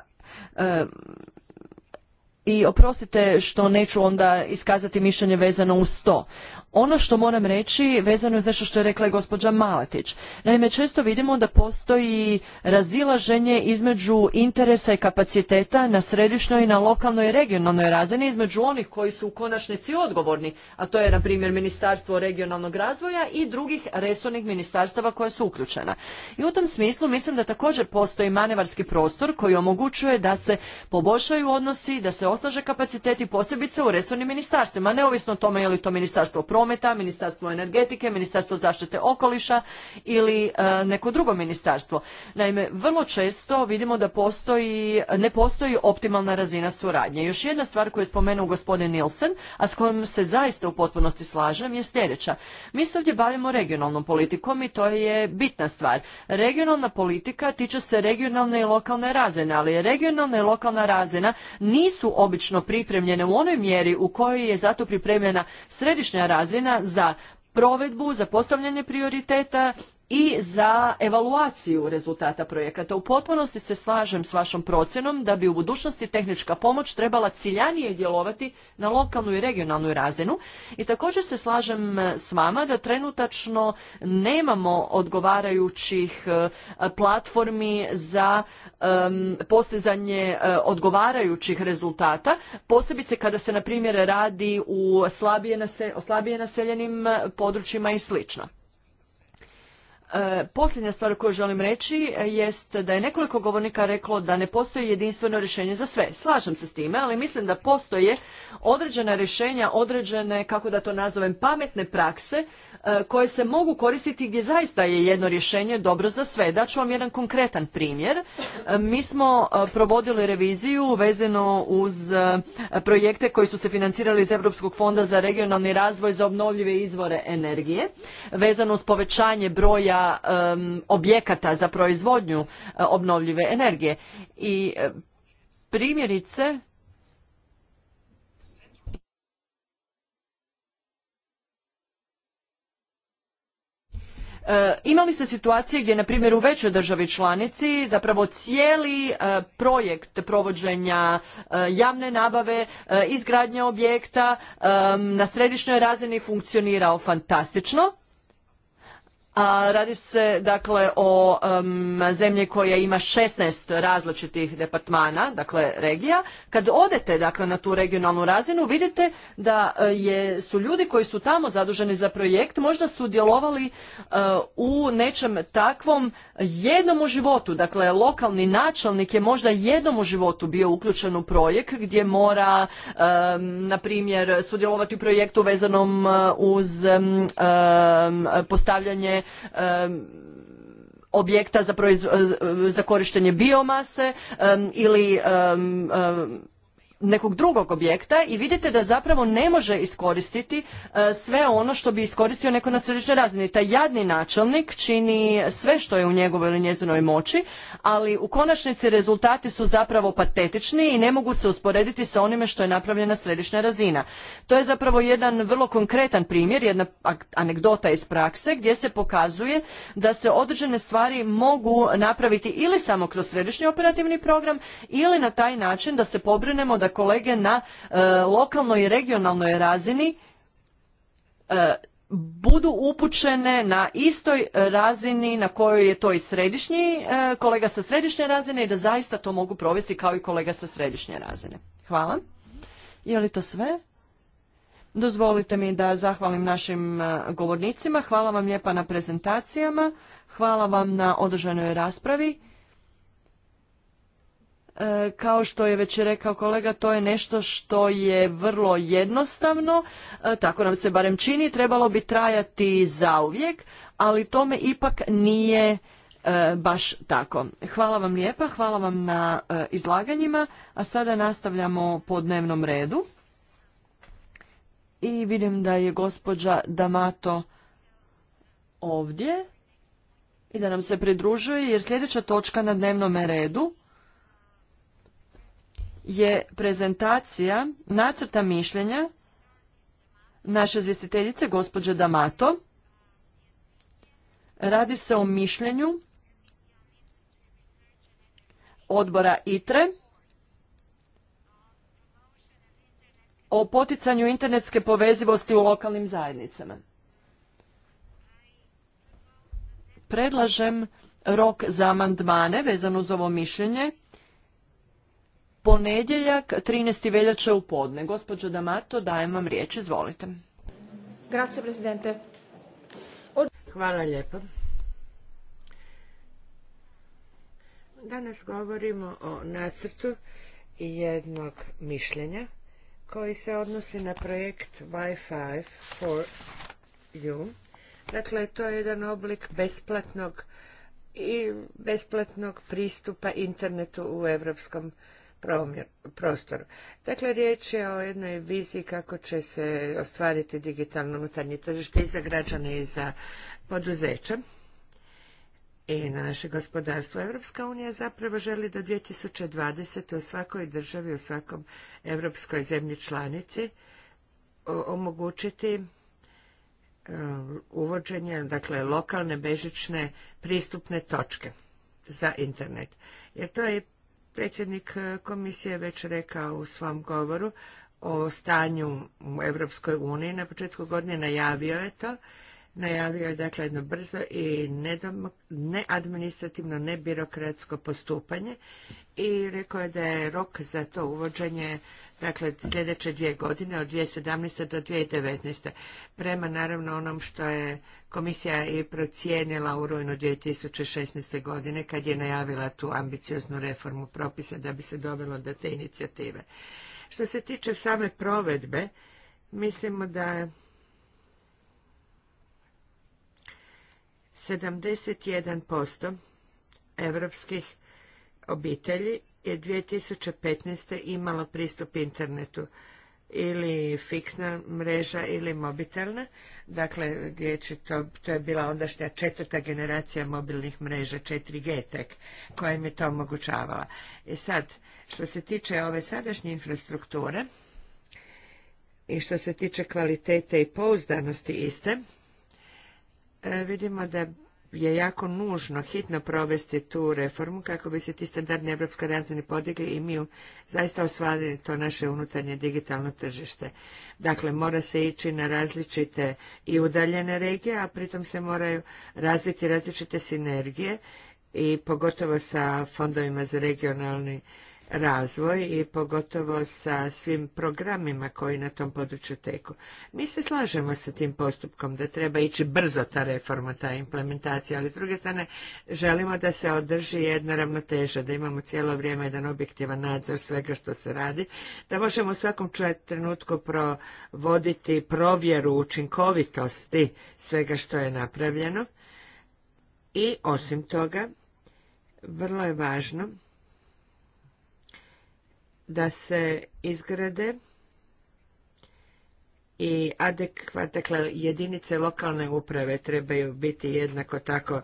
i oprostite što neću onda iskazati mišljenje vezano uz to ono što moram reći vezano je za što je rekla i gospođa Malatić. Naime, često vidimo da postoji razilaženje između interesa i kapaciteta na središnjoj i na lokalnoj i regionalnoj razini između onih koji su u konačnici odgovorni, a to je na primjer Ministarstvo regionalnog razvoja i drugih resornih ministarstava koja su uključena. I u tom smislu mislim da također postoji manevarski prostor koji omogućuje da se poboljšaju odnosi, da se osnaže kapaciteti posebice u resornim ministarstvima, neovisno o tome je li to ministarstvo prometa, ministarstvo energetike, ministarstvo zaštite okoliša ili e, neko drugo ministarstvo. Naime, vrlo često vidimo da postoji, ne postoji optimalna razina suradnje. Još jedna stvar koju je spomenuo gospodin Nilsen, a s kojom se zaista u potpunosti slažem, je sljedeća. Mi se ovdje bavimo regionalnom politikom i to je bitna stvar. Regionalna politika tiče se regionalne i lokalne razine, ali regionalna i lokalna razina nisu obično pripremljene u onoj mjeri u kojoj je zato pripremljena središnja razina razina za provedbu, za postavljanje prioriteta i za evaluaciju rezultata projekata. U potpunosti se slažem s vašom procjenom da bi u budućnosti tehnička pomoć trebala ciljanije djelovati na lokalnu i regionalnu razinu i također se slažem e, s vama da trenutačno nemamo odgovarajućih e, platformi za postizanje e, odgovarajućih rezultata, posebice kada se na primjer radi u slabije, o slabije naseljenim područjima i slično. E, posljednja stvar koju želim reći e, jest da je nekoliko govornika reklo da ne postoji jedinstveno rješenje za sve. Slažem se s time, ali mislim da postoje određena rješenja, određene, kako da to nazovem, pametne prakse E, koje se mogu koristiti gdje zaista je jedno rješenje dobro za sve. Daću vam jedan konkretan primjer. E, mi smo e, provodili reviziju vezano uz projekte koji su se financirali iz Europskog fonda za regionalni razvoj za obnovljive izvore energije, vezano uz povećanje broja objekata za proizvodnju obnovljive energije. I primjerice E, imali ste situacije gdje, na primjer, u većoj državi članici zapravo cijeli e, projekt provođenja e, javne nabave, izgradnja objekta na središnjoj razini funkcionirao fantastično, radi se dakle o zemlji koja ima 16 različitih departmana, dakle regija. Kad odete dakle na tu regionalnu razinu vidite da e, je, su ljudi koji su tamo zaduženi za projekt možda sudjelovali djelovali u nečem takvom jednom u životu. Dakle lokalni načelnik je možda jednom u životu bio uključen u projekt gdje mora na primjer sudjelovati u projektu vezanom e, uz postavljanje objekta za, za korištenje biomase ili nekog drugog objekta i vidite da zapravo ne može iskoristiti e, sve ono što bi iskoristio neko na središnjoj razini. Taj jadni načelnik čini sve što je u njegovoj ili njezinoj moći, ali u konačnici rezultati su zapravo patetični i ne mogu se usporediti sa onime što je napravljena središnja razina. To je zapravo jedan vrlo konkretan primjer, jedna anegdota iz prakse gdje se pokazuje da se određene stvari mogu napraviti ili samo kroz središnji operativni program ili na taj način da se pobrinemo da da dakle, kolege na e, lokalnoj i regionalnoj razini e, budu upućene na istoj razini na kojoj je to i središnji e, kolega sa središnje razine i da zaista to mogu provesti kao i kolega sa središnje razine. Hvala. Je li to sve? Dozvolite mi da zahvalim našim govornicima. Hvala vam lijepa na prezentacijama. Hvala vam na održanoj raspravi. E, kao što je već rekao kolega, to je nešto što je vrlo jednostavno, e, tako nam se barem čini, trebalo bi trajati zauvijek, ali tome ipak nije e, baš tako. Hvala vam lijepa, hvala vam na izlaganjima, a sada nastavljamo po dnevnom redu. I vidim da je gospođa Damato ovdje i da nam se pridružuje jer sljedeća točka na dnevnom redu je prezentacija nacrta mišljenja naše zvjestiteljice gospođe Damato. Radi se o mišljenju odbora ITRE o poticanju internetske povezivosti u lokalnim zajednicama. Predlažem rok za amandmane vezano uz ovo mišljenje ponedjeljak 13. veljače u podne. Gospođo Damato, dajem vam riječ, izvolite. Grazie, presidente. Hvala lijepo. Danas govorimo o nacrtu jednog mišljenja koji se odnosi na projekt Wi-Fi for you. Dakle, to je jedan oblik besplatnog i besplatnog pristupa internetu u europskom prostoru. Dakle, riječ je o jednoj viziji kako će se ostvariti digitalno unutarnje tržište i za građane i za poduzeća i na naše gospodarstvo. Evropska unija zapravo želi do 2020. u svakoj državi, u svakom evropskoj zemlji članici omogućiti e, uvođenje, dakle, lokalne bežične pristupne točke za internet. Jer to je Predsjednik e, komisije već rekao u svom govoru o stanju u Europskoj uniji. Na početku godine najavio je to najavio je dakle jedno brzo i neadministrativno, nebirokratsko postupanje i rekao je da je rok za to uvođenje dakle sljedeće dvije godine od 2017. do 2019. prema naravno onom što je komisija i procijenila u rujnu 2016. godine kad je najavila tu ambicioznu reformu propisa da bi se dovelo do te inicijative. Što se tiče same provedbe, mislimo da 71% evropskih obitelji je 2015. imalo pristup internetu ili fiksna mreža ili mobitelna. Dakle, to, je bila ondašnja četvrta generacija mobilnih mreža, 4G tek, koja im je to omogućavala. I e sad, što se tiče ove sadašnje infrastrukture i što se tiče kvalitete i pouzdanosti iste, E, vidimo da je jako nužno hitno provesti tu reformu kako bi se ti standardni evropske razine podigli i mi zaista ostvarili to naše unutarnje digitalno tržište. Dakle, mora se ići na različite i udaljene regije, a pritom se moraju razviti različite sinergije i pogotovo sa fondovima za regionalni razvoj i pogotovo sa svim programima koji na tom području teku. Mi se slažemo sa tim postupkom da treba ići brzo ta reforma, ta implementacija, ali s druge strane želimo da se održi jedna ravnoteža, da imamo cijelo vrijeme jedan objektivan nadzor svega što se radi, da možemo u svakom trenutku provoditi provjeru učinkovitosti svega što je napravljeno i osim toga vrlo je važno da se izgrade i adekvat, dakle jedinice lokalne uprave trebaju biti jednako tako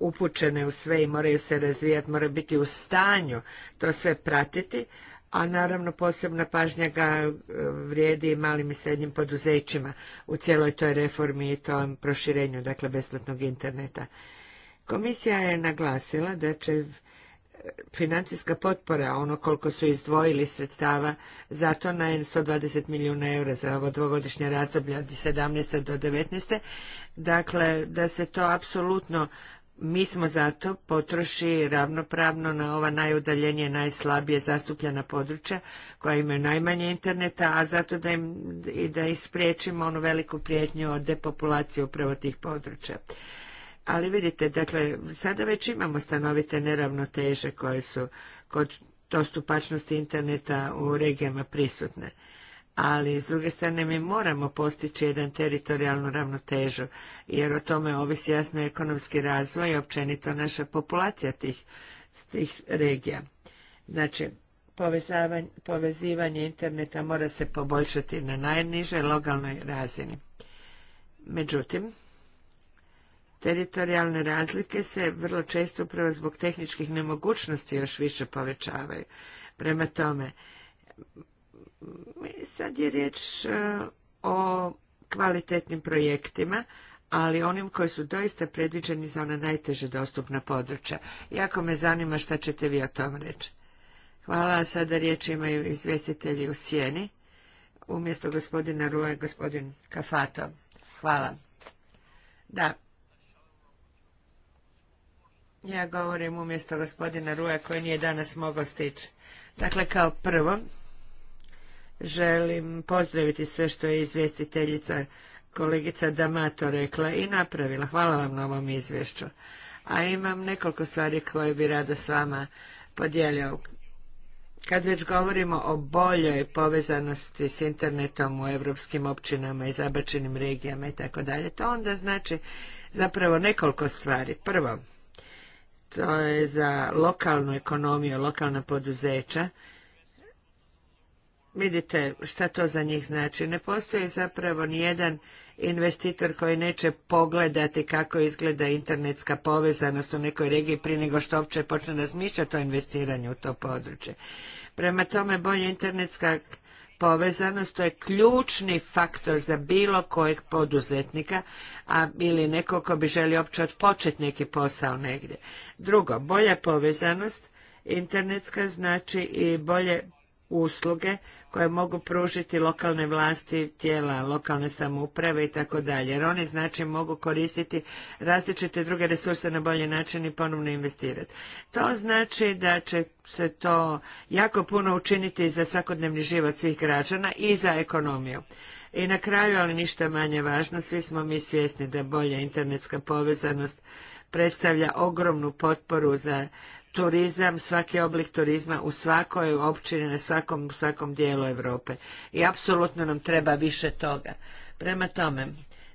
upućene u sve i moraju se razvijati, moraju biti u stanju to sve pratiti, a naravno posebna pažnja ga e, vrijedi malim i srednjim poduzećima u cijeloj toj reformi i tom proširenju, dakle besplatnog interneta. Komisija je naglasila da će financijska potpora, ono koliko su izdvojili sredstava, zato na 120 milijuna eura za ovo dvogodišnje razdoblje od 17. do 19. Dakle, da se to apsolutno mi smo zato potroši ravnopravno na ova najudaljenije, najslabije zastupljena područja koja imaju najmanje interneta, a zato da im i da ispriječimo onu veliku prijetnju od depopulacije upravo tih područja. Ali vidite, dakle, sada već imamo stanovite neravnoteže koje su kod dostupačnosti interneta u regijama prisutne. Ali, s druge strane, mi moramo postići jedan teritorijalnu ravnotežu, jer o tome ovisi jasno ekonomski razvoj i općenito naša populacija tih, tih regija. Znači, povezivanje interneta mora se poboljšati na najnižoj lokalnoj razini. Međutim, Teritorijalne razlike se vrlo često upravo zbog tehničkih nemogućnosti još više povećavaju. Prema tome, sad je riječ e, o kvalitetnim projektima, ali onim koji su doista predviđeni za ona najteže dostupna područja. Jako me zanima šta ćete vi o tom reći. Hvala, sada riječ imaju izvjestitelji u sjeni. Umjesto gospodina Ruje, gospodin Kafato. Hvala. Da, ja govorim umjesto gospodina Ruja koji nije danas mogao stići. Dakle, kao prvo, želim pozdraviti sve što je izvjestiteljica kolegica Damato rekla i napravila. Hvala vam na ovom izvješću. A imam nekoliko stvari koje bi rado s vama podijelio. Kad već govorimo o boljoj povezanosti s internetom u evropskim općinama i zabačenim regijama i tako dalje, to onda znači zapravo nekoliko stvari. Prvo, to je za lokalnu ekonomiju, lokalna poduzeća. Vidite šta to za njih znači. Ne postoji zapravo nijedan investitor koji neće pogledati kako izgleda internetska povezanost u nekoj regiji prije nego što uopće počne razmišljati o investiranju u to područje. Prema tome bolje internetska povezanost, to je ključni faktor za bilo kojeg poduzetnika a, ili nekog ko bi želio uopće odpočeti neki posao negdje. Drugo, bolja povezanost internetska znači i bolje usluge koje mogu pružiti lokalne vlasti, tijela lokalne samouprave i tako dalje. Jer oni znači mogu koristiti različite druge resurse na bolji način i ponovno investirati. To znači da će se to jako puno učiniti za svakodnevni život svih građana i za ekonomiju. I na kraju, ali ništa manje važno, svi smo mi svjesni da bolja internetska povezanost predstavlja ogromnu potporu za turizam, svaki oblik turizma u svakoj općini, na svakom, svakom dijelu Europe. I apsolutno nam treba više toga. Prema tome,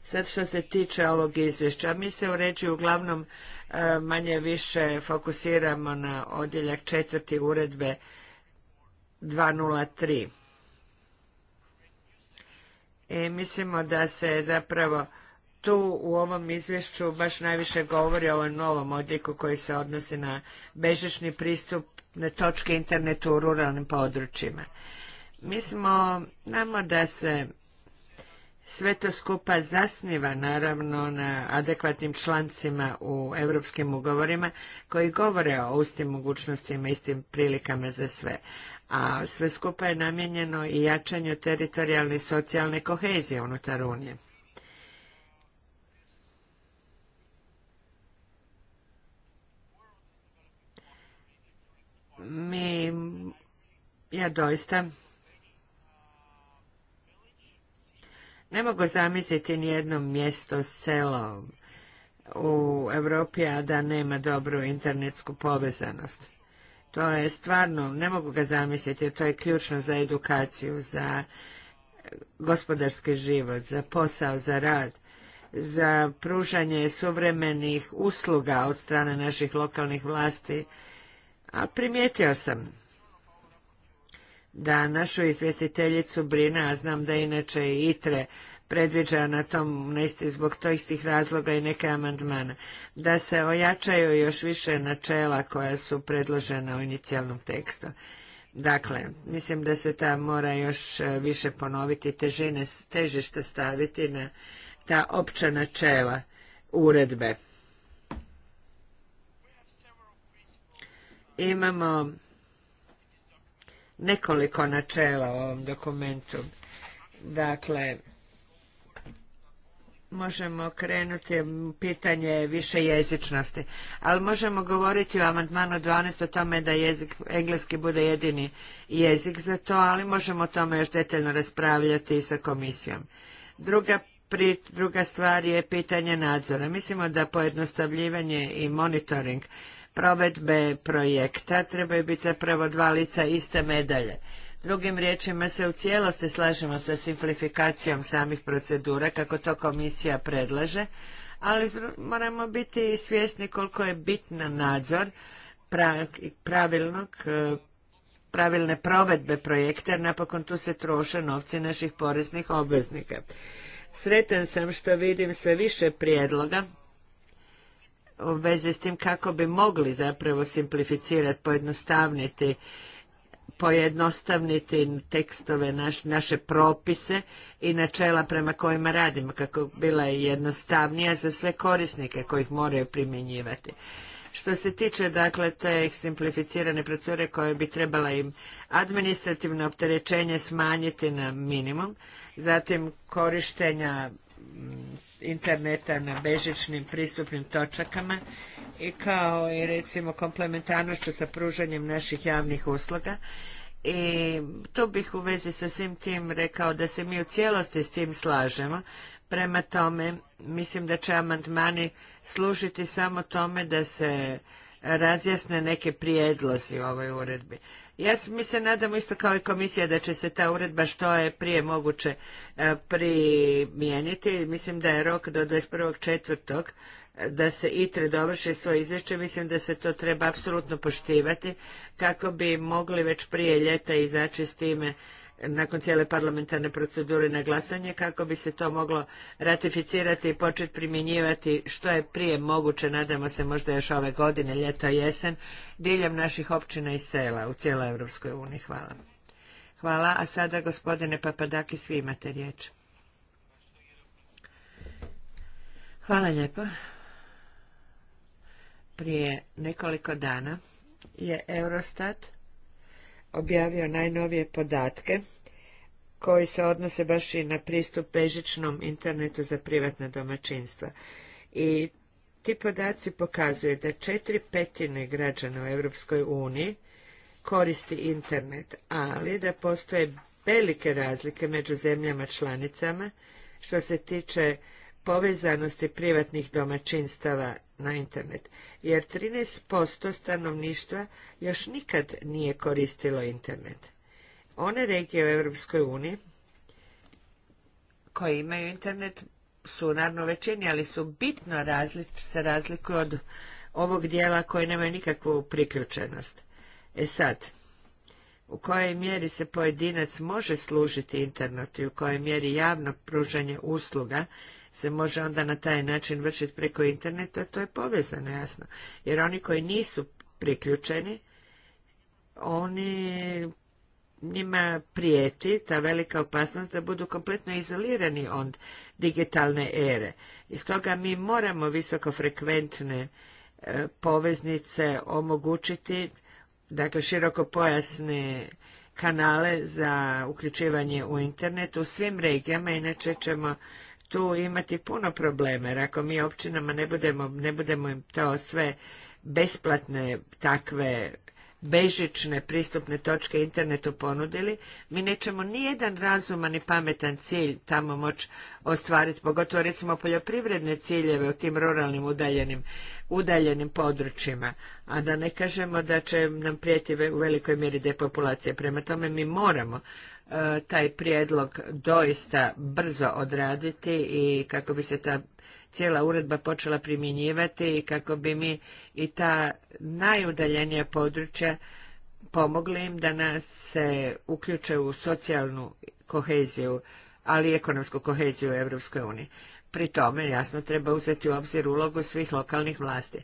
sad što se tiče ovog izvješća, mi se u uglavnom e, manje više fokusiramo na odjeljak četvrti uredbe 203. I mislimo da se zapravo tu u ovom izvješću baš najviše govori o ovom novom odliku koji se odnosi na bežešni pristup na točke internetu u ruralnim područjima. Mi smo, znamo da se sve to skupa zasniva naravno na adekvatnim člancima u evropskim ugovorima koji govore o istim mogućnostima, istim prilikama za sve. A sve skupa je namijenjeno i jačanju teritorijalne i socijalne kohezije unutar Unije. mi, ja doista ne mogu zamisliti nijedno mjesto, selo u Europi, a da nema dobru internetsku povezanost. To je stvarno, ne mogu ga zamisliti, to je ključno za edukaciju, za gospodarski život, za posao, za rad, za pružanje suvremenih usluga od strane naših lokalnih vlasti a primijetio sam da našu izvjestiteljicu brine, a znam da inače i ITRE predviđa na tom neisti zbog to istih razloga i neke amandmana, da se ojačaju još više načela koja su predložena u inicijalnom tekstu. Dakle, mislim da se ta mora još e, više ponoviti, težine, težište staviti na ta opća načela uredbe. imamo nekoliko načela u ovom dokumentu. Dakle, možemo krenuti pitanje više jezičnosti, ali možemo govoriti u amandmanu 12 o tome da jezik, engleski bude jedini jezik za to, ali možemo o tome još detaljno raspravljati i sa komisijom. Druga Druga stvar je pitanje nadzora. Mislimo da pojednostavljivanje i monitoring provedbe projekta trebaju biti zapravo dva lica iste medalje. Drugim riječima se u cijelosti slažemo sa simplifikacijom samih procedura kako to komisija predlaže, ali moramo biti svjesni koliko je bitna nadzor pravilnog e, pravilne provedbe projekta, jer napokon tu se troše novci naših poreznih obveznika. Sretan sam što vidim sve više prijedloga u vezi s tim kako bi mogli zapravo simplificirati, pojednostavniti pojednostavniti tekstove, naš, naše propise i načela prema kojima radimo, kako bila je jednostavnija za sve korisnike kojih moraju primjenjivati. Što se tiče dakle te simplificirane procedure koje bi trebala im administrativno opterećenje smanjiti na minimum, zatim korištenja interneta na bežičnim pristupnim točakama i kao i recimo komplementarnošću sa pružanjem naših javnih usluga. I tu bih u vezi sa svim tim rekao da se mi u cijelosti s tim slažemo. Prema tome, mislim da će amandmani služiti samo tome da se razjasne neke prijedlozi u ovoj uredbi. Ja mi se nadamo isto kao i komisija da će se ta uredba što je prije moguće e, primijeniti. Mislim da je rok do četvrtog e, da se ITRE dovrši svoje izvješće, mislim da se to treba apsolutno poštivati kako bi mogli već prije ljeta izaći s time nakon cijele parlamentarne procedure na glasanje kako bi se to moglo ratificirati i početi primjenjivati što je prije moguće, nadamo se možda još ove godine, ljeto jesen, diljem naših općina i sela u cijeloj Europskoj uniji. Hvala. Hvala, a sada gospodine Papadaki, svi imate riječ. Hvala lijepo. Prije nekoliko dana je Eurostat objavio najnovije podatke koji se odnose baš i na pristup bežičnom internetu za privatna domaćinstva. I ti podaci pokazuju da četiri petine građana u Europskoj uniji koristi internet, ali da postoje velike razlike među zemljama članicama što se tiče povezanosti privatnih domaćinstava na internet, jer 13% stanovništva još nikad nije koristilo internet. One regije u Europskoj uniji koje imaju internet su naravno većini, ali su bitno različ, se razlikuju od ovog dijela koji nemaju nikakvu priključenost. E sad, u kojoj mjeri se pojedinac može služiti internetu i u kojoj mjeri javno pružanje usluga se može onda na taj način vršiti preko interneta, to je povezano, jasno. Jer oni koji nisu priključeni, oni njima prijeti ta velika opasnost da budu kompletno izolirani od digitalne ere. I stoga mi moramo visokofrekventne frekventne poveznice omogućiti, dakle širokopojasne kanale za uključivanje u internet u svim regijama, inače ćemo tu imati puno problema, jer ako mi općinama ne budemo, ne budemo im to sve besplatne takve bežične pristupne točke internetu ponudili, mi nećemo jedan razuman i pametan cilj tamo moći ostvariti, pogotovo recimo poljoprivredne ciljeve u tim ruralnim udaljenim, udaljenim područjima, a da ne kažemo da će nam prijeti u velikoj mjeri depopulacija. Prema tome mi moramo E, taj prijedlog doista brzo odraditi i kako bi se ta cijela uredba počela primjenjivati i kako bi mi i ta najudaljenija područja pomogli im da nas se uključe u socijalnu koheziju, ali i ekonomsku koheziju u Europskoj uniji. Pri tome, jasno, treba uzeti u obzir ulogu svih lokalnih vlasti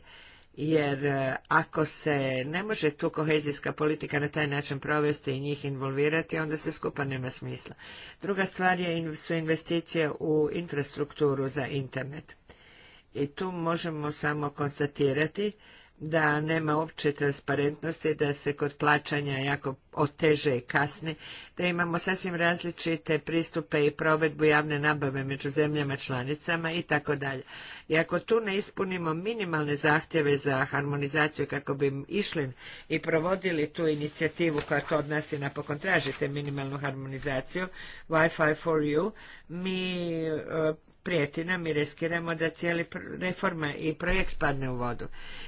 jer e, ako se ne može tu kohezijska politika na taj način provesti i njih involvirati, onda se skupa nema smisla. Druga stvar je, su investicije u infrastrukturu za internet. I tu možemo samo konstatirati da nema uopće transparentnosti, da se kod plaćanja jako oteže i kasni, da imamo sasvim različite pristupe i provedbu javne nabave među zemljama članicama i tako dalje. I ako tu ne ispunimo minimalne zahtjeve za harmonizaciju kako bi išli i provodili tu inicijativu koja to od nas i napokon tražite, minimalnu harmonizaciju, Wi-Fi for you, mi e, prijeti nam i riskiramo da cijeli reforma i projekt padne u vodu.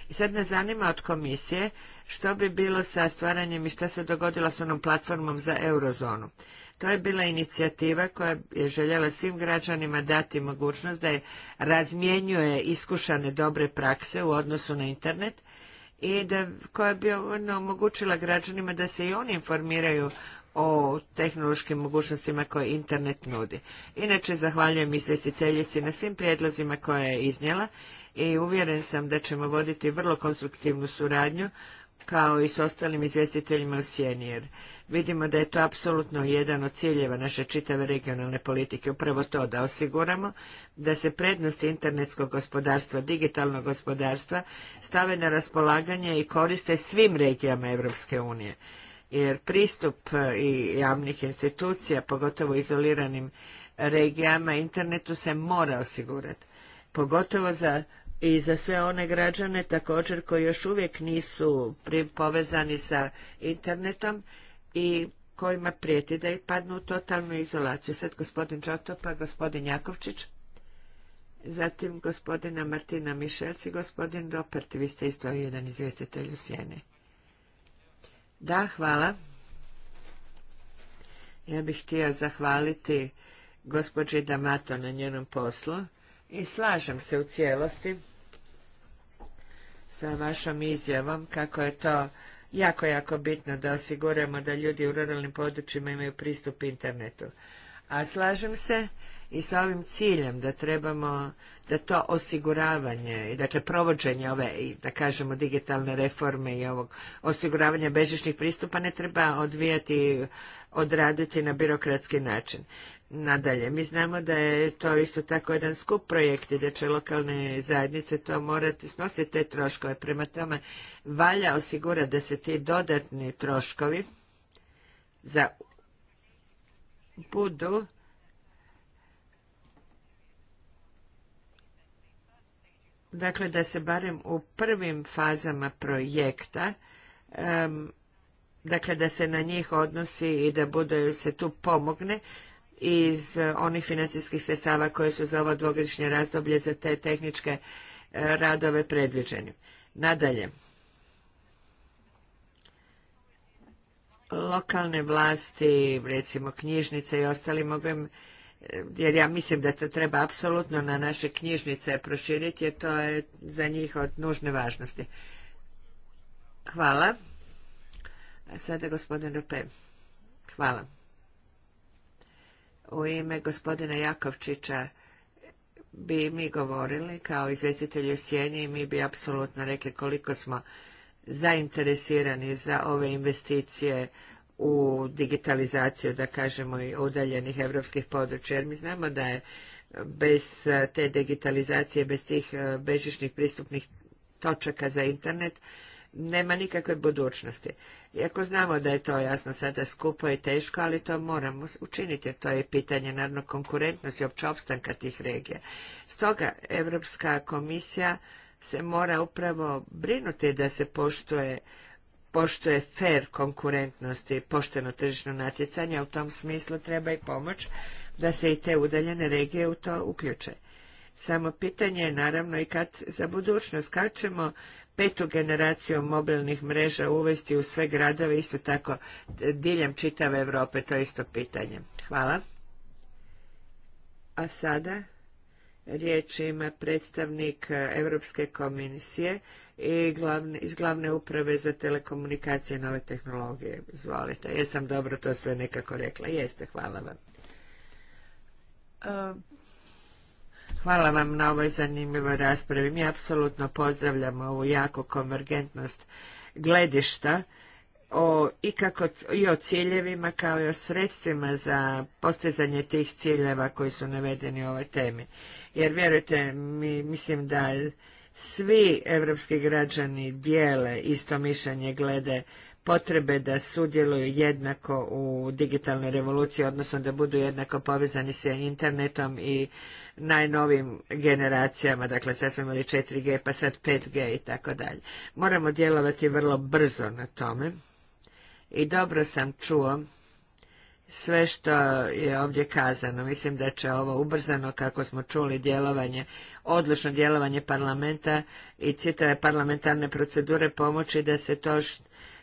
I sad nas zanima od komisije što bi bilo sa stvaranjem i što se dogodilo s onom platformom za eurozonu. To je bila inicijativa koja je željela svim građanima dati mogućnost da je razmjenjuje iskušane dobre prakse u odnosu na internet i da, koja bi ono omogućila građanima da se i oni informiraju o tehnološkim mogućnostima koje internet nudi. Inače, zahvaljujem izvjestiteljici na svim prijedlozima koje je iznijela i uvjeren sam da ćemo voditi vrlo konstruktivnu suradnju kao i s ostalim izvjestiteljima u Sjeni, jer vidimo da je to apsolutno jedan od ciljeva naše čitave regionalne politike, upravo to da osiguramo da se prednosti internetskog gospodarstva, digitalnog gospodarstva stave na raspolaganje i koriste svim regijama Europske unije jer pristup e, i javnih institucija, pogotovo izoliranim regijama, internetu se mora osigurati. Pogotovo za i za sve one građane također koji još uvijek nisu povezani sa internetom i kojima prijeti da ih padnu u totalnu izolaciju. Sad gospodin Čotopa, gospodin Jakovčić, zatim gospodina Martina Mišelci, gospodin Ropert, vi ste isto jedan izvjestitelj u Sjeni. Da, hvala. Ja bih htio zahvaliti gospođi Damato na njenom poslu i slažem se u cijelosti sa vašom izjavom kako je to jako, jako bitno da osiguramo da ljudi u ruralnim područjima imaju pristup internetu. A slažem se i sa ovim ciljem da trebamo da to osiguravanje i dakle provođenje ove i da kažemo digitalne reforme i ovog osiguravanja bežičnih pristupa ne treba odvijati odraditi na birokratski način. Nadalje, mi znamo da je to isto tako jedan skup projekt i da će lokalne zajednice to morati snositi te troškove. Prema tome, valja osigurati da se ti dodatni troškovi za budu dakle da se barem u prvim fazama projekta dakle da se na njih odnosi i da bude se tu pomogne iz eh, onih financijskih sredstava koje su za ovo dvogodišnje razdoblje za te tehničke eh, radove predviđeni. Nadalje, lokalne vlasti, recimo knjižnice i ostali mogu im jer ja mislim da to treba apsolutno na naše knjižnice proširiti jer to je za njih od nužne važnosti. Hvala. A sada gospodin Rupe. Hvala. U ime gospodina Jakovčića bi mi govorili kao izvjestitelji Sjeni i mi bi apsolutno rekli koliko smo zainteresirani za ove investicije u digitalizaciju, da kažemo, i udaljenih evropskih područja. Jer mi znamo da je bez eh, te digitalizacije, bez tih eh, bežičnih pristupnih točaka za internet, nema nikakve budućnosti. Iako znamo da je to jasno sada skupo i teško, ali to moramo učiniti. To je pitanje, naravno, konkurentnosti i opće opstanka tih regija. Stoga, Evropska komisija se mora upravo brinuti da se poštuje poštuje fer konkurentnost i pošteno tržišno natjecanje, u tom smislu treba i pomoć da se i te udaljene regije u to uključe. Samo pitanje je naravno i kad za budućnost, kad ćemo petu generaciju mobilnih mreža uvesti u sve gradove, isto tako diljem čitave Europe, to je isto pitanje. Hvala. A sada riječ ima predstavnik Europske komisije, i iz glavne uprave za telekomunikacije i nove tehnologije. Izvolite. Jesam dobro to sve nekako rekla. Jeste, hvala vam. Ehm, hvala vam na ovoj zanimljivoj raspravi. Mi apsolutno pozdravljamo ovu jako konvergentnost gledišta o, i, kako, i o ciljevima kao i o sredstvima za postizanje tih ciljeva koji su navedeni u ovoj temi. Jer vjerujte, mi, mislim da svi evropski građani dijele isto mišljenje glede potrebe da sudjeluju jednako u digitalnoj revoluciji, odnosno da budu jednako povezani sa internetom i najnovim generacijama, dakle sad smo imali 4G pa sad 5G i tako dalje. Moramo djelovati vrlo brzo na tome i dobro sam čuo sve što je ovdje kazano. Mislim da će ovo ubrzano, kako smo čuli, djelovanje, odlično djelovanje parlamenta i citave parlamentarne procedure pomoći da se to,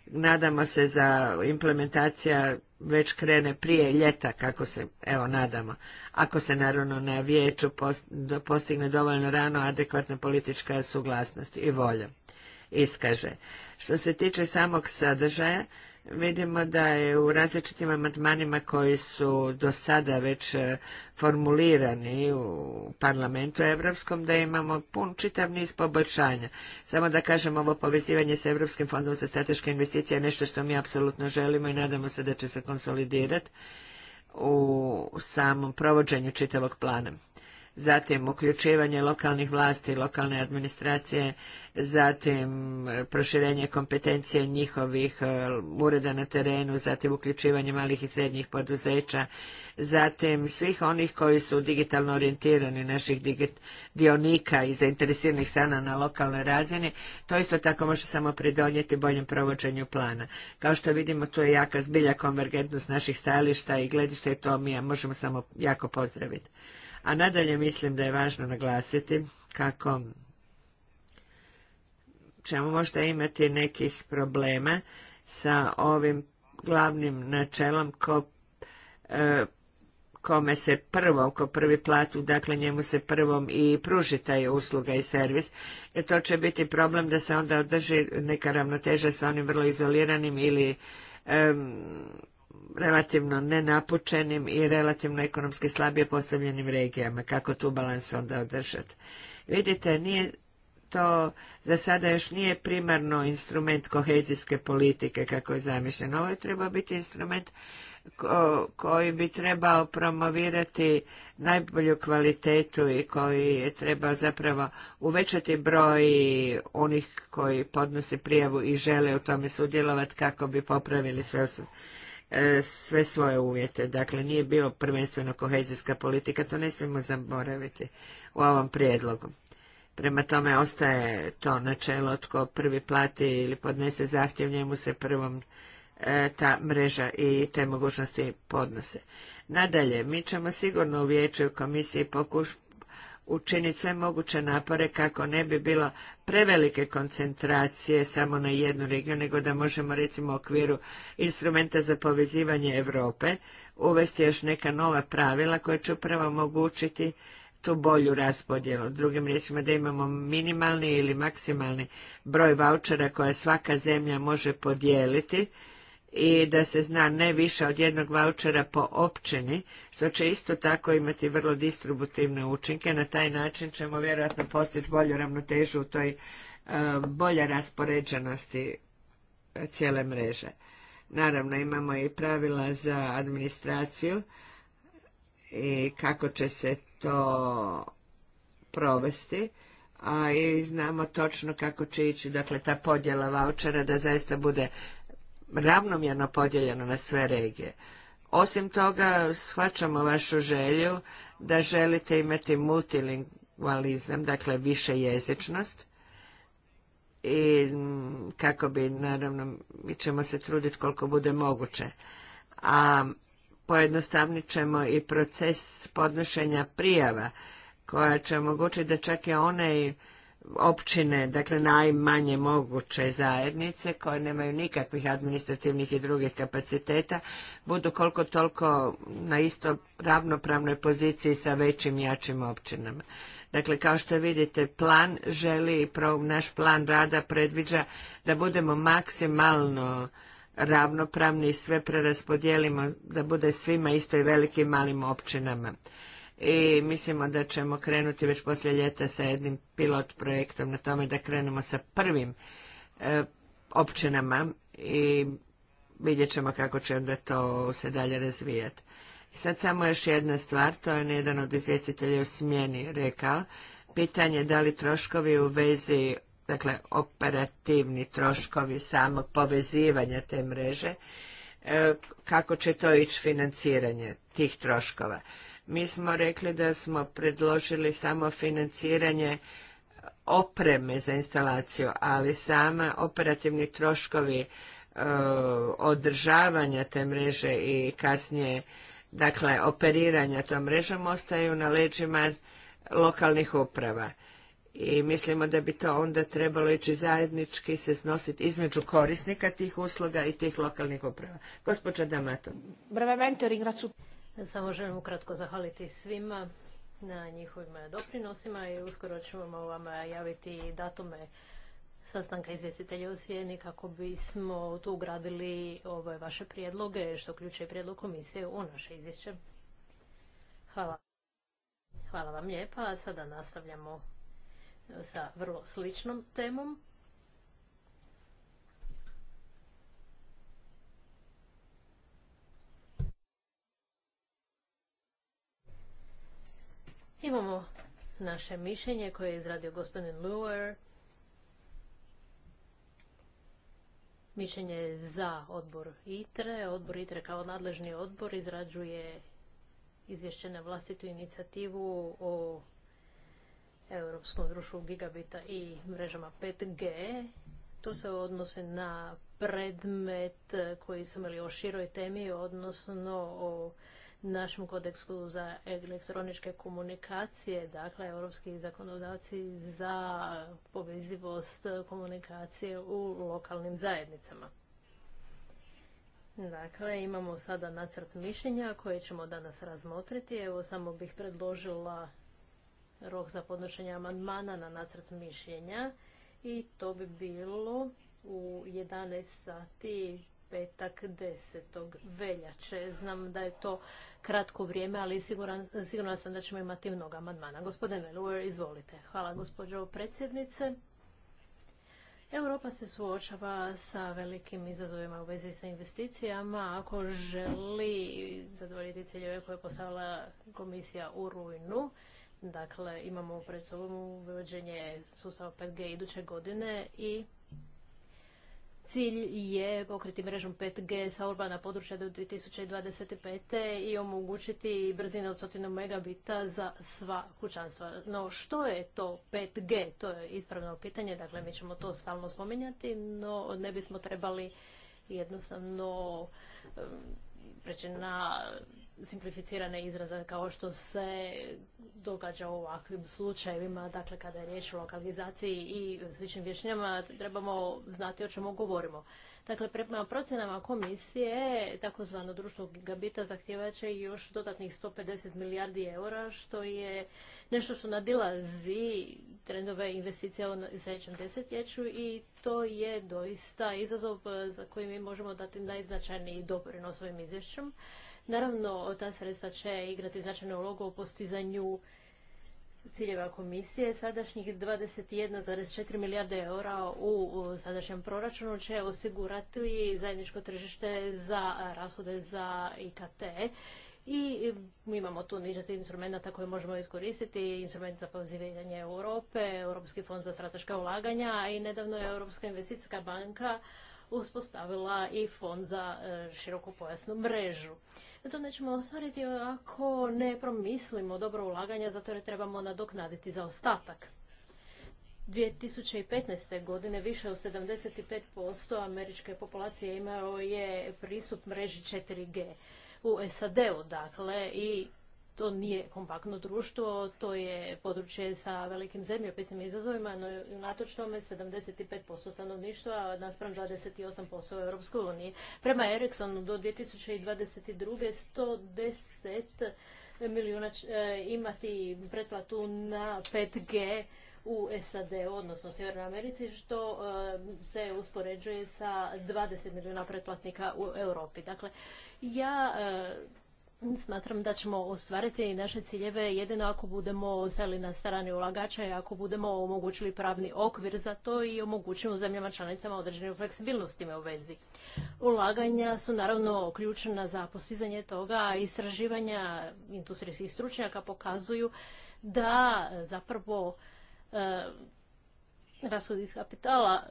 nadamo se, za implementacija već krene prije ljeta, kako se, evo, nadamo. Ako se, naravno, na vijeću postigne dovoljno rano adekvatna politička suglasnost i volja iskaže. Što se tiče samog sadržaja, vidimo da je u različitim amandmanima koji su do sada već e, formulirani u parlamentu europskom da imamo pun čitav niz poboljšanja. Samo da kažem ovo povezivanje sa Europskim fondom za strateške investicije je nešto što mi apsolutno želimo i nadamo se da će se konsolidirati u samom provođenju čitavog plana zatim uključivanje lokalnih vlasti lokalne administracije, zatim e, proširenje kompetencije njihovih e, ureda na terenu, zatim uključivanje malih i srednjih poduzeća, zatim svih onih koji su digitalno orijentirani naših dionika i zainteresiranih strana na lokalnoj razini, to isto tako može samo pridonijeti boljem provođenju plana. Kao što vidimo, tu je jaka zbilja konvergentnost naših stajališta i gledišta i to mi možemo samo jako pozdraviti. A nadalje mislim da je važno naglasiti kako ćemo možda imati nekih problema sa ovim glavnim načelom ko e, kome se prvo, ko prvi platu, dakle njemu se prvom i pruži taj usluga i servis, jer to će biti problem da se onda održi neka ravnoteža sa onim vrlo izoliranim ili relativno nenapučenim i relativno ekonomski slabije postavljenim regijama, kako tu balans onda održati. Vidite, nije to za sada još nije primarno instrument kohezijske politike kako je zamišljeno. Ovo je trebao biti instrument koji bi trebao promovirati najbolju kvalitetu i koji je trebao zapravo uvećati broj onih koji podnose prijavu i žele u tome sudjelovati kako bi popravili sve E, sve svoje uvjete. Dakle, nije bio prvenstveno kohezijska politika, to ne smijemo zaboraviti u ovom prijedlogu. Prema tome ostaje to načelo tko prvi plati ili podnese zahtjev, njemu se prvom e, ta mreža i te mogućnosti podnose. Nadalje, mi ćemo sigurno u vijeću komisiji pokušati učiniti sve moguće napore kako ne bi bilo prevelike koncentracije samo na jednu regiju, nego da možemo recimo u okviru instrumenta za povezivanje Europe uvesti još neka nova pravila koja će upravo omogućiti tu bolju raspodjelu. Drugim riječima da imamo minimalni ili maksimalni broj vouchera koje svaka zemlja može podijeliti i da se zna ne više od jednog vouchera po općini, što će isto tako imati vrlo distributivne učinke. Na taj način ćemo vjerojatno postići bolju ravnotežu u toj e, bolje raspoređenosti e, cijele mreže. Naravno imamo i pravila za administraciju i kako će se to provesti, a i znamo točno kako će ići dakle, ta podjela vouchera da zaista bude ravnomjerno podijeljeno na sve regije. Osim toga, shvaćamo vašu želju da želite imati multilingualizam, dakle više jezičnost, i kako bi, naravno, mi ćemo se truditi koliko bude moguće. A pojednostavnit ćemo i proces podnošenja prijava koja će omogućiti da čak i onaj općine, dakle najmanje moguće zajednice koje nemaju nikakvih administrativnih i drugih kapaciteta, budu koliko toliko na isto ravnopravnoj poziciji sa većim jačim općinama. Dakle, kao što vidite, plan želi, naš plan rada predviđa da budemo maksimalno ravnopravni i sve preraspodijelimo da bude svima isto i velikim malim općinama i mislimo da ćemo krenuti već poslije ljeta sa jednim pilot projektom na tome da krenemo sa prvim e, općinama i vidjet ćemo kako će onda to se dalje razvijati. Sad samo još jedna stvar, to je jedan od izvjestitelja u smjeni rekao, pitanje da li troškovi u vezi, dakle operativni troškovi samog povezivanja te mreže, e, kako će to ići financiranje tih troškova. Mi smo rekli da smo predložili samo financiranje opreme za instalaciju, ali sama operativni troškovi e, održavanja te mreže i kasnije dakle operiranja tom mrežom ostaju na leđima lokalnih uprava. I mislimo da bi to onda trebalo ići zajednički se snositi između korisnika tih usluga i tih lokalnih uprava. Gospođa Damato. Samo želim ukratko zahvaliti svima na njihovim doprinosima i uskoro ćemo vam javiti datume sastanka izvjestitelja u Sijeni kako bismo tu ugradili ove vaše prijedloge, što uključuje prijedlog komisije u naše izvješće. Hvala. Hvala vam lijepa. Sada nastavljamo sa vrlo sličnom temom. Imamo naše mišljenje koje je izradio gospodin Luer. Mišljenje za odbor ITRE. Odbor ITRE kao nadležni odbor izrađuje izvješće na vlastitu inicijativu o Europskom društvu gigabita i mrežama 5G. To se odnosi na predmet koji su imali o široj temi, odnosno o našem kodeksu za elektroničke komunikacije, dakle, europski zakonodavci za povezivost komunikacije u lokalnim zajednicama. Dakle, imamo sada nacrt mišljenja koje ćemo danas razmotriti. Evo, samo bih predložila rok za podnošenje amandmana na nacrt mišljenja i to bi bilo u 11 sati petak 10. veljače. Znam da je to kratko vrijeme, ali sigurno sam da ćemo imati mnogo amandmana. Gospodine izvolite. Hvala gospođo predsjednice. Europa se suočava sa velikim izazovima u vezi sa investicijama. Ako želi zadovoljiti ciljeve koje je postavila komisija u rujnu, dakle imamo pred sobom uvođenje sustava 5G iduće godine i Cilj je pokriti mrežom 5G sa urbana područja do 2025. i omogućiti brzine od 100 megabita za sva kućanstva. No što je to 5G? To je ispravno pitanje, dakle mi ćemo to stalno spominjati, no ne bismo trebali jednostavno preći na simplificirane izraze kao što se događa u ovakvim slučajevima, dakle kada je riječ o lokalizaciji i sličnim vješnjama, trebamo znati o čemu govorimo. Dakle, prema procjenama komisije, takozvano društvo gigabita će još dodatnih 150 milijardi eura, što je nešto što nadilazi trendove investicija u sljedećem desetljeću i to je doista izazov za koji mi možemo dati najznačajniji doprinos ovim izvješćem. Naravno, ta sredstva će igrati značajnu ulogu u postizanju ciljeva komisije. Sadašnjih 21,4 milijarde eura u sadašnjem proračunu će osigurati zajedničko tržište za rashode za IKT. I mi imamo tu nižac instrumenta koje možemo iskoristiti, instrument za pozivljanje Europe, Europski fond za strateška ulaganja i nedavno je Europska investicijska banka uspostavila i fond za e, pojasnu mrežu. To nećemo ostvariti ako ne promislimo dobro ulaganja, zato jer trebamo nadoknaditi za ostatak. 2015. godine više od 75% američke populacije imao je pristup mreži 4G u SAD-u, dakle, i to nije kompaktno društvo, to je područje sa velikim zemljopisnim izazovima, no i unatoč tome 75% stanovništva naspram 28% u Europskoj uniji. Prema Ericssonu do 2022. 110 milijuna e, imati pretplatu na 5G u SAD, odnosno Sjevernoj Americi, što e, se uspoređuje sa 20 milijuna pretplatnika u Europi. Dakle, ja e, Smatram da ćemo ostvariti naše ciljeve jedino ako budemo stali na strani ulagača i ako budemo omogućili pravni okvir za to i omogućimo zemljama članicama određenim fleksibilnostima u vezi. Ulaganja su naravno ključna za postizanje toga, a istraživanja industrijskih stručnjaka pokazuju da zapravo e, rashodi iz kapitala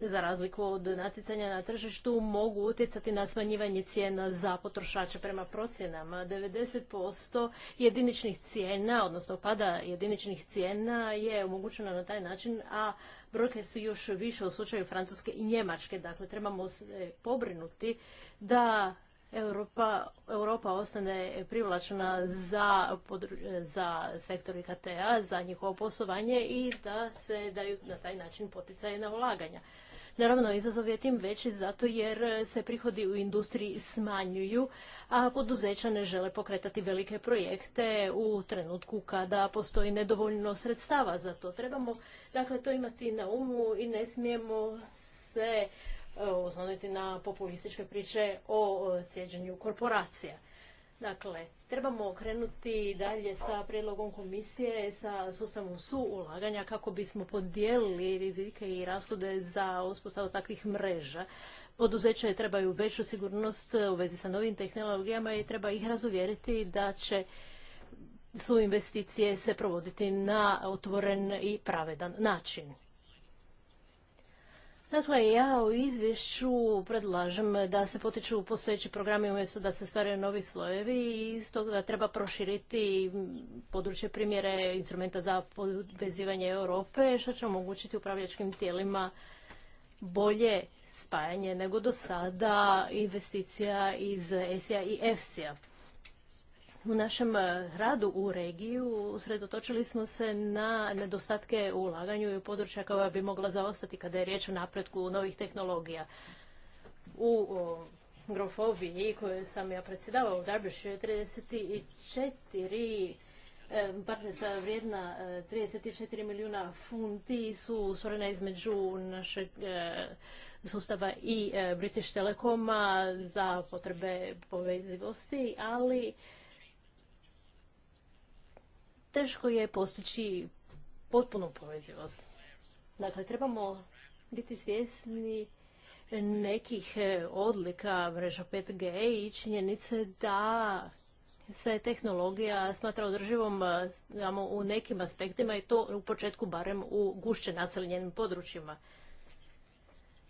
za razliku od natjecanja na tržištu, mogu utjecati na smanjivanje cijena za potrošače prema procjenama. 90% jediničnih cijena, odnosno pada jediničnih cijena je omogućeno na taj način, a brojke su još više u slučaju Francuske i Njemačke. Dakle, trebamo se pobrinuti da Europa, Europa ostane privlačena za, za sektor IKT-a, za njihovo poslovanje i da se daju na taj način poticaje na ulaganja. Naravno, izazov je tim veći zato jer se prihodi u industriji smanjuju, a poduzeća ne žele pokretati velike projekte u trenutku kada postoji nedovoljno sredstava za to. Trebamo dakle, to imati na umu i ne smijemo se e, osloniti na populističke priče o cijeđenju korporacija. Dakle, trebamo krenuti dalje sa prijedlogom komisije, sa sustavom suulaganja kako bismo podijelili rizike i rashode za uspostavu takvih mreža. Poduzeće trebaju veću sigurnost u vezi sa novim tehnologijama i treba ih razuvjeriti da će su investicije se provoditi na otvoren i pravedan način. Dakle, ja u izvješću predlažem da se potiču postojeći programi umjesto da se stvaraju novi slojevi i da treba proširiti područje primjere instrumenta za podvezivanje Europe, što će omogućiti upravljačkim tijelima bolje spajanje nego do sada investicija iz ESIA i efsi u našem e, radu u regiju usredotočili smo se na nedostatke u ulaganju i u područja koja bi mogla zaostati kada je riječ o napretku novih tehnologija. U grofobiji koju sam ja predsjedavao u Darbyshire 34 partnerstva vrijedna 34 e, milijuna funti su stvorena između našeg e, sustava i British Telekoma za potrebe povezivosti, ali teško je postići potpunu povezivost. Dakle, trebamo biti svjesni nekih e, odlika mreža 5G i činjenice da se tehnologija smatra održivom e, samo u nekim aspektima i to u početku barem u gušće naseljenim područjima.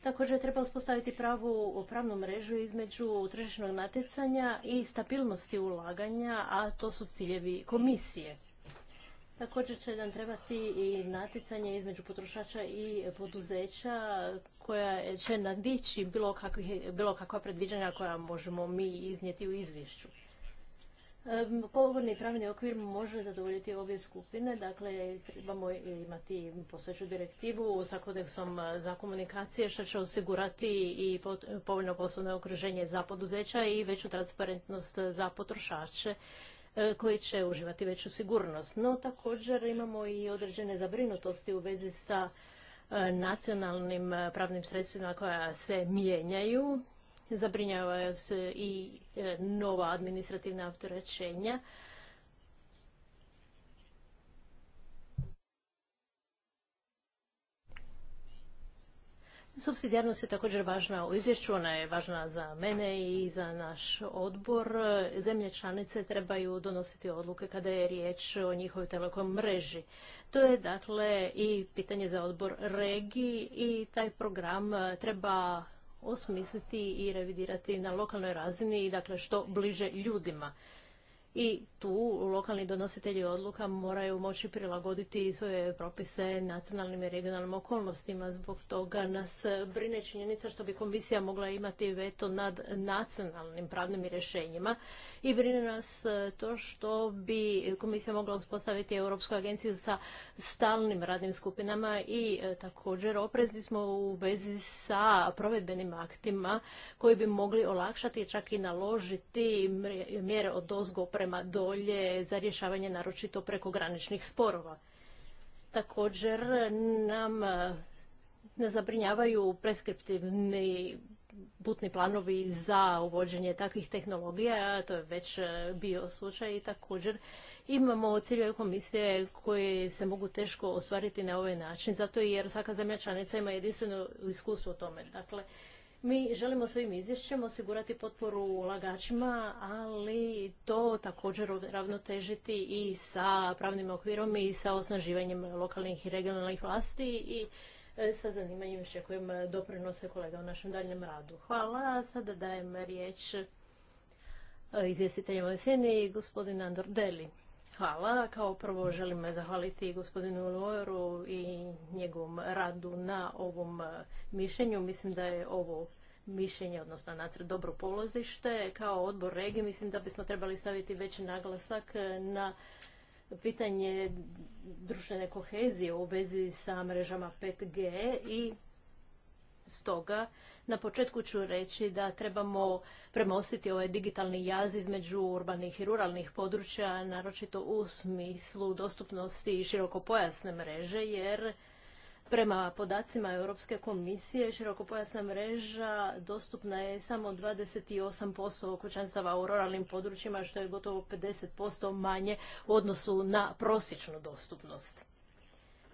Također treba uspostaviti pravu pravnu mrežu između tržišnog natjecanja i stabilnosti ulaganja, a to su ciljevi komisije. Također će nam trebati i natjecanje između potrošača i poduzeća koja će nadići bilo, bilo kakva predviđanja koja možemo mi iznijeti u izvješću. Pogovorni pravni okvir može zadovoljiti obje skupine, dakle trebamo imati posveću direktivu sa kodeksom e, za komunikacije što će osigurati i povoljno poslovno okruženje za poduzeća i veću transparentnost za potrošače E, koji će uživati veću sigurnost. No također imamo i određene zabrinutosti u vezi sa e, nacionalnim e, pravnim sredstvima koja se mijenjaju. Zabrinjavaju se i nova administrativna opterećenja Subsidijarnost je također važna u izvješću, ona je važna za mene i za naš odbor. Zemlje članice trebaju donositi odluke kada je riječ o njihovoj telekom mreži. To je dakle i pitanje za odbor regiji i taj program treba osmisliti i revidirati na lokalnoj razini i dakle što bliže ljudima i tu lokalni donositelji odluka moraju moći prilagoditi svoje propise nacionalnim i regionalnim okolnostima. Zbog toga nas brine činjenica što bi komisija mogla imati veto nad nacionalnim pravnim rješenjima i brine nas e, to što bi komisija mogla uspostaviti Europsku agenciju sa stalnim radnim skupinama i e, također oprezni smo u vezi sa provedbenim aktima koji bi mogli olakšati čak i naložiti mjere od dozgo prema dolje za rješavanje naročito prekograničnih sporova. Također nam eh, ne zabrinjavaju preskriptivni putni planovi za uvođenje takvih tehnologija, to je već eh, bio slučaj i također imamo ciljeve komisije koje se mogu teško ostvariti na ovaj način, zato jer svaka zemlja članica ima jedinstveno iskustvo u tome. Dakle, mi želimo svojim izvješćem osigurati potporu ulagačima, ali to također ravnotežiti i sa pravnim okvirom i sa osnaživanjem lokalnih i regionalnih vlasti i e, sa zanimanjem kojim doprinose kolega u našem daljem radu. Hvala. Sada dajem riječ e, izvjestiteljima u sjeni gospodin Andor Deli. Hvala. Kao prvo želim zahvaliti gospodinu Lojeru i njegovom radu na ovom e, mišljenju. Mislim da je ovo mišljenje, odnosno nacrt dobro polozište. Kao odbor regije mislim da bismo trebali staviti veći naglasak e, na pitanje društvene kohezije u vezi sa mrežama 5G i Stoga, na početku ću reći da trebamo premostiti ovaj digitalni jaz između urbanih i ruralnih područja, naročito u smislu dostupnosti širokopojasne mreže, jer Prema podacima Europske komisije, širokopojasna mreža dostupna je samo 28% kućanstava u ruralnim područjima, što je gotovo 50% manje u odnosu na prosječnu dostupnost.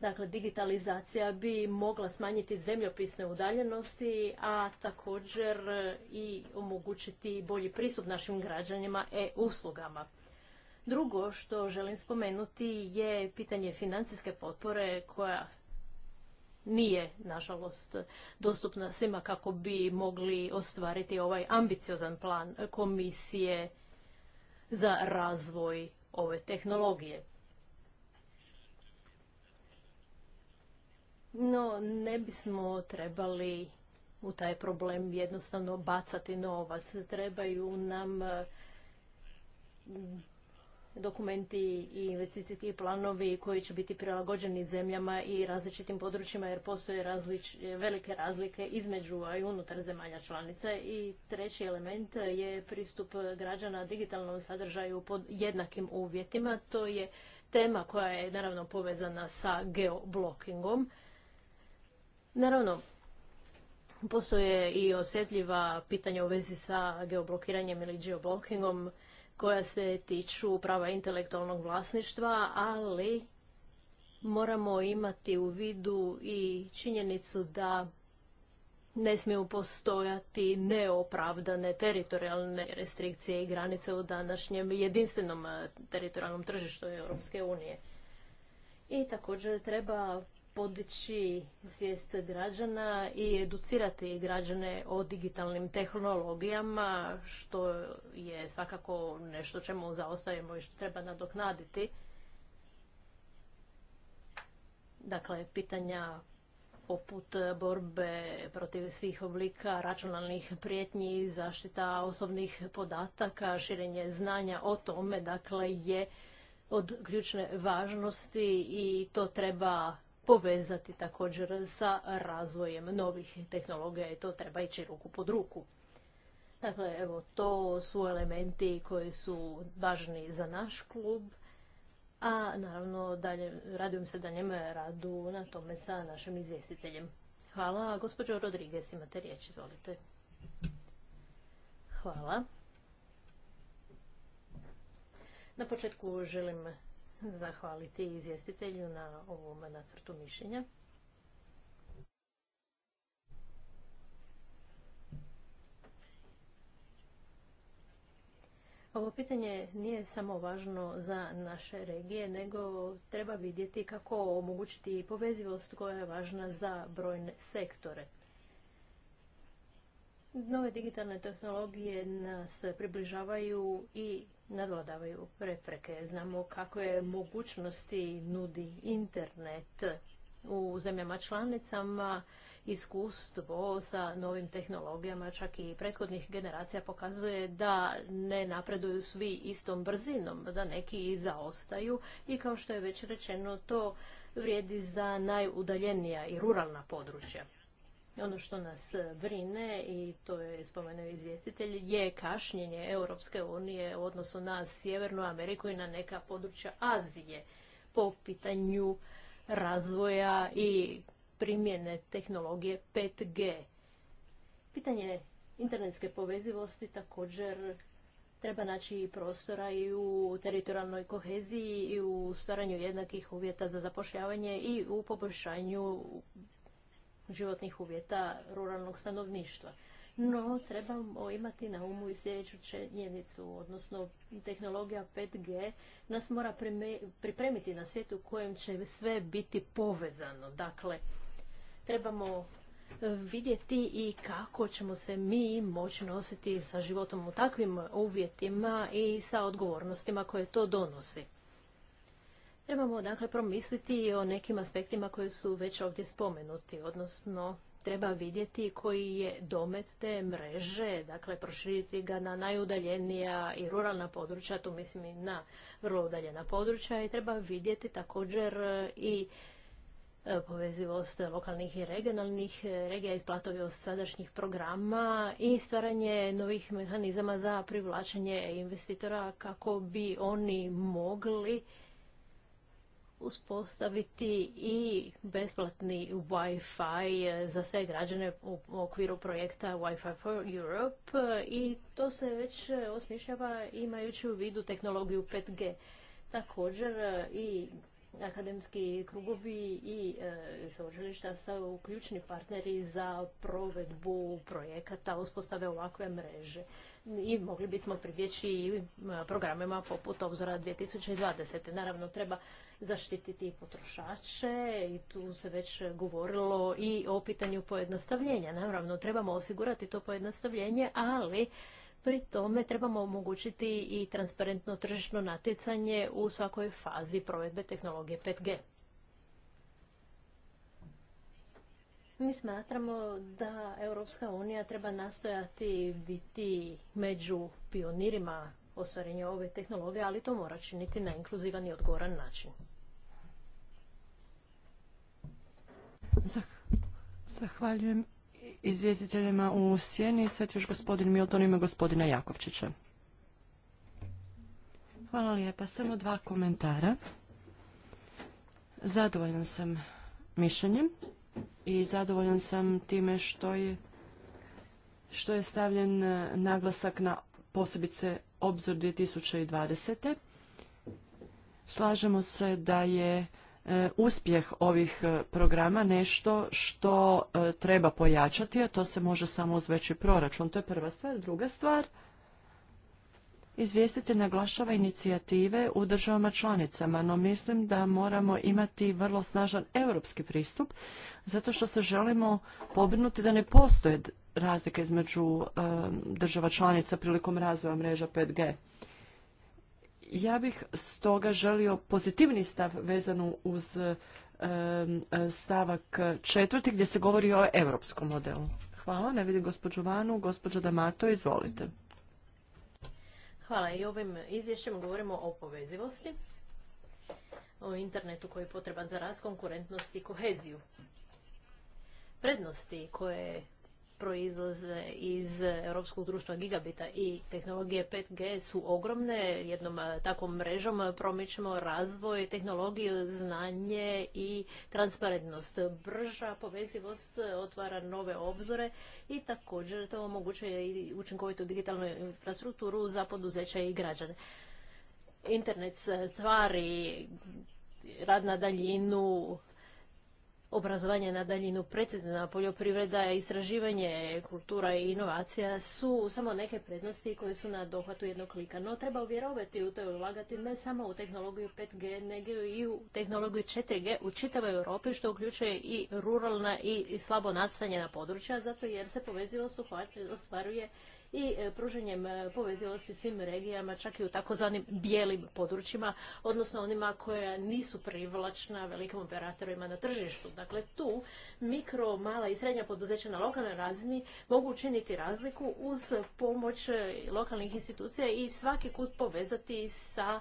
Dakle, digitalizacija bi mogla smanjiti zemljopisne udaljenosti, a također e, i omogućiti bolji pristup našim građanima e-uslugama. Drugo što želim spomenuti je pitanje financijske potpore koja nije, nažalost, dostupna svima kako bi mogli ostvariti ovaj ambiciozan plan komisije za razvoj ove tehnologije. No, ne bismo trebali u taj problem jednostavno bacati novac. Trebaju nam e, dokumenti i investicijski planovi koji će biti prilagođeni zemljama i različitim područjima jer postoje velike razlike između i unutar zemalja članica. I treći element je pristup građana digitalnom sadržaju pod jednakim uvjetima. To je tema koja je naravno povezana sa geoblockingom. Naravno, postoje i osjetljiva pitanja u vezi sa geoblokiranjem ili geoblockingom koja se tiču prava intelektualnog vlasništva, ali moramo imati u vidu i činjenicu da ne smiju postojati neopravdane teritorijalne restrikcije i granice u današnjem jedinstvenom teritorijalnom tržištu Europske unije. I također treba podići svijest građana i educirati građane o digitalnim tehnologijama, što je svakako nešto čemu zaostajemo i što treba nadoknaditi. Dakle, pitanja poput borbe protiv svih oblika računalnih prijetnji, zaštita osobnih podataka, širenje znanja o tome, dakle, je od ključne važnosti i to treba povezati također sa razvojem novih tehnologija i to treba ići ruku pod ruku. Dakle, evo, to su elementi koji su važni za naš klub, a naravno dalje, radujem se daljem radu na tome sa našim izvjestiteljem. Hvala. Gospođo Rodriguez, imate riječ, izvolite. Hvala. Na početku želim zahvaliti izvjestitelju na ovom nacrtu mišljenja. Ovo pitanje nije samo važno za naše regije, nego treba vidjeti kako omogućiti povezivost koja je važna za brojne sektore. Nove digitalne tehnologije nas približavaju i nadladavaju prepreke. Znamo kakve mogućnosti nudi internet u zemljama članicama. Iskustvo sa novim tehnologijama čak i prethodnih generacija pokazuje da ne napreduju svi istom brzinom, da neki i zaostaju i kao što je već rečeno to vrijedi za najudaljenija i ruralna područja. Ono što nas e, brine, i to je spomenuo izvjestitelj, je kašnjenje Europske unije u odnosu na Sjevernu Ameriku i na neka područja Azije po pitanju razvoja i primjene tehnologije 5G. Pitanje internetske povezivosti također treba naći i prostora i u teritorijalnoj koheziji i u stvaranju jednakih uvjeta za zapošljavanje i u poboljšanju životnih uvjeta ruralnog stanovništva. No, trebamo imati na umu i sljedeću činjenicu, odnosno tehnologija 5G nas mora pripremiti na svijet u kojem će sve biti povezano. Dakle, trebamo e, vidjeti i kako ćemo se mi moći nositi sa životom u takvim uvjetima i sa odgovornostima koje to donosi. Trebamo dakle promisliti o nekim aspektima koji su već ovdje spomenuti, odnosno treba vidjeti koji je domet te mreže, dakle proširiti ga na najudaljenija i ruralna područja, tu mislim i na vrlo udaljena područja i treba vidjeti također i e, povezivost lokalnih i regionalnih e, regija, od sadašnjih programa i stvaranje novih mehanizama za privlačenje investitora kako bi oni mogli uspostaviti i besplatni Wi-Fi eh, za sve građane u okviru projekta Wi-Fi for Europe eh, i to se već eh, osmišljava imajući u vidu tehnologiju 5G. Također i akademski krugovi i sveučilišta su ključni partneri za provedbu projekata uspostave ovakve mreže i mogli bismo pribjeći i programima poput obzora 2020. Naravno treba zaštititi potrošače i tu se već govorilo i o pitanju pojednostavljenja. Naravno, trebamo osigurati to pojednostavljenje, ali pri tome trebamo omogućiti i transparentno tržišno natjecanje u svakoj fazi provedbe tehnologije 5G. Mi smatramo da Europska unija treba nastojati biti među pionirima ostvarenje ove tehnologije, ali to mora činiti na inkluzivan i odgovoran način. Zahvaljujem izvjestiteljima u Sjeni. Sad još gospodin Milton ima gospodina Jakovčića. Hvala lijepa. Samo dva komentara. Zadovoljan sam mišljenjem i zadovoljan sam time što je, što je stavljen naglasak na posebice obzor 2020. Slažemo se da je e, uspjeh ovih e, programa nešto što e, treba pojačati, a to se može samo uz veći proračun. To je prva stvar. Druga stvar, izvjestitelj naglašava inicijative u državama članicama, no mislim da moramo imati vrlo snažan europski pristup, zato što se želimo pobrinuti da ne postoje razlike između e, država članica prilikom razvoja mreža 5G. Ja bih stoga želio pozitivni stav vezanu uz e, e, stavak četvrti gdje se govori o europskom modelu. Hvala, ne vidim gospođu Vanu, gospođa Damato, izvolite. Hvala i ovim izvješćem govorimo o povezivosti, o internetu koji je potreban za rast, konkurentnost i koheziju. Prednosti koje proizlaze iz Europskog društva gigabita i tehnologije 5G su ogromne. Jednom eh, takvom mrežom promičemo razvoj, tehnologije, znanje i transparentnost. Brža povezivost otvara nove obzore i također to omogućuje i učinkovitu digitalnu infrastrukturu za poduzeća i građane. Internet stvari, rad na daljinu, obrazovanje na daljinu, precizna poljoprivreda, istraživanje, kultura i inovacija su samo neke prednosti koje su na dohvatu jednog klika. No treba uvjerovati u to i ulagati ne samo u tehnologiju 5G, nego i u tehnologiju 4G u čitavoj Europi što uključuje i ruralna i slabo nastanjena područja, zato jer se povezivost ostvaruje i e, pruženjem e, povezivosti svim regijama, čak i u takozvanim bijelim područjima, odnosno onima koja nisu privlačna velikim operatorima na tržištu. Dakle, tu mikro, mala i srednja poduzeća na lokalnoj razini mogu učiniti razliku uz pomoć e, lokalnih institucija i svaki kut povezati sa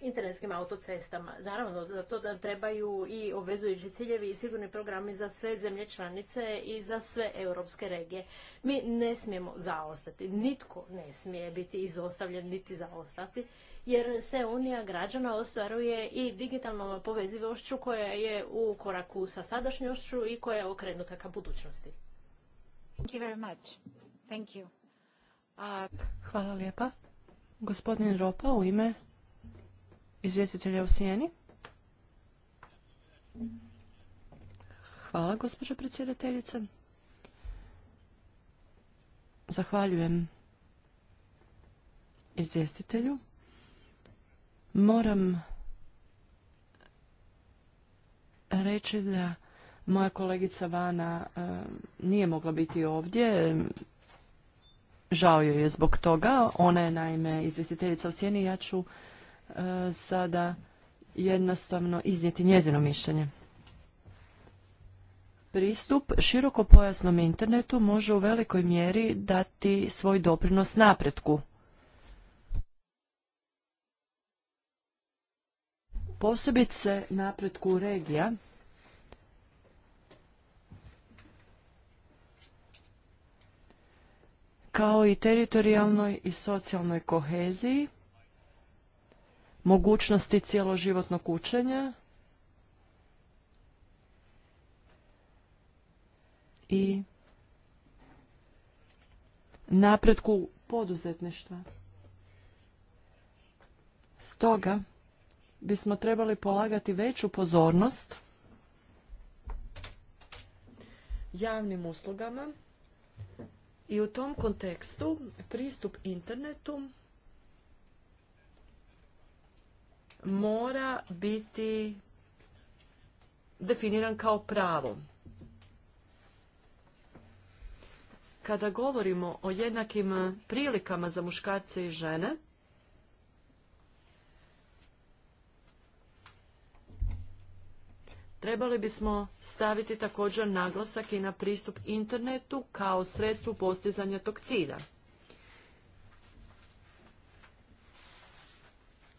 internetskim autocestama. Naravno, za to da trebaju i obvezujući ciljevi i sigurni programi za sve zemlje članice i za sve europske regije. Mi ne smijemo zaostati, nitko ne smije biti izostavljen niti zaostati, jer se Unija građana ostvaruje i digitalnom povezivošću koja je u koraku sa sadašnjošću i koja je okrenuta ka budućnosti. Thank you very much. Thank you. Uh, Hvala lijepa. Gospodin Ropa u ime izvjestitelja u sjeni. Hvala, gospođo predsjedateljice. Zahvaljujem izvjestitelju. Moram reći da moja kolegica Vana e, nije mogla biti ovdje. Žao joj je zbog toga. Ona je naime izvjestiteljica u sjeni. Ja ću sada jednostavno iznijeti njezino mišljenje. Pristup široko pojasnom internetu može u velikoj mjeri dati svoj doprinos napretku. Posebice napretku regija kao i teritorijalnoj i socijalnoj koheziji mogućnosti cijeloživotnog učenja i napretku poduzetništva. Stoga bismo trebali polagati veću pozornost javnim uslugama i u tom kontekstu pristup internetu mora biti definiran kao pravo. Kada govorimo o jednakim prilikama za muškarce i žene, trebali bismo staviti također naglasak i na pristup internetu kao sredstvu postizanja tog cilja.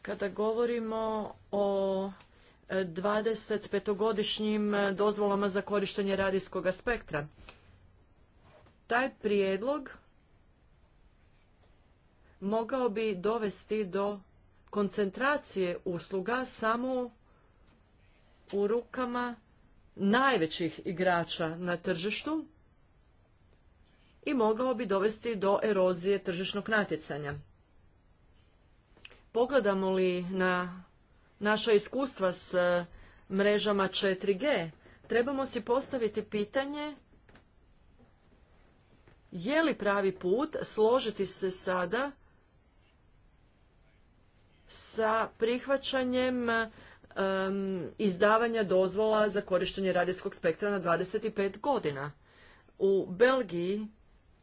Kada govorimo o 25-godišnjim e, e, dozvolama za korištenje radijskog spektra, taj prijedlog mogao bi dovesti do koncentracije usluga samo u rukama najvećih igrača na tržištu i mogao bi dovesti do erozije tržišnog natjecanja. Pogledamo li na naša iskustva s e, mrežama 4G, trebamo si postaviti pitanje je li pravi put složiti se sada sa prihvaćanjem izdavanja dozvola za korištenje radijskog spektra na 25 godina. U Belgiji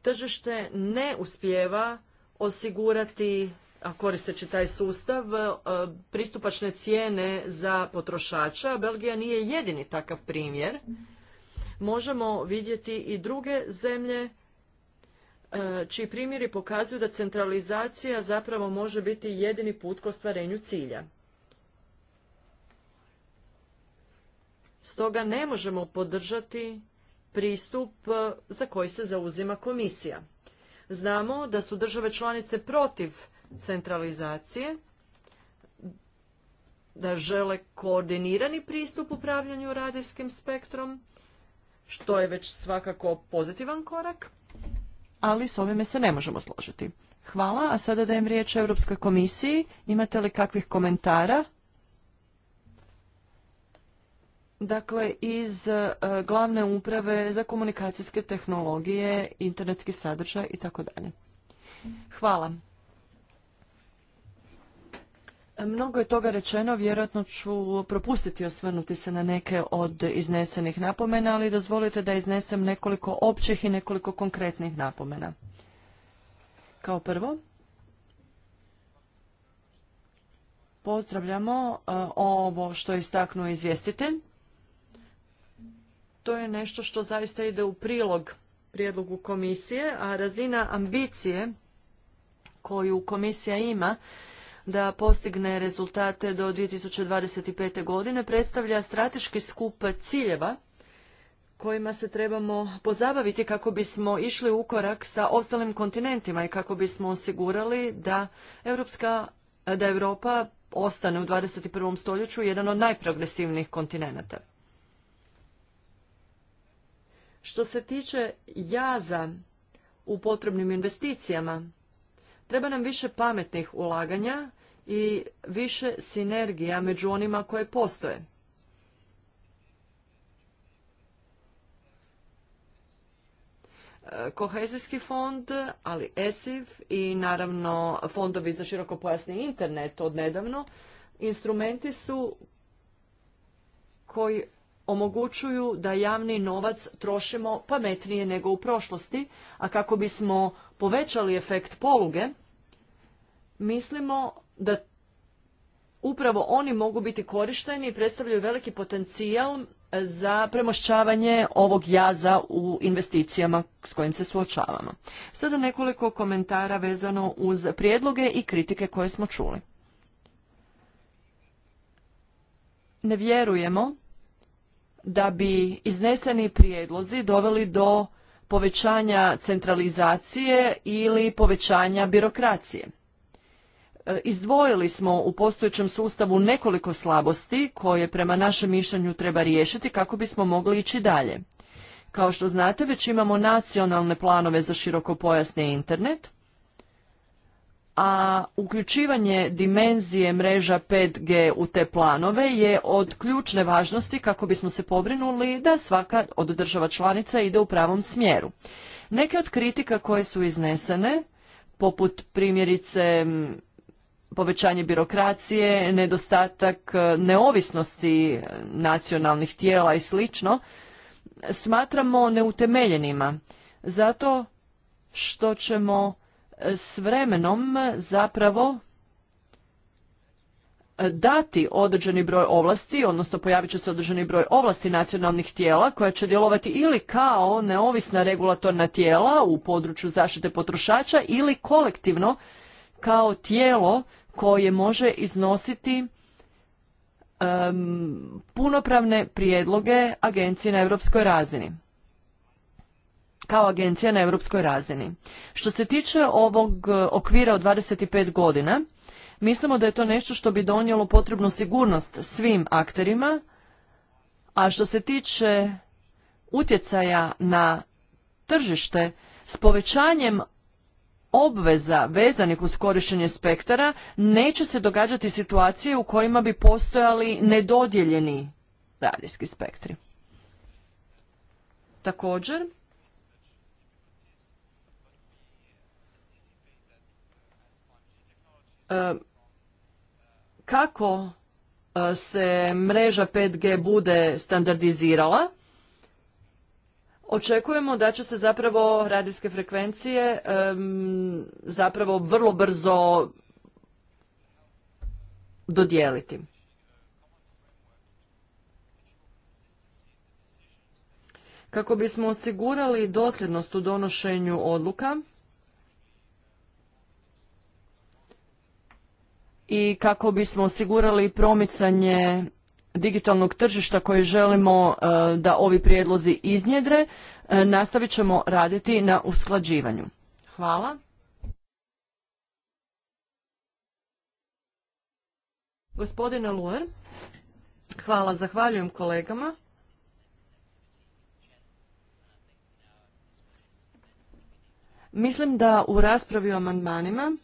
tržište ne uspijeva osigurati koristeći taj sustav e, pristupačne cijene za potrošača. Belgija nije jedini takav primjer. Možemo vidjeti i druge zemlje e, čiji primjeri pokazuju da centralizacija zapravo može biti jedini put k ostvarenju cilja. Stoga ne možemo podržati pristup e, za koji se zauzima komisija. Znamo da su države članice protiv centralizacije, da žele koordinirani pristup upravljanju radijskim spektrom, što je već svakako pozitivan korak, ali s ovime se ne možemo složiti. Hvala, a sada dajem riječ Europskoj komisiji. Imate li kakvih komentara? Dakle, iz e, glavne uprave za komunikacijske tehnologije, internetski sadržaj i tako dalje. Hvala. Mnogo je toga rečeno, vjerojatno ću propustiti osvrnuti se na neke od iznesenih napomena, ali dozvolite da iznesem nekoliko općih i nekoliko konkretnih napomena. Kao prvo, pozdravljamo e, ovo što je istaknuo izvjestitelj. To je nešto što zaista ide u prilog prijedlogu komisije, a razina ambicije koju komisija ima da postigne rezultate do 2025. godine predstavlja strateški skup ciljeva kojima se trebamo pozabaviti kako bismo išli u korak sa ostalim kontinentima i kako bismo osigurali da Europska, da Europa ostane u 21. stoljeću jedan od najprogresivnijih kontinenata. Što se tiče jaza u potrebnim investicijama, treba nam više pametnih ulaganja i više sinergija među onima koje postoje. E, kohezijski fond, ali ESIF i naravno fondovi za široko pojasni internet od nedavno, instrumenti su koji omogućuju da javni novac trošimo pametnije nego u prošlosti, a kako bismo povećali efekt poluge, mislimo da upravo oni mogu biti korišteni i predstavljaju veliki potencijal e, za premošćavanje ovog jaza u investicijama s kojim se suočavamo. Sada nekoliko komentara vezano uz prijedloge i kritike koje smo čuli. Ne vjerujemo da bi izneseni prijedlozi doveli do povećanja centralizacije ili povećanja birokracije. E, izdvojili smo u postojećem sustavu nekoliko slabosti koje prema našem mišljenju treba riješiti kako bismo mogli ići dalje. Kao što znate, već imamo nacionalne planove za širokopojasni internet, a uključivanje dimenzije mreža 5G u te planove je od ključne važnosti kako bismo se pobrinuli da svaka od država članica ide u pravom smjeru. Neke od kritika koje su iznesene, poput primjerice povećanje birokracije, nedostatak e, neovisnosti nacionalnih tijela i slično, smatramo neutemeljenima. Zato što ćemo e, s vremenom zapravo e, dati određeni broj ovlasti, odnosno pojavit će se određeni broj ovlasti nacionalnih tijela koja će djelovati ili kao neovisna regulatorna tijela u području zaštite potrošača ili kolektivno kao tijelo koje može iznositi um, punopravne prijedloge agencije na europskoj razini kao agencija na europskoj razini. Što se tiče ovog e, okvira od 25 godina, mislimo da je to nešto što bi donijelo potrebnu sigurnost svim akterima, a što se tiče utjecaja na tržište, s povećanjem obveza vezanih uz korištenje spektara neće se događati situacije u kojima bi postojali nedodjeljeni radijski spektri. Također, e, kako e, se mreža 5G bude standardizirala, očekujemo da će se zapravo radijske frekvencije zapravo vrlo brzo dodijeliti. Kako bismo osigurali dosljednost u donošenju odluka i kako bismo osigurali promicanje digitalnog tržišta koje želimo e, da ovi prijedlozi iznjedre, e, nastavit ćemo raditi na usklađivanju. Hvala. Gospodine Luer, hvala, zahvaljujem kolegama. Mislim da u raspravi o amandmanima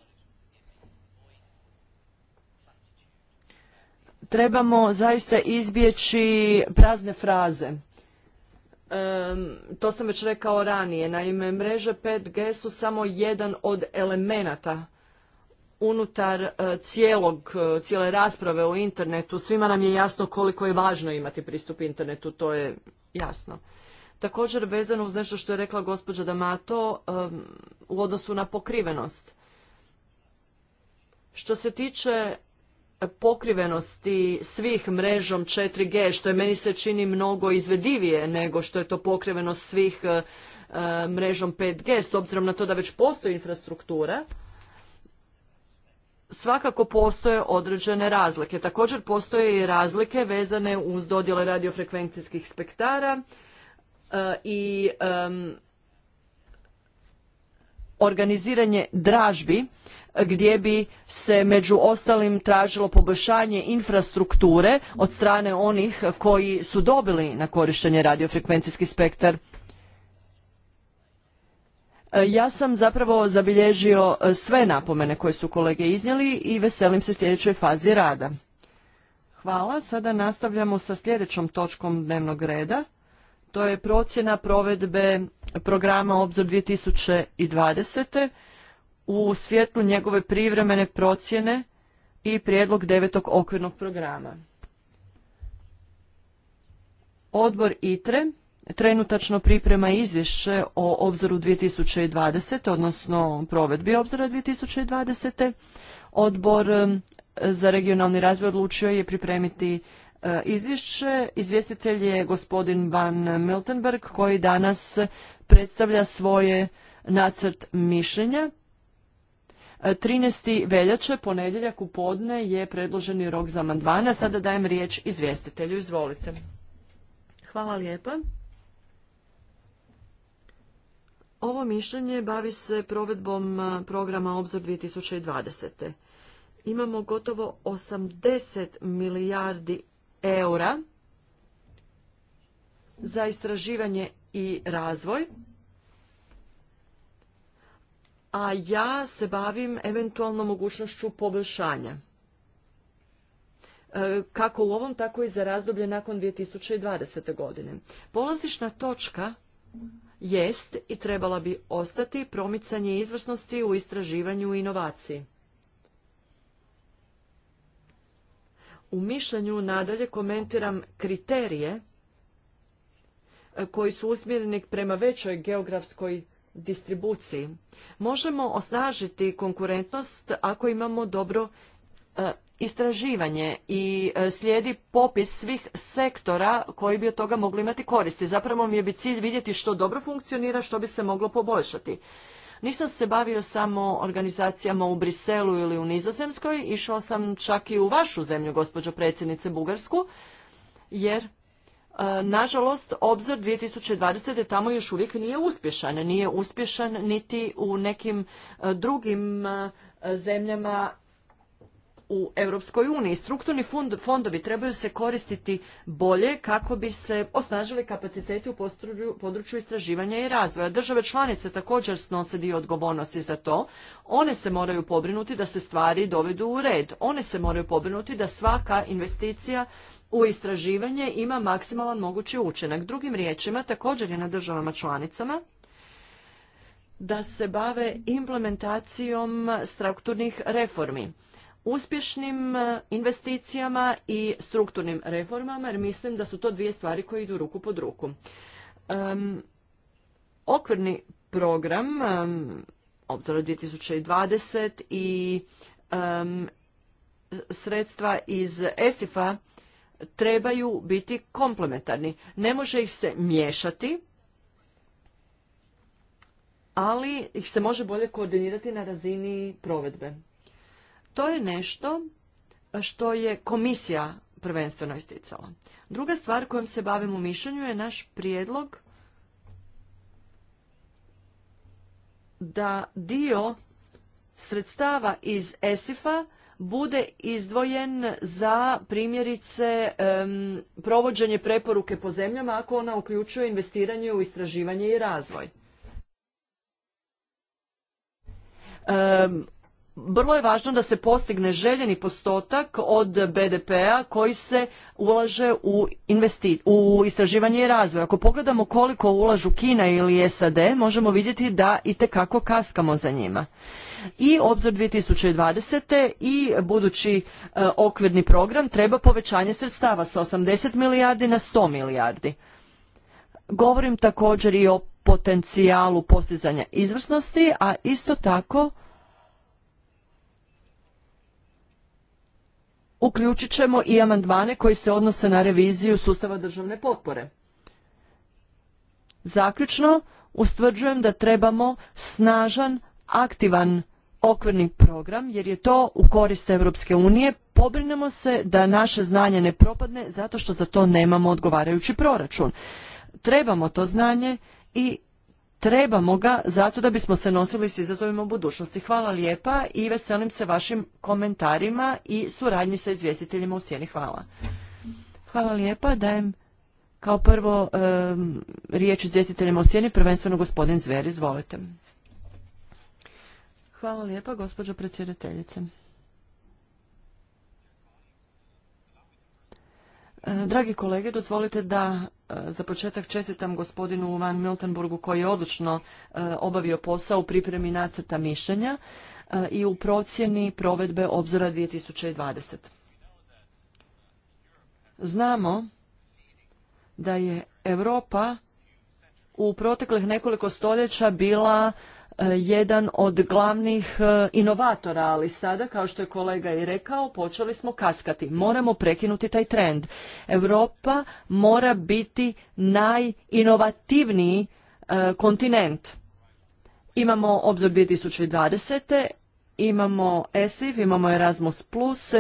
trebamo zaista izbjeći prazne fraze. To sam već rekao ranije, naime mreže 5G su samo jedan od elemenata unutar e, cijelog, e, cijele rasprave o internetu. Svima nam je jasno koliko je važno imati pristup internetu, to je jasno. Također vezano uz nešto što je rekla gospođa Damato u odnosu na pokrivenost. Što se tiče pokrivenosti svih mrežom 4G, što je meni se čini mnogo izvedivije nego što je to pokrivenost svih e, mrežom 5G, s obzirom na to da već postoji infrastruktura, svakako postoje određene razlike. Također postoje i razlike vezane uz dodjele radiofrekvencijskih spektara e, i organiziranje dražbi gdje bi se među ostalim tražilo poboljšanje infrastrukture od strane onih koji su dobili na korištenje radiofrekvencijski spektar. E, ja sam zapravo zabilježio e, sve napomene koje su kolege iznijeli i veselim se sljedećoj fazi rada. Hvala. Sada nastavljamo sa sljedećom točkom dnevnog reda. To je procjena provedbe programa Obzor 2020 u svjetlu njegove privremene procjene i prijedlog devetog okvirnog programa. Odbor ITRE trenutačno priprema izvješće o obzoru 2020, odnosno provedbi obzora 2020. Odbor za regionalni razvoj odlučio je pripremiti e, izvješće. Izvjestitelj je gospodin Van Miltenberg koji danas predstavlja svoje nacrt mišljenja 13. veljače, ponedjeljak u podne je predloženi rok za amandmane. Sada dajem riječ izvjestitelju. Izvolite. Hvala lijepa. Ovo mišljenje bavi se provedbom programa Obzor 2020. Imamo gotovo 80 milijardi eura za istraživanje i razvoj a ja se bavim eventualno mogućnošću poboljšanja. E, kako u ovom, tako i za razdoblje nakon 2020. godine. Polazišna točka jest i trebala bi ostati promicanje izvrsnosti u istraživanju i inovaciji. U mišljenju nadalje komentiram kriterije e, koji su usmjereni prema većoj geografskoj distribuciji. Možemo osnažiti konkurentnost ako imamo dobro e, istraživanje i e, slijedi popis svih sektora koji bi od toga mogli imati koristi. Zapravo mi je bi cilj vidjeti što dobro funkcionira, što bi se moglo poboljšati. Nisam se bavio samo organizacijama u Briselu ili u Nizozemskoj, išao sam čak i u vašu zemlju, gospođo predsjednice Bugarsku, jer E, nažalost, obzor 2020. tamo još uvijek nije uspješan. Nije uspješan niti u nekim e, drugim e, zemljama u Europskoj uniji. Strukturni fondovi trebaju se koristiti bolje kako bi se osnažili kapaciteti u području istraživanja i razvoja. Države članice također snose dio odgovornosti za to. One se moraju pobrinuti da se stvari dovedu u red. One se moraju pobrinuti da svaka investicija u istraživanje ima maksimalan mogući učinak. Drugim riječima, također je na državama članicama da se bave implementacijom strukturnih reformi uspješnim e, investicijama i strukturnim reformama, jer mislim da su to dvije stvari koje idu ruku pod ruku. okvirni program um, obzora 2020 i sredstva iz ESIF-a trebaju biti komplementarni. Ne može ih se miješati, ali ih se može bolje koordinirati na razini provedbe. To je nešto što je komisija prvenstveno isticala. Druga stvar kojom se bavim u mišljenju je naš prijedlog da dio sredstava iz ESIF-a bude izdvojen za primjerice provođenje preporuke po zemljama ako ona uključuje investiranje u istraživanje i razvoj. vrlo je važno da se postigne željeni postotak od BDP-a koji se ulaže u, u istraživanje i razvoj. Ako pogledamo koliko ulažu Kina ili SAD, možemo vidjeti da i kaskamo za njima i obzor 2020. i budući e, okvirni program treba povećanje sredstava sa 80 milijardi na 100 milijardi. Govorim također i o potencijalu postizanja izvrsnosti, a isto tako uključit ćemo i amandmane koji se odnose na reviziju sustava državne potpore. Zaključno, ustvrđujem da trebamo snažan, aktivan okvirni program jer je to u korist Europske unije. Pobrinemo se da naše znanje ne propadne zato što za to nemamo odgovarajući proračun. Trebamo to znanje i trebamo ga zato da bismo se nosili s izazovima u budućnosti. Hvala lijepa i veselim se vašim komentarima i suradnji sa izvjestiteljima u sjeni. Hvala. Hvala lijepa. Dajem kao prvo riječ izvjestiteljima u sjeni, prvenstveno gospodin Zver, izvolite. Hvala lijepa, gospođo predsjedateljice. E, dragi kolege, dozvolite da e, za početak čestitam gospodinu Van Miltenburgu koji je odlično e, obavio posao u pripremi nacrta mišljenja i u procjeni provedbe obzora 2020. Znamo da je Europa u proteklih nekoliko stoljeća bila E, jedan od glavnih e, inovatora, ali sada, kao što je kolega i rekao, počeli smo kaskati. Moramo prekinuti taj trend. Europa mora biti najinovativniji e, kontinent. Imamo obzor 2020. Imamo ESIF, imamo Erasmus+,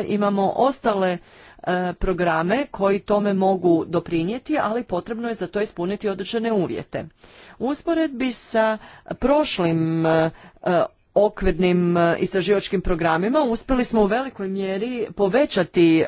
imamo ostale E, programe koji tome mogu doprinijeti, ali potrebno je za to ispuniti određene uvjete. U usporedbi sa prošlim e, e, okvirnim e, istraživačkim programima uspjeli smo u velikoj mjeri povećati e,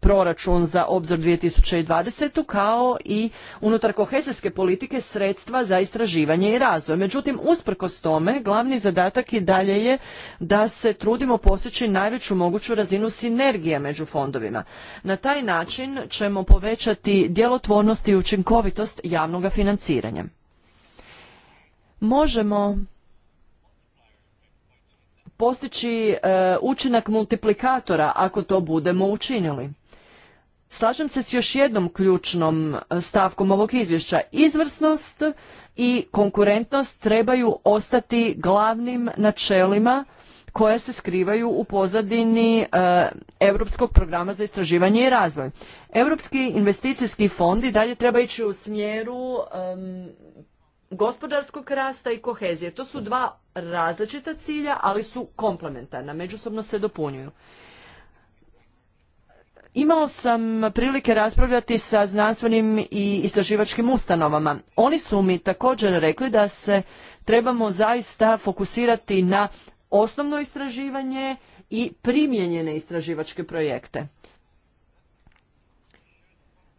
proračun za obzor 2020. kao i unutar kohezijske politike sredstva za istraživanje i razvoj. Međutim, usprkos tome, glavni zadatak i dalje je da se trudimo postići najveću moguću razinu sinergije među fondovima. Na taj način ćemo povećati djelotvornost i učinkovitost javnog financiranja. Možemo postići e, učinak multiplikatora ako to budemo učinili. Slažem se s još jednom ključnom e, stavkom ovog izvješća. Izvrsnost i konkurentnost trebaju ostati glavnim načelima koja se skrivaju u pozadini e, Europskog programa za istraživanje i razvoj. Europski investicijski fond i dalje treba ići u smjeru gospodarskog rasta i kohezije. To su dva različita cilja, ali su komplementarna, međusobno se dopunjuju. Imao sam prilike raspravljati sa znanstvenim i istraživačkim ustanovama. Oni su mi također rekli da se trebamo zaista fokusirati na osnovno istraživanje i primjenjene istraživačke projekte.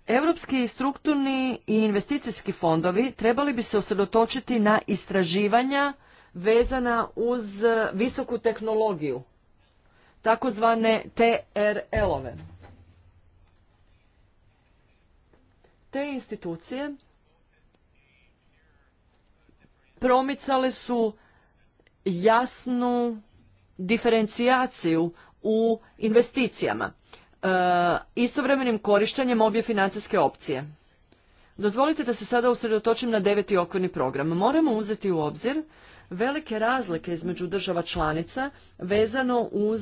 Europski strukturni i investicijski fondovi trebali bi se usredotočiti na istraživanja vezana uz visoku tehnologiju, takozvane TRL-ove. Te institucije promicale su jasnu diferencijaciju u investicijama E, istovremenim korištenjem obje financijske opcije. Dozvolite da se sada usredotočim na deveti okvirni program. Moramo uzeti u obzir velike razlike između država članica vezano uz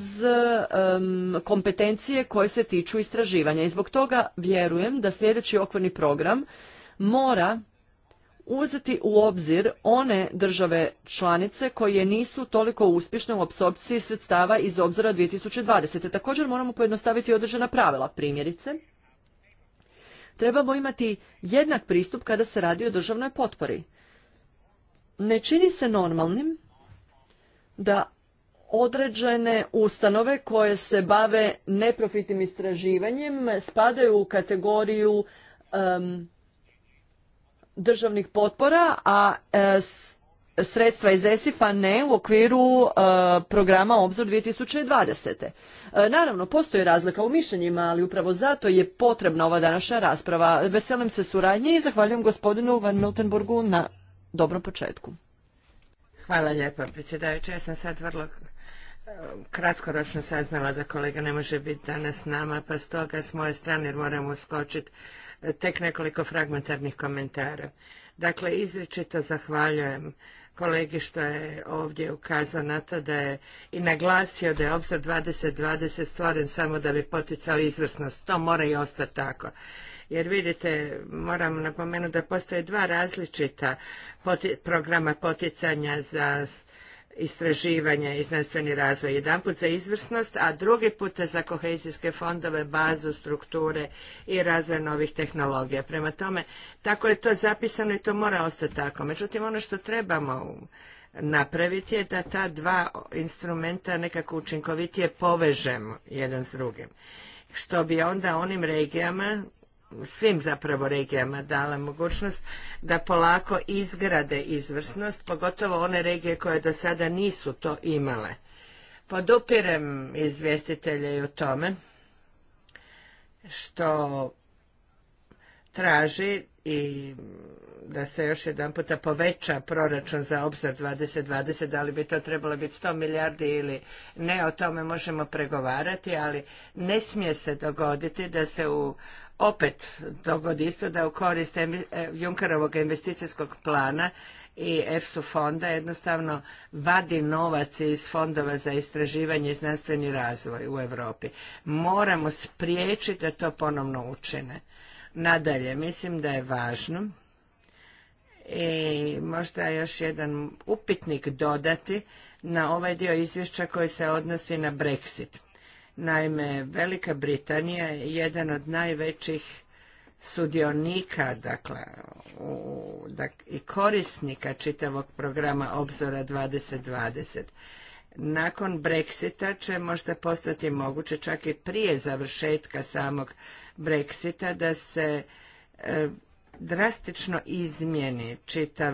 kompetencije koje se tiču istraživanja. I zbog toga vjerujem da sljedeći okvirni program mora uzeti u obzir one države članice koje nisu toliko uspješne u apsorpciji sredstava iz obzora 2020. Također moramo pojednostaviti određena pravila, primjerice. Trebamo imati jednak pristup kada se radi o državnoj potpori. Ne čini se normalnim da određene ustanove koje se bave neprofitnim istraživanjem spadaju u kategoriju državnih potpora, a e, sredstva iz ESIF-a ne u okviru e, programa Obzor 2020. E, naravno, postoji razlika u mišljenjima, ali upravo zato je potrebna ova današnja rasprava. Veselim se suradnji i zahvaljujem gospodinu Van Miltenburgu na dobrom početku. Hvala lijepa, predsjedavajući. Ja sam sad vrlo kratkoročno saznala da kolega ne može biti danas s nama, pa stoga s moje strane moramo skočiti tek nekoliko fragmentarnih komentara. Dakle, izričito zahvaljujem kolegi što je ovdje ukazao na to da je i naglasio da je obzor 2020 stvoren samo da bi poticao izvrsnost. To mora i ostati tako. Jer vidite, moram napomenuti da postoje dva različita programa poticanja za istraživanje i znanstveni razvoj. Jedanput za izvrsnost, a drugi put za kohezijske fondove, bazu, strukture i razvoj novih tehnologija. Prema tome, tako je to zapisano i to mora ostati tako. Međutim, ono što trebamo napraviti je da ta dva instrumenta nekako učinkovitije povežemo jedan s drugim. Što bi onda onim regijama svim zapravo regijama dala mogućnost da polako izgrade izvrsnost, pogotovo one regije koje do sada nisu to imale. Podupirem izvjestitelje i u tome što traži i da se još jedan puta poveća proračun za obzor 2020, da li bi to trebalo biti 100 milijardi ili ne, o tome možemo pregovarati, ali ne smije se dogoditi da se u opet dogodi isto da u korist e, Junkerovog investicijskog plana i EFSU fonda jednostavno vadi novac iz fondova za istraživanje i znanstveni razvoj u Europi. Moramo spriječiti da to ponovno učine. Nadalje, mislim da je važno i možda još jedan upitnik dodati na ovaj dio izvješća koji se odnosi na Brexit Naime, Velika Britanija je jedan od najvećih sudionika dakle, u, dak, i korisnika čitavog programa Obzora 2020. Nakon Brexita će možda postati moguće čak i prije završetka samog Brexita da se e, drastično izmijeni čitav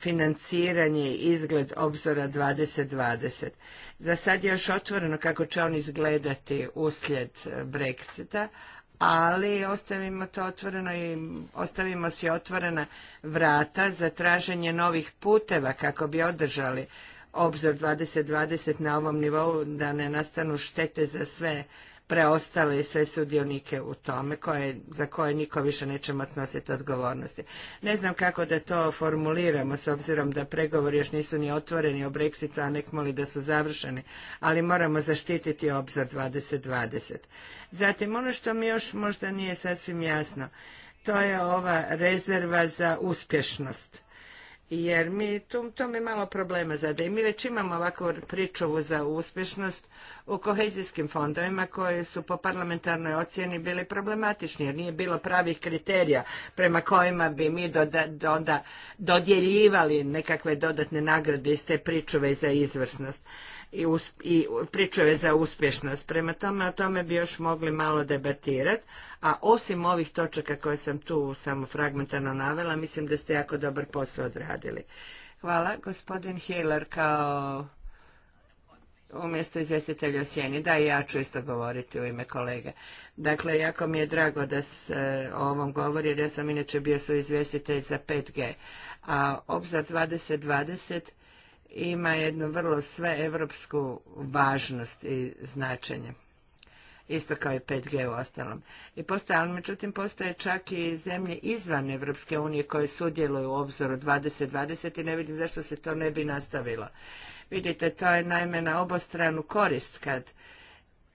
financiranje izgled obzora 2020. Za sad je još otvoreno kako će on izgledati uslijed e, Brexita, ali ostavimo to otvoreno i ostavimo si otvorena vrata za traženje novih puteva kako bi održali obzor 2020 na ovom nivou da ne nastanu štete za sve preostale sve sudionike u tome koje, za koje niko više neće moći nositi odgovornosti. Ne znam kako da to formuliramo s obzirom da pregovori još nisu ni otvoreni o Brexitu, a nek moli da su završeni, ali moramo zaštititi obzor 2020. Zatim ono što mi još možda nije sasvim jasno, to je ova rezerva za uspješnost jer mi tu, mi malo problema zada i mi već imamo ovakvu pričuvu za uspješnost u kohezijskim fondovima koji su po parlamentarnoj ocjeni bili problematični jer nije bilo pravih kriterija prema kojima bi mi onda dodjeljivali nekakve dodatne nagrade iz te pričuve za izvrsnost i, pričave za uspješnost. Prema tome, o tome bi još mogli malo debatirati, a osim ovih točaka koje sam tu samo fragmentarno navela, mislim da ste jako dobar posao odradili. Hvala, gospodin Hiller, kao umjesto izvjestitelja o sjeni. Da, ja ću isto govoriti u ime kolege. Dakle, jako mi je drago da se o ovom govori, jer ja sam inače bio su izvjestitelj za 5G. A obzor 2020 ima jednu vrlo sve evropsku važnost i značenje. Isto kao i 5G u ostalom. I postoje, ali međutim postoje čak i zemlje izvan Evropske unije koje sudjeluju u obzoru 2020 i ne vidim zašto se to ne bi nastavilo. Vidite, to je naime na obostranu korist kad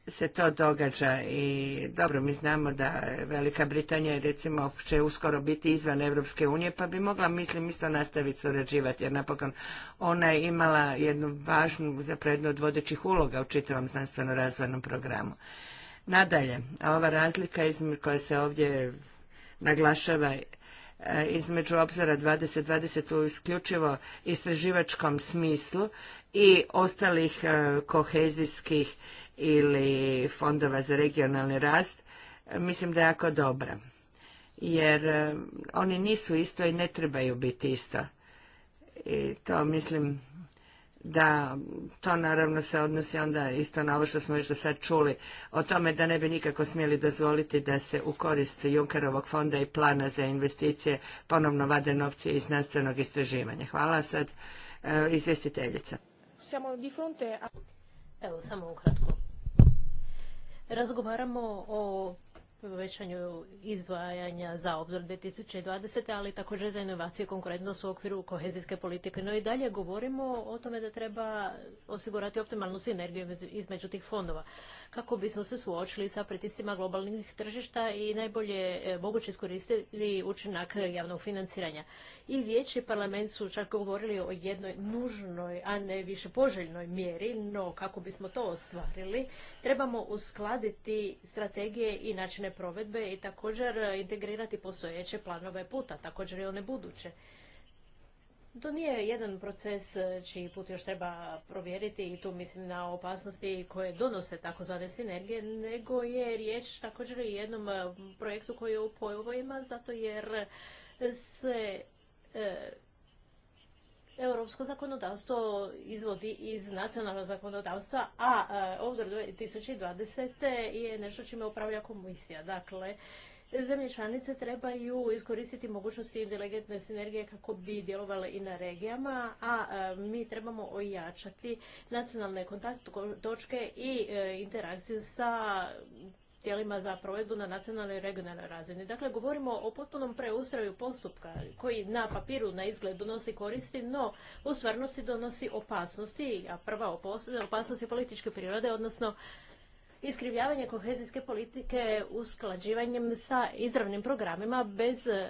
se to događa i dobro mi znamo da Velika Britanija recimo će uskoro biti izvan Europske unije pa bi mogla mislim isto nastaviti surađivati jer napokon ona je imala jednu važnu zapravo jednu od vodećih uloga u čitavom znanstveno razvojnom programu. Nadalje, a ova razlika koja se ovdje naglašava e, između obzora 2020 u isključivo istraživačkom smislu i ostalih e, kohezijskih ili fondova za regionalni rast, mislim da je jako dobra. Jer e, oni nisu isto i ne trebaju biti isto. I to mislim da to naravno se odnosi onda isto na ovo što smo još do sad čuli o tome da ne bi nikako smjeli dozvoliti da se u korist Junkerovog fonda i plana za investicije ponovno vade novci iz znanstvenog istraživanja. Hvala sad e, izvjestiteljica. Evo, samo ukratko. Razgovaramo o povećanju izdvajanja za obzor 2020. ali također za inovaciju i konkurentnost u okviru kohezijske politike. No i dalje govorimo o tome da treba osigurati optimalnu sinergiju između tih fondova kako bismo se suočili sa pritiscima globalnih tržišta i najbolje e, moguće iskoristili učinak javnog financiranja. I vijeći parlament su čak govorili o jednoj nužnoj, a ne više poželjnoj mjeri, no kako bismo to ostvarili, trebamo uskladiti strategije i načine provedbe i također integrirati postojeće planove puta, također i one buduće. To nije jedan proces e, čiji put još treba provjeriti i tu mislim na opasnosti koje donose takozvane sinergije, nego je riječ također i jednom e, projektu koji je u pojvojima zato jer se e, europsko zakonodavstvo izvodi iz nacionalnog zakonodavstva, a ovdje 2020. je nešto čime upravlja komisija. Dakle, zemlje članice trebaju iskoristiti mogućnosti inteligentne sinergije kako bi djelovale i na regijama, a e, mi trebamo ojačati nacionalne kontakt točke i e, interakciju sa tijelima za provedbu na nacionalnoj i regionalnoj razini. Dakle, govorimo o potpunom preustroju postupka koji na papiru, na izgled donosi koristi, no u stvarnosti donosi opasnosti, a prva opasnost je političke prirode, odnosno iskrivljavanje kohezijske politike usklađivanjem sa izravnim programima bez e,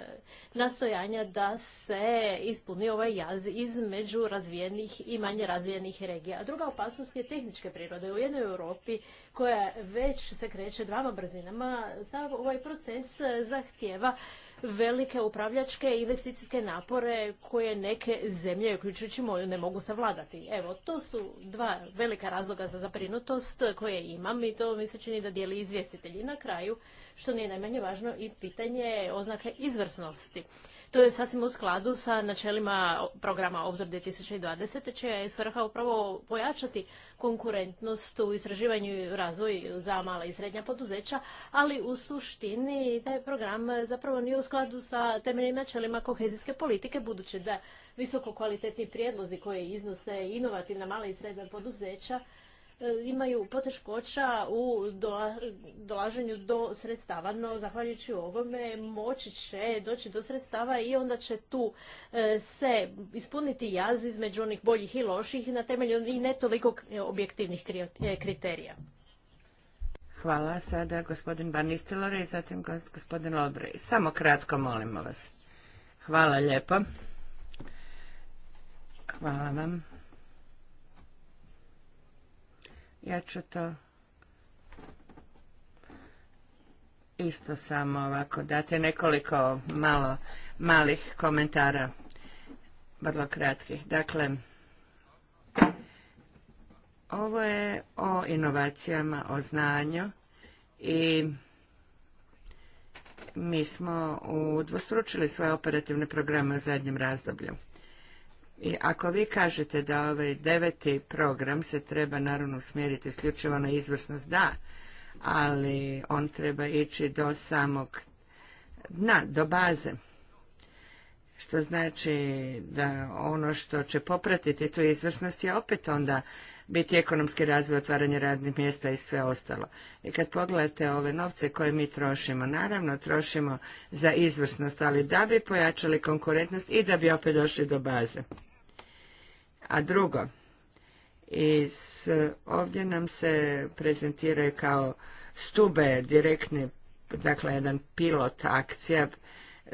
nastojanja da se ispuni ovaj jaz između razvijenih i manje razvijenih regija. A druga opasnost je tehničke prirode. U jednoj Europi koja već se kreće dvama brzinama, sam ovaj proces e, zahtjeva, velike upravljačke i investicijske napore koje neke zemlje, uključujući moju, ne mogu savladati. Evo, to su dva velika razloga za zaprinutost koje imam i to mi se čini da dijeli izvjestitelji. Na kraju, što nije najmanje važno, i pitanje oznake izvrsnosti. To je sasvim u skladu sa načelima programa Obzor 2020, čija je svrha upravo pojačati konkurentnost u istraživanju i razvoju za mala i srednja poduzeća, ali u suštini taj program zapravo nije u skladu sa temeljnim načelima kohezijske politike, budući da visoko kvalitetni prijedlozi koje iznose inovativna mala i srednja poduzeća E, imaju poteškoća u dolaženju do sredstava, no zahvaljujući ovome moći će doći do sredstava i onda će tu e, se ispuniti jaz između onih boljih i loših na temelju i ne toliko e, objektivnih kriterija. Hvala. Sada gospodin Barnistelore i zatim gospodin Samo kratko, molimo vas. Hvala lijepo. Hvala vam. Ja ću to isto samo ovako dati nekoliko malo malih komentara, vrlo kratkih. Dakle, ovo je o inovacijama, o znanju i mi smo udvostručili svoje operativne programe u zadnjem razdoblju. I ako vi kažete da ovaj deveti program se treba naravno smjeriti isključivo na izvrsnost, da, ali on treba ići do samog dna, do baze. Što znači da ono što će popratiti tu izvrsnost je opet onda biti ekonomski razvoj, otvaranje radnih mjesta i sve ostalo. I kad pogledate ove novce koje mi trošimo, naravno trošimo za izvrsnost, ali da bi pojačali konkurentnost i da bi opet došli do baze. A drugo, iz, ovdje nam se prezentiraju kao stube direktne, dakle jedan pilot akcija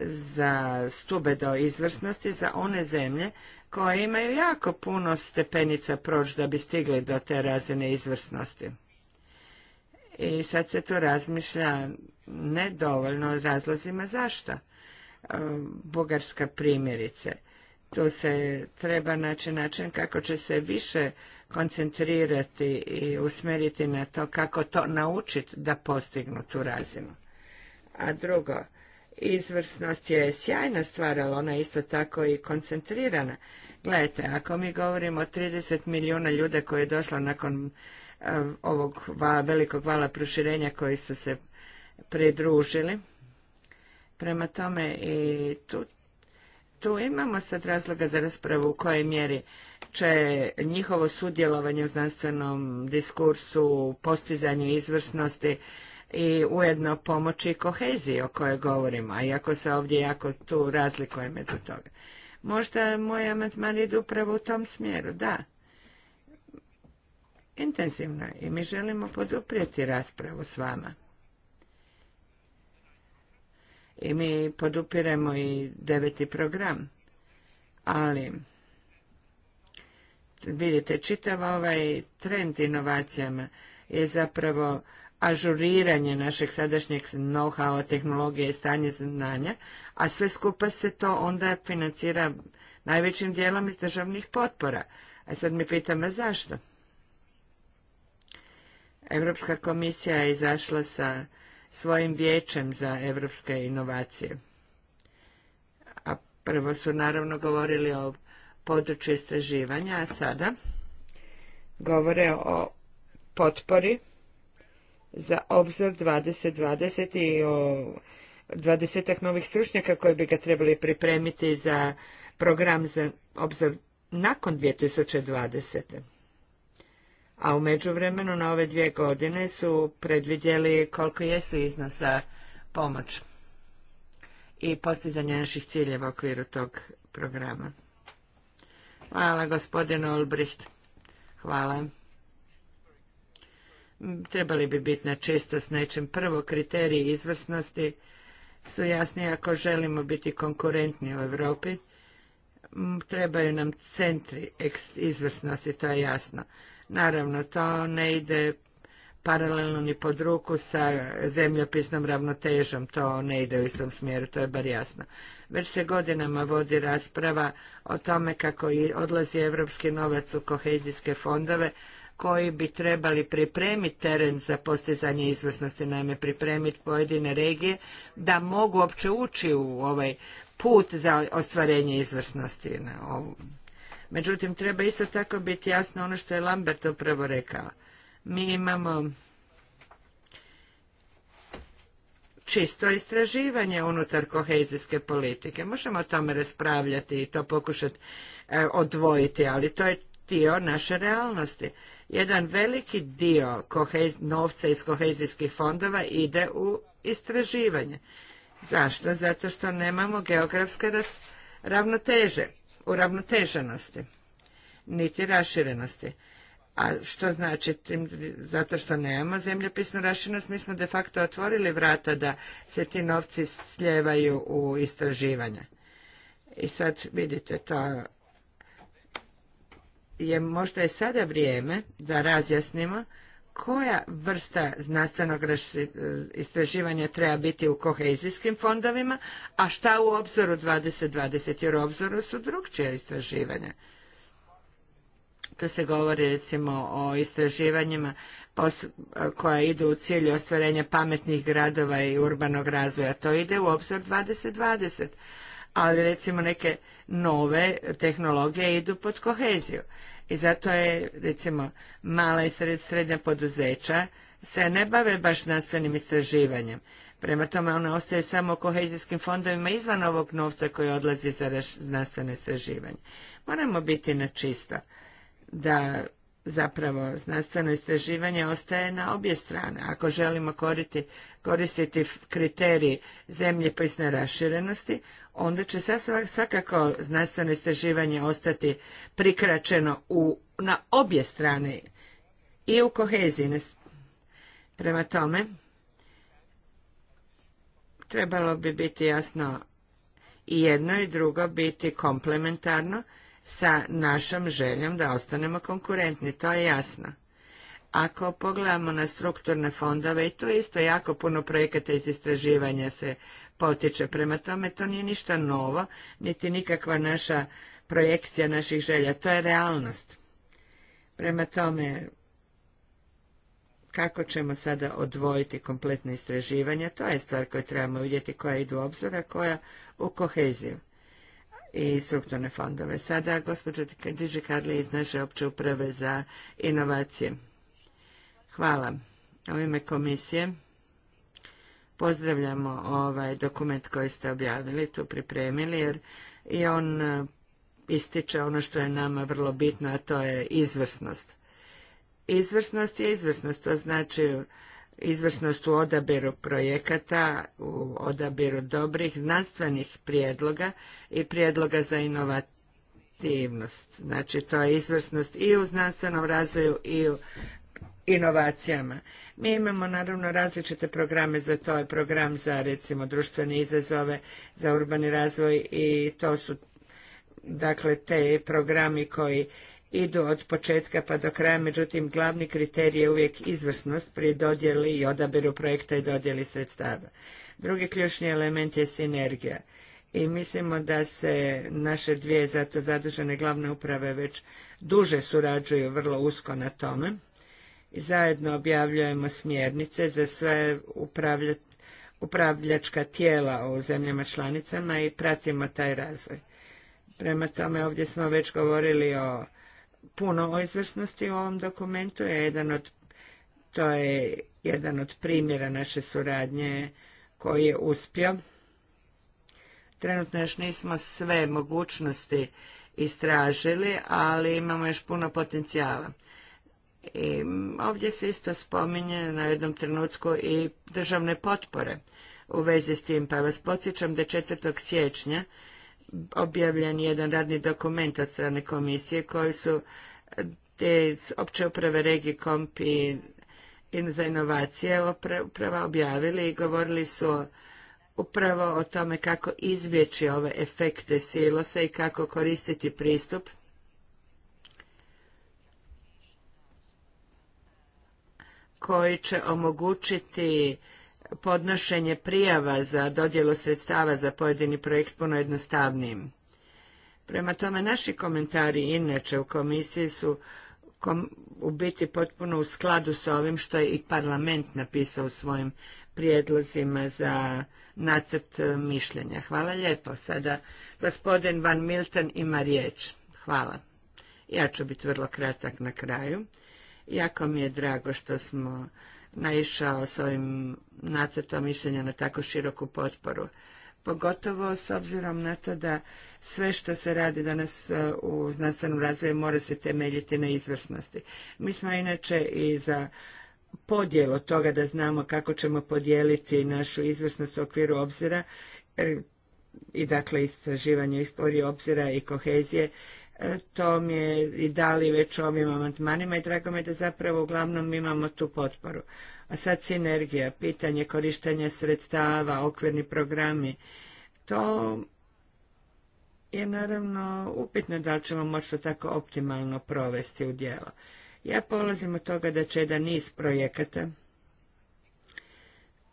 za stube do izvrsnosti za one zemlje koje imaju jako puno stepenica proći da bi stigli do te razine izvrsnosti. I sad se to razmišlja nedovoljno o razlozima zašto. Ehm, Bugarska primjerice tu se treba naći način kako će se više koncentrirati i usmeriti na to kako to naučiti da postignu tu razinu. A drugo, izvrsnost je sjajna stvar, ali ona je isto tako i koncentrirana. Gledajte, ako mi govorimo o 30 milijuna ljude koje je došlo nakon eh, ovog velikog vala proširenja koji su se pridružili, prema tome i tu tu imamo sad razloga za raspravu u kojoj mjeri će njihovo sudjelovanje u znanstvenom diskursu, postizanju izvrsnosti i ujedno pomoći koheziji o kojoj govorimo, a iako se ovdje jako tu razlikuje među toga. Možda moj amandman ide upravo u tom smjeru, da. Intenzivno i mi želimo poduprijeti raspravu s vama i mi podupiremo i deveti program. Ali, vidite, čitav ovaj trend inovacijama je zapravo ažuriranje našeg sadašnjeg know-howa, tehnologije i stanje znanja, a sve skupa se to onda financira najvećim dijelom iz državnih potpora. A sad mi pitamo zašto? Europska komisija je izašla sa svojim vijećem za evropske inovacije. A prvo su naravno govorili o području istraživanja, a sada govore o potpori za obzor 2020 i o dvadesetak novih stručnjaka koji bi ga trebali pripremiti za program za obzor nakon 2020 a u međuvremenu na ove dvije godine su predvidjeli koliko jesu iznosa pomoć i postizanje naših ciljeva u okviru tog programa. Hvala gospodin Olbricht. Hvala. Trebali bi biti na čisto s nečim. Prvo, kriteriji izvrsnosti su jasni ako želimo biti konkurentni u Europi. Trebaju nam centri izvrsnosti, to je jasno. Naravno, to ne ide paralelno ni pod ruku sa zemljopisnom ravnotežom, to ne ide u istom smjeru, to je bar jasno. Već se godinama vodi rasprava o tome kako i odlazi evropski novac u kohezijske fondove, koji bi trebali pripremiti teren za postizanje izvrsnosti, naime pripremiti pojedine regije, da mogu uopće ući u ovaj put za ostvarenje izvrsnosti na Međutim, treba isto tako biti jasno ono što je Lambert upravo rekao. Mi imamo čisto istraživanje unutar kohezijske politike. Možemo o tome raspravljati i to pokušati e, odvojiti, ali to je dio naše realnosti. Jedan veliki dio novca iz kohezijskih fondova ide u istraživanje. Zašto? Zato što nemamo geografske ravnoteže uravnoteženosti, niti raširenosti. A što znači? Zato što nemamo zemljopisnu raširenost, mi smo de facto otvorili vrata da se ti novci sljevaju u istraživanje. I sad vidite, to je možda je sada vrijeme da razjasnimo koja vrsta znanstvenog istraživanja treba biti u kohezijskim fondovima, a šta u obzoru 2020, jer u obzoru su drukčija istraživanja. Tu se govori recimo o istraživanjima koja idu u cilju ostvarenja pametnih gradova i urbanog razvoja. To ide u obzor 2020, ali recimo neke nove tehnologije idu pod koheziju i zato je recimo mala i srednja poduzeća se ne bave baš znanstvenim istraživanjem. Prema tome ona ostaje samo kohezijskim fondovima izvan ovog novca koji odlazi za znanstveno istraživanje. Moramo biti na čisto da zapravo znanstveno istraživanje ostaje na obje strane. Ako želimo koriti, koristiti kriterij zemlje raširenosti, onda će svakako znanstveno istraživanje ostati prikračeno u, na obje strane i u koheziji. Prema tome, trebalo bi biti jasno i jedno i drugo biti komplementarno, sa našom željom da ostanemo konkurentni, to je jasno. Ako pogledamo na strukturne fondove, i tu isto jako puno projekata iz istraživanja se potiče. Prema tome, to nije ništa novo, niti nikakva naša projekcija naših želja. To je realnost. Prema tome, kako ćemo sada odvojiti kompletne istraživanja, to je stvar koju trebamo vidjeti koja idu obzora koja u koheziju i strukturne fondove. Sada gospođa Điži Karli iz naše opće uprave za inovacije. Hvala. U ime komisije pozdravljamo ovaj dokument koji ste objavili, tu pripremili, jer i on e, ističe ono što je nama vrlo bitno, a to je izvrsnost. Izvrsnost je izvrsnost, to znači izvrsnost u odabiru projekata, u odabiru dobrih znanstvenih prijedloga i prijedloga za inovativnost. Znači, to je izvrsnost i u znanstvenom razvoju i u inovacijama. Mi imamo naravno različite programe za to, je program za recimo društvene izazove, za urbani razvoj i to su dakle te programi koji idu od početka pa do kraja, međutim glavni kriterij je uvijek izvrsnost pri dodjeli i odabiru projekta i dodjeli sredstava. Drugi ključni element je sinergija i mislimo da se naše dvije zato zadužene glavne uprave već duže surađuju vrlo usko na tome. I zajedno objavljujemo smjernice za sve upravljačka tijela u zemljama članicama i pratimo taj razvoj. Prema tome ovdje smo već govorili o puno o izvrsnosti u ovom dokumentu. Je jedan od, to je jedan od primjera naše suradnje koji je uspio. Trenutno još nismo sve mogućnosti istražili, ali imamo još puno potencijala. I ovdje se isto spominje na jednom trenutku i državne potpore u vezi s tim, pa vas podsjećam da 4. siječnja objavljen jedan radni dokument od strane komisije koji su te opće uprave Regikomp i za inovacije uprava objavili i govorili su upravo o tome kako izbjeći ove efekte silosa i kako koristiti pristup koji će omogućiti podnošenje prijava za dodjelu sredstava za pojedini projekt puno jednostavnijim. Prema tome, naši komentari inače u komisiji su u biti potpuno u skladu s ovim što je i parlament napisao u svojim prijedlozima za nacrt e, mišljenja. Hvala lijepo. Sada gospodin Van Milton ima riječ. Hvala. Ja ću biti vrlo kratak na kraju. Jako mi je drago što smo naišao s ovim nacrtom mišljenja na tako široku potporu. Pogotovo s obzirom na to da sve što se radi danas e, u znanstvenom razvoju mora se temeljiti na izvrsnosti. Mi smo inače i za podijelo toga da znamo kako ćemo podijeliti našu izvrsnost u okviru obzira e, i dakle istraživanje istorije obzira i kohezije to mi je i dali već ovim amandmanima i drago mi je da zapravo uglavnom imamo tu potporu. A sad sinergija, pitanje korištenja sredstava, okvirni programi, to je naravno upitno da li ćemo moći to tako optimalno provesti u djelo. Ja polazim od toga da će jedan niz projekata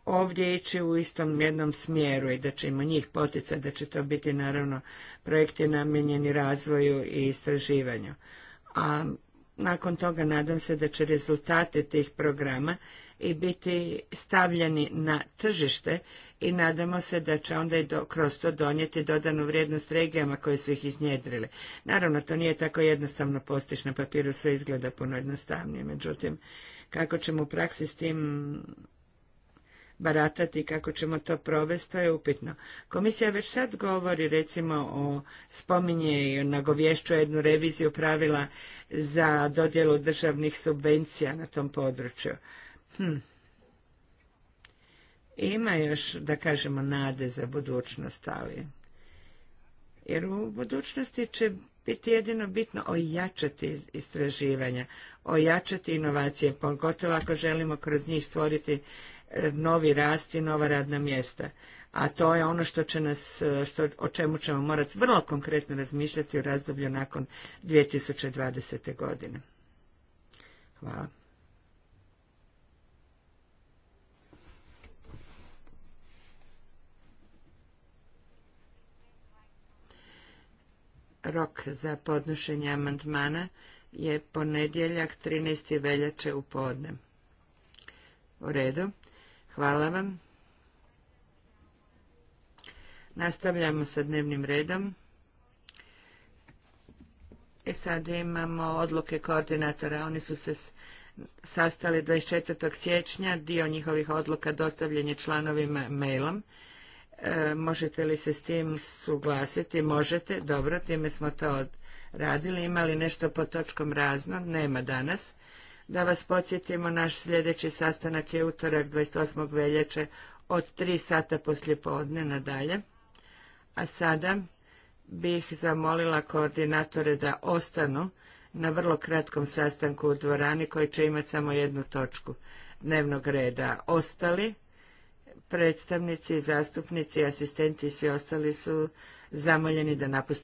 ovdje ići u istom jednom smjeru i da ćemo njih poticati, da će to biti naravno projekti namijenjeni razvoju i istraživanju. A nakon toga nadam se da će rezultate tih programa i biti stavljeni na tržište i nadamo se da će onda i do, kroz to donijeti dodanu vrijednost regijama koje su ih iznjedrile. Naravno, to nije tako jednostavno postići na papiru, sve izgleda puno jednostavnije. Međutim, kako ćemo u praksi s tim baratati kako ćemo to provesti, to je upitno. Komisija već sad govori recimo o spominje i nagovješću jednu reviziju pravila za dodjelu državnih subvencija na tom području. Hm. Ima još, da kažemo, nade za budućnost, ali... Jer u budućnosti će biti jedino bitno ojačati istraživanja, ojačati inovacije, pogotovo ako želimo kroz njih stvoriti novi rast i nova radna mjesta. A to je ono što će nas, e, o čemu ćemo morati vrlo konkretno razmišljati u razdoblju nakon 2020. godine. Hvala. Rok za podnošenje amandmana je ponedjeljak 13. veljače u podne. U redu. Hvala vam. Nastavljamo sa dnevnim redom. I e, sad imamo odluke koordinatora. Oni su se sastali 24. siječnja. Dio njihovih odluka dostavljen je članovima mailom. E, možete li se s tim suglasiti? Možete. Dobro, time smo to radili. Imali nešto po točkom razno? Nema danas. Da vas podsjetimo, naš sljedeći sastanak je utorak 28. veljače od 3 sata poslije na nadalje. A sada bih zamolila koordinatore da ostanu na vrlo kratkom sastanku u dvorani koji će imati samo jednu točku dnevnog reda. Ostali predstavnici, zastupnici, asistenti i svi ostali su zamoljeni da napuste